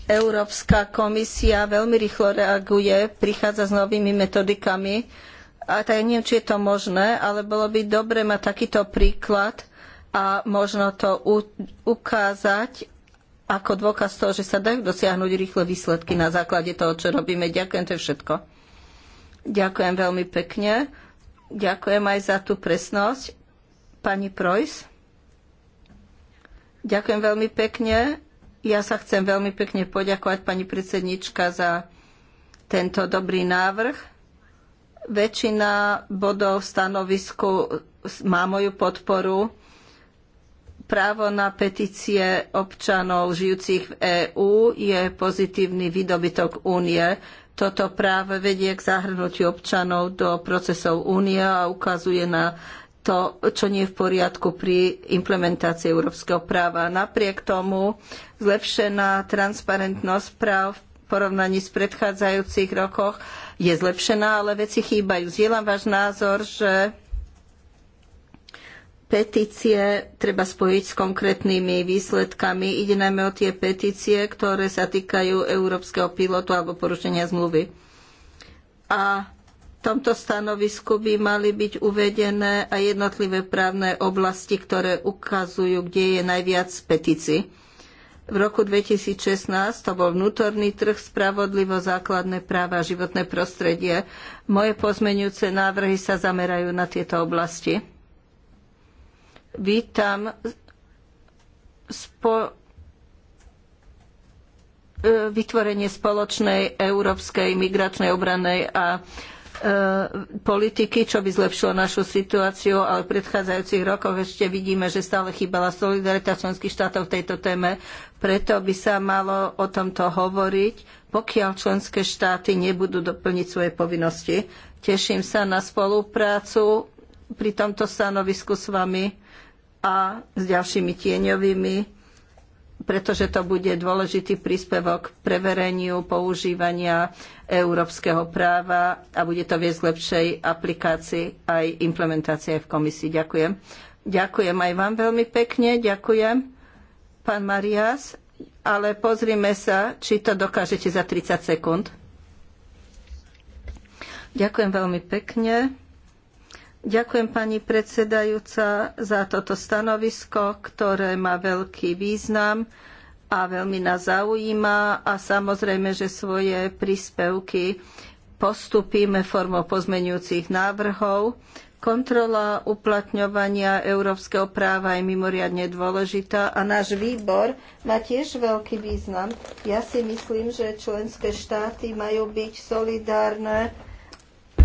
Európska komisia veľmi rýchlo reaguje, prichádza s novými metodikami. A tak neviem, či je to možné, ale bolo by dobre mať takýto príklad a možno to ukázať ako dôkaz toho, že sa dajú dosiahnuť rýchle výsledky na základe toho, čo robíme. Ďakujem, to je všetko. Ďakujem veľmi pekne. Ďakujem aj za tú presnosť. Pani Projs. Ďakujem veľmi pekne. Ja sa chcem veľmi pekne poďakovať pani predsednička za tento dobrý návrh. Väčšina bodov v stanovisku má moju podporu Právo na petície občanov žijúcich v EÚ je pozitívny výdobytok únie. Toto práve vedie k zahrnutiu občanov do procesov únie a ukazuje na to, čo nie je v poriadku pri implementácii európskeho práva. Napriek tomu zlepšená transparentnosť práv v porovnaní s predchádzajúcich rokoch je zlepšená, ale veci chýbajú. Zdieľam váš názor, že petície treba spojiť s konkrétnymi výsledkami. Ide najmä o tie petície, ktoré sa týkajú európskeho pilotu alebo porušenia zmluvy. A v tomto stanovisku by mali byť uvedené aj jednotlivé právne oblasti, ktoré ukazujú, kde je najviac petícií. V roku 2016 to bol vnútorný trh, spravodlivo základné práva a životné prostredie. Moje pozmenujúce návrhy sa zamerajú na tieto oblasti vítam spo, e, vytvorenie spoločnej európskej migračnej obranej a e, politiky, čo by zlepšilo našu situáciu, ale v predchádzajúcich rokoch ešte vidíme, že stále chýbala solidarita členských štátov v tejto téme. Preto by sa malo o tomto hovoriť, pokiaľ členské štáty nebudú doplniť svoje povinnosti. Teším sa na spoluprácu pri tomto stanovisku s vami a s ďalšími tieňovými, pretože to bude dôležitý príspevok k prevereniu používania európskeho práva a bude to viesť k lepšej aplikácii aj implementácie v komisii. Ďakujem. Ďakujem aj vám veľmi pekne. Ďakujem, pán Marias. Ale pozrime sa, či to dokážete za 30 sekúnd. Ďakujem veľmi pekne. Ďakujem pani predsedajúca za toto stanovisko, ktoré má veľký význam a veľmi nás zaujíma a samozrejme, že svoje príspevky postupíme formou pozmenujúcich návrhov. Kontrola uplatňovania európskeho práva je mimoriadne dôležitá a náš výbor má tiež veľký význam. Ja si myslím, že členské štáty majú byť solidárne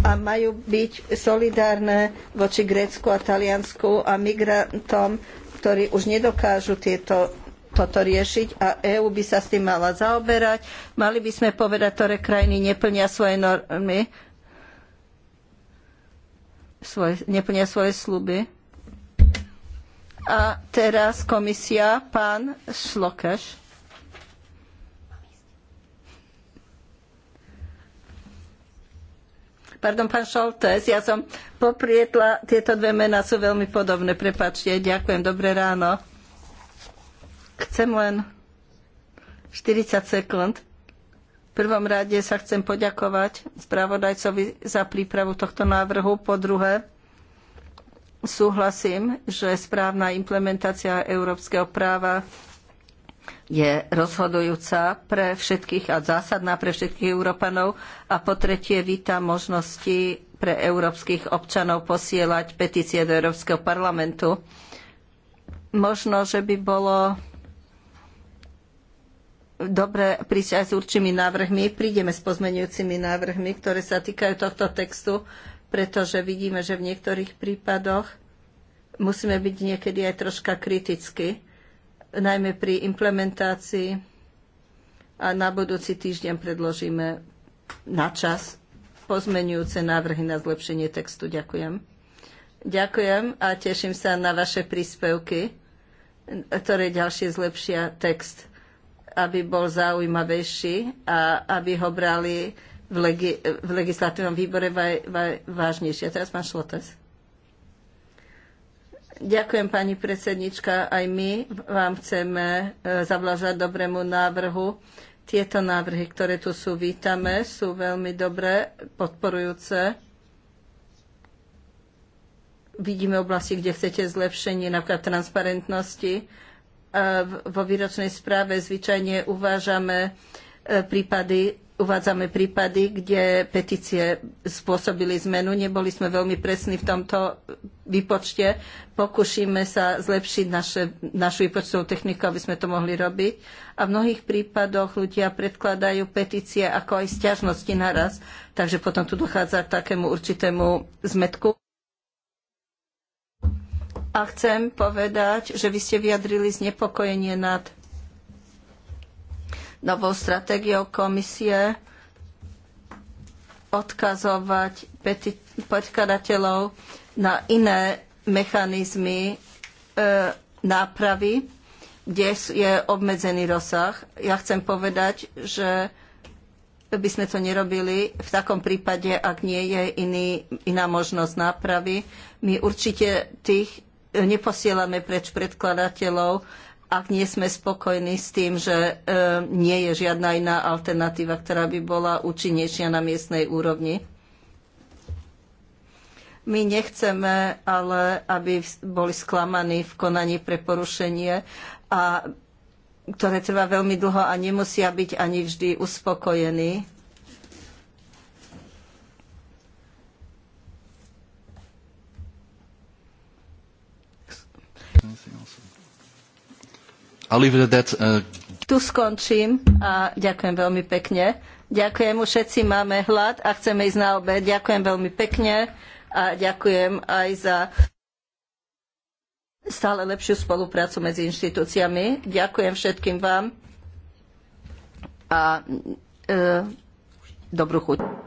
a majú byť solidárne voči Grécku a Taliansku a migrantom, ktorí už nedokážu tieto toto riešiť a EÚ by sa s tým mala zaoberať. Mali by sme povedať, ktoré krajiny neplnia svoje normy, svoje, neplnia svoje sluby. A teraz komisia, pán Šlokeš. Pardon, pán Šoltes, ja som poprietla, tieto dve mená sú veľmi podobné, prepačte, ďakujem, dobré ráno. Chcem len 40 sekúnd. V prvom rade sa chcem poďakovať spravodajcovi za prípravu tohto návrhu. Po druhé, súhlasím, že správna implementácia európskeho práva je rozhodujúca pre všetkých a zásadná pre všetkých Európanov. A po tretie víta možnosti pre európskych občanov posielať petície do Európskeho parlamentu. Možno, že by bolo dobre prísť aj s určitými návrhmi. Prídeme s pozmenujúcimi návrhmi, ktoré sa týkajú tohto textu, pretože vidíme, že v niektorých prípadoch musíme byť niekedy aj troška kriticky najmä pri implementácii a na budúci týždeň predložíme na čas pozmenujúce návrhy na zlepšenie textu. Ďakujem. Ďakujem a teším sa na vaše príspevky, ktoré ďalšie zlepšia text, aby bol zaujímavejší a aby ho brali v, legi- v legislatívnom výbore vaj- vaj- vážnejšie. Teraz pán Šlotes. Ďakujem, pani predsednička. Aj my vám chceme e, zavlažať dobrému návrhu. Tieto návrhy, ktoré tu sú, vítame, sú veľmi dobré, podporujúce. Vidíme oblasti, kde chcete zlepšenie, napríklad transparentnosti. E, vo výročnej správe zvyčajne uvážame e, prípady uvádzame prípady, kde petície spôsobili zmenu. Neboli sme veľmi presní v tomto výpočte. Pokúšime sa zlepšiť naše, našu výpočtovú techniku, aby sme to mohli robiť. A v mnohých prípadoch ľudia predkladajú petície ako aj stiažnosti naraz, takže potom tu dochádza k takému určitému zmetku. A chcem povedať, že vy ste vyjadrili znepokojenie nad novou stratégiou komisie odkazovať podkladateľov na iné mechanizmy e, nápravy, kde je obmedzený rozsah. Ja chcem povedať, že by sme to nerobili v takom prípade, ak nie je iný, iná možnosť nápravy. My určite tých neposielame preč predkladateľov, ak nie sme spokojní s tým, že e, nie je žiadna iná alternatíva, ktorá by bola účinnejšia na miestnej úrovni. My nechceme, ale aby boli sklamaní v konaní pre porušenie, a ktoré trvá veľmi dlho a nemusia byť ani vždy uspokojení. That, uh... Tu skončím a ďakujem veľmi pekne. Ďakujem, už všetci máme hlad a chceme ísť na obed. Ďakujem veľmi pekne a ďakujem aj za stále lepšiu spoluprácu medzi inštitúciami. Ďakujem všetkým vám a e, dobrú chuť.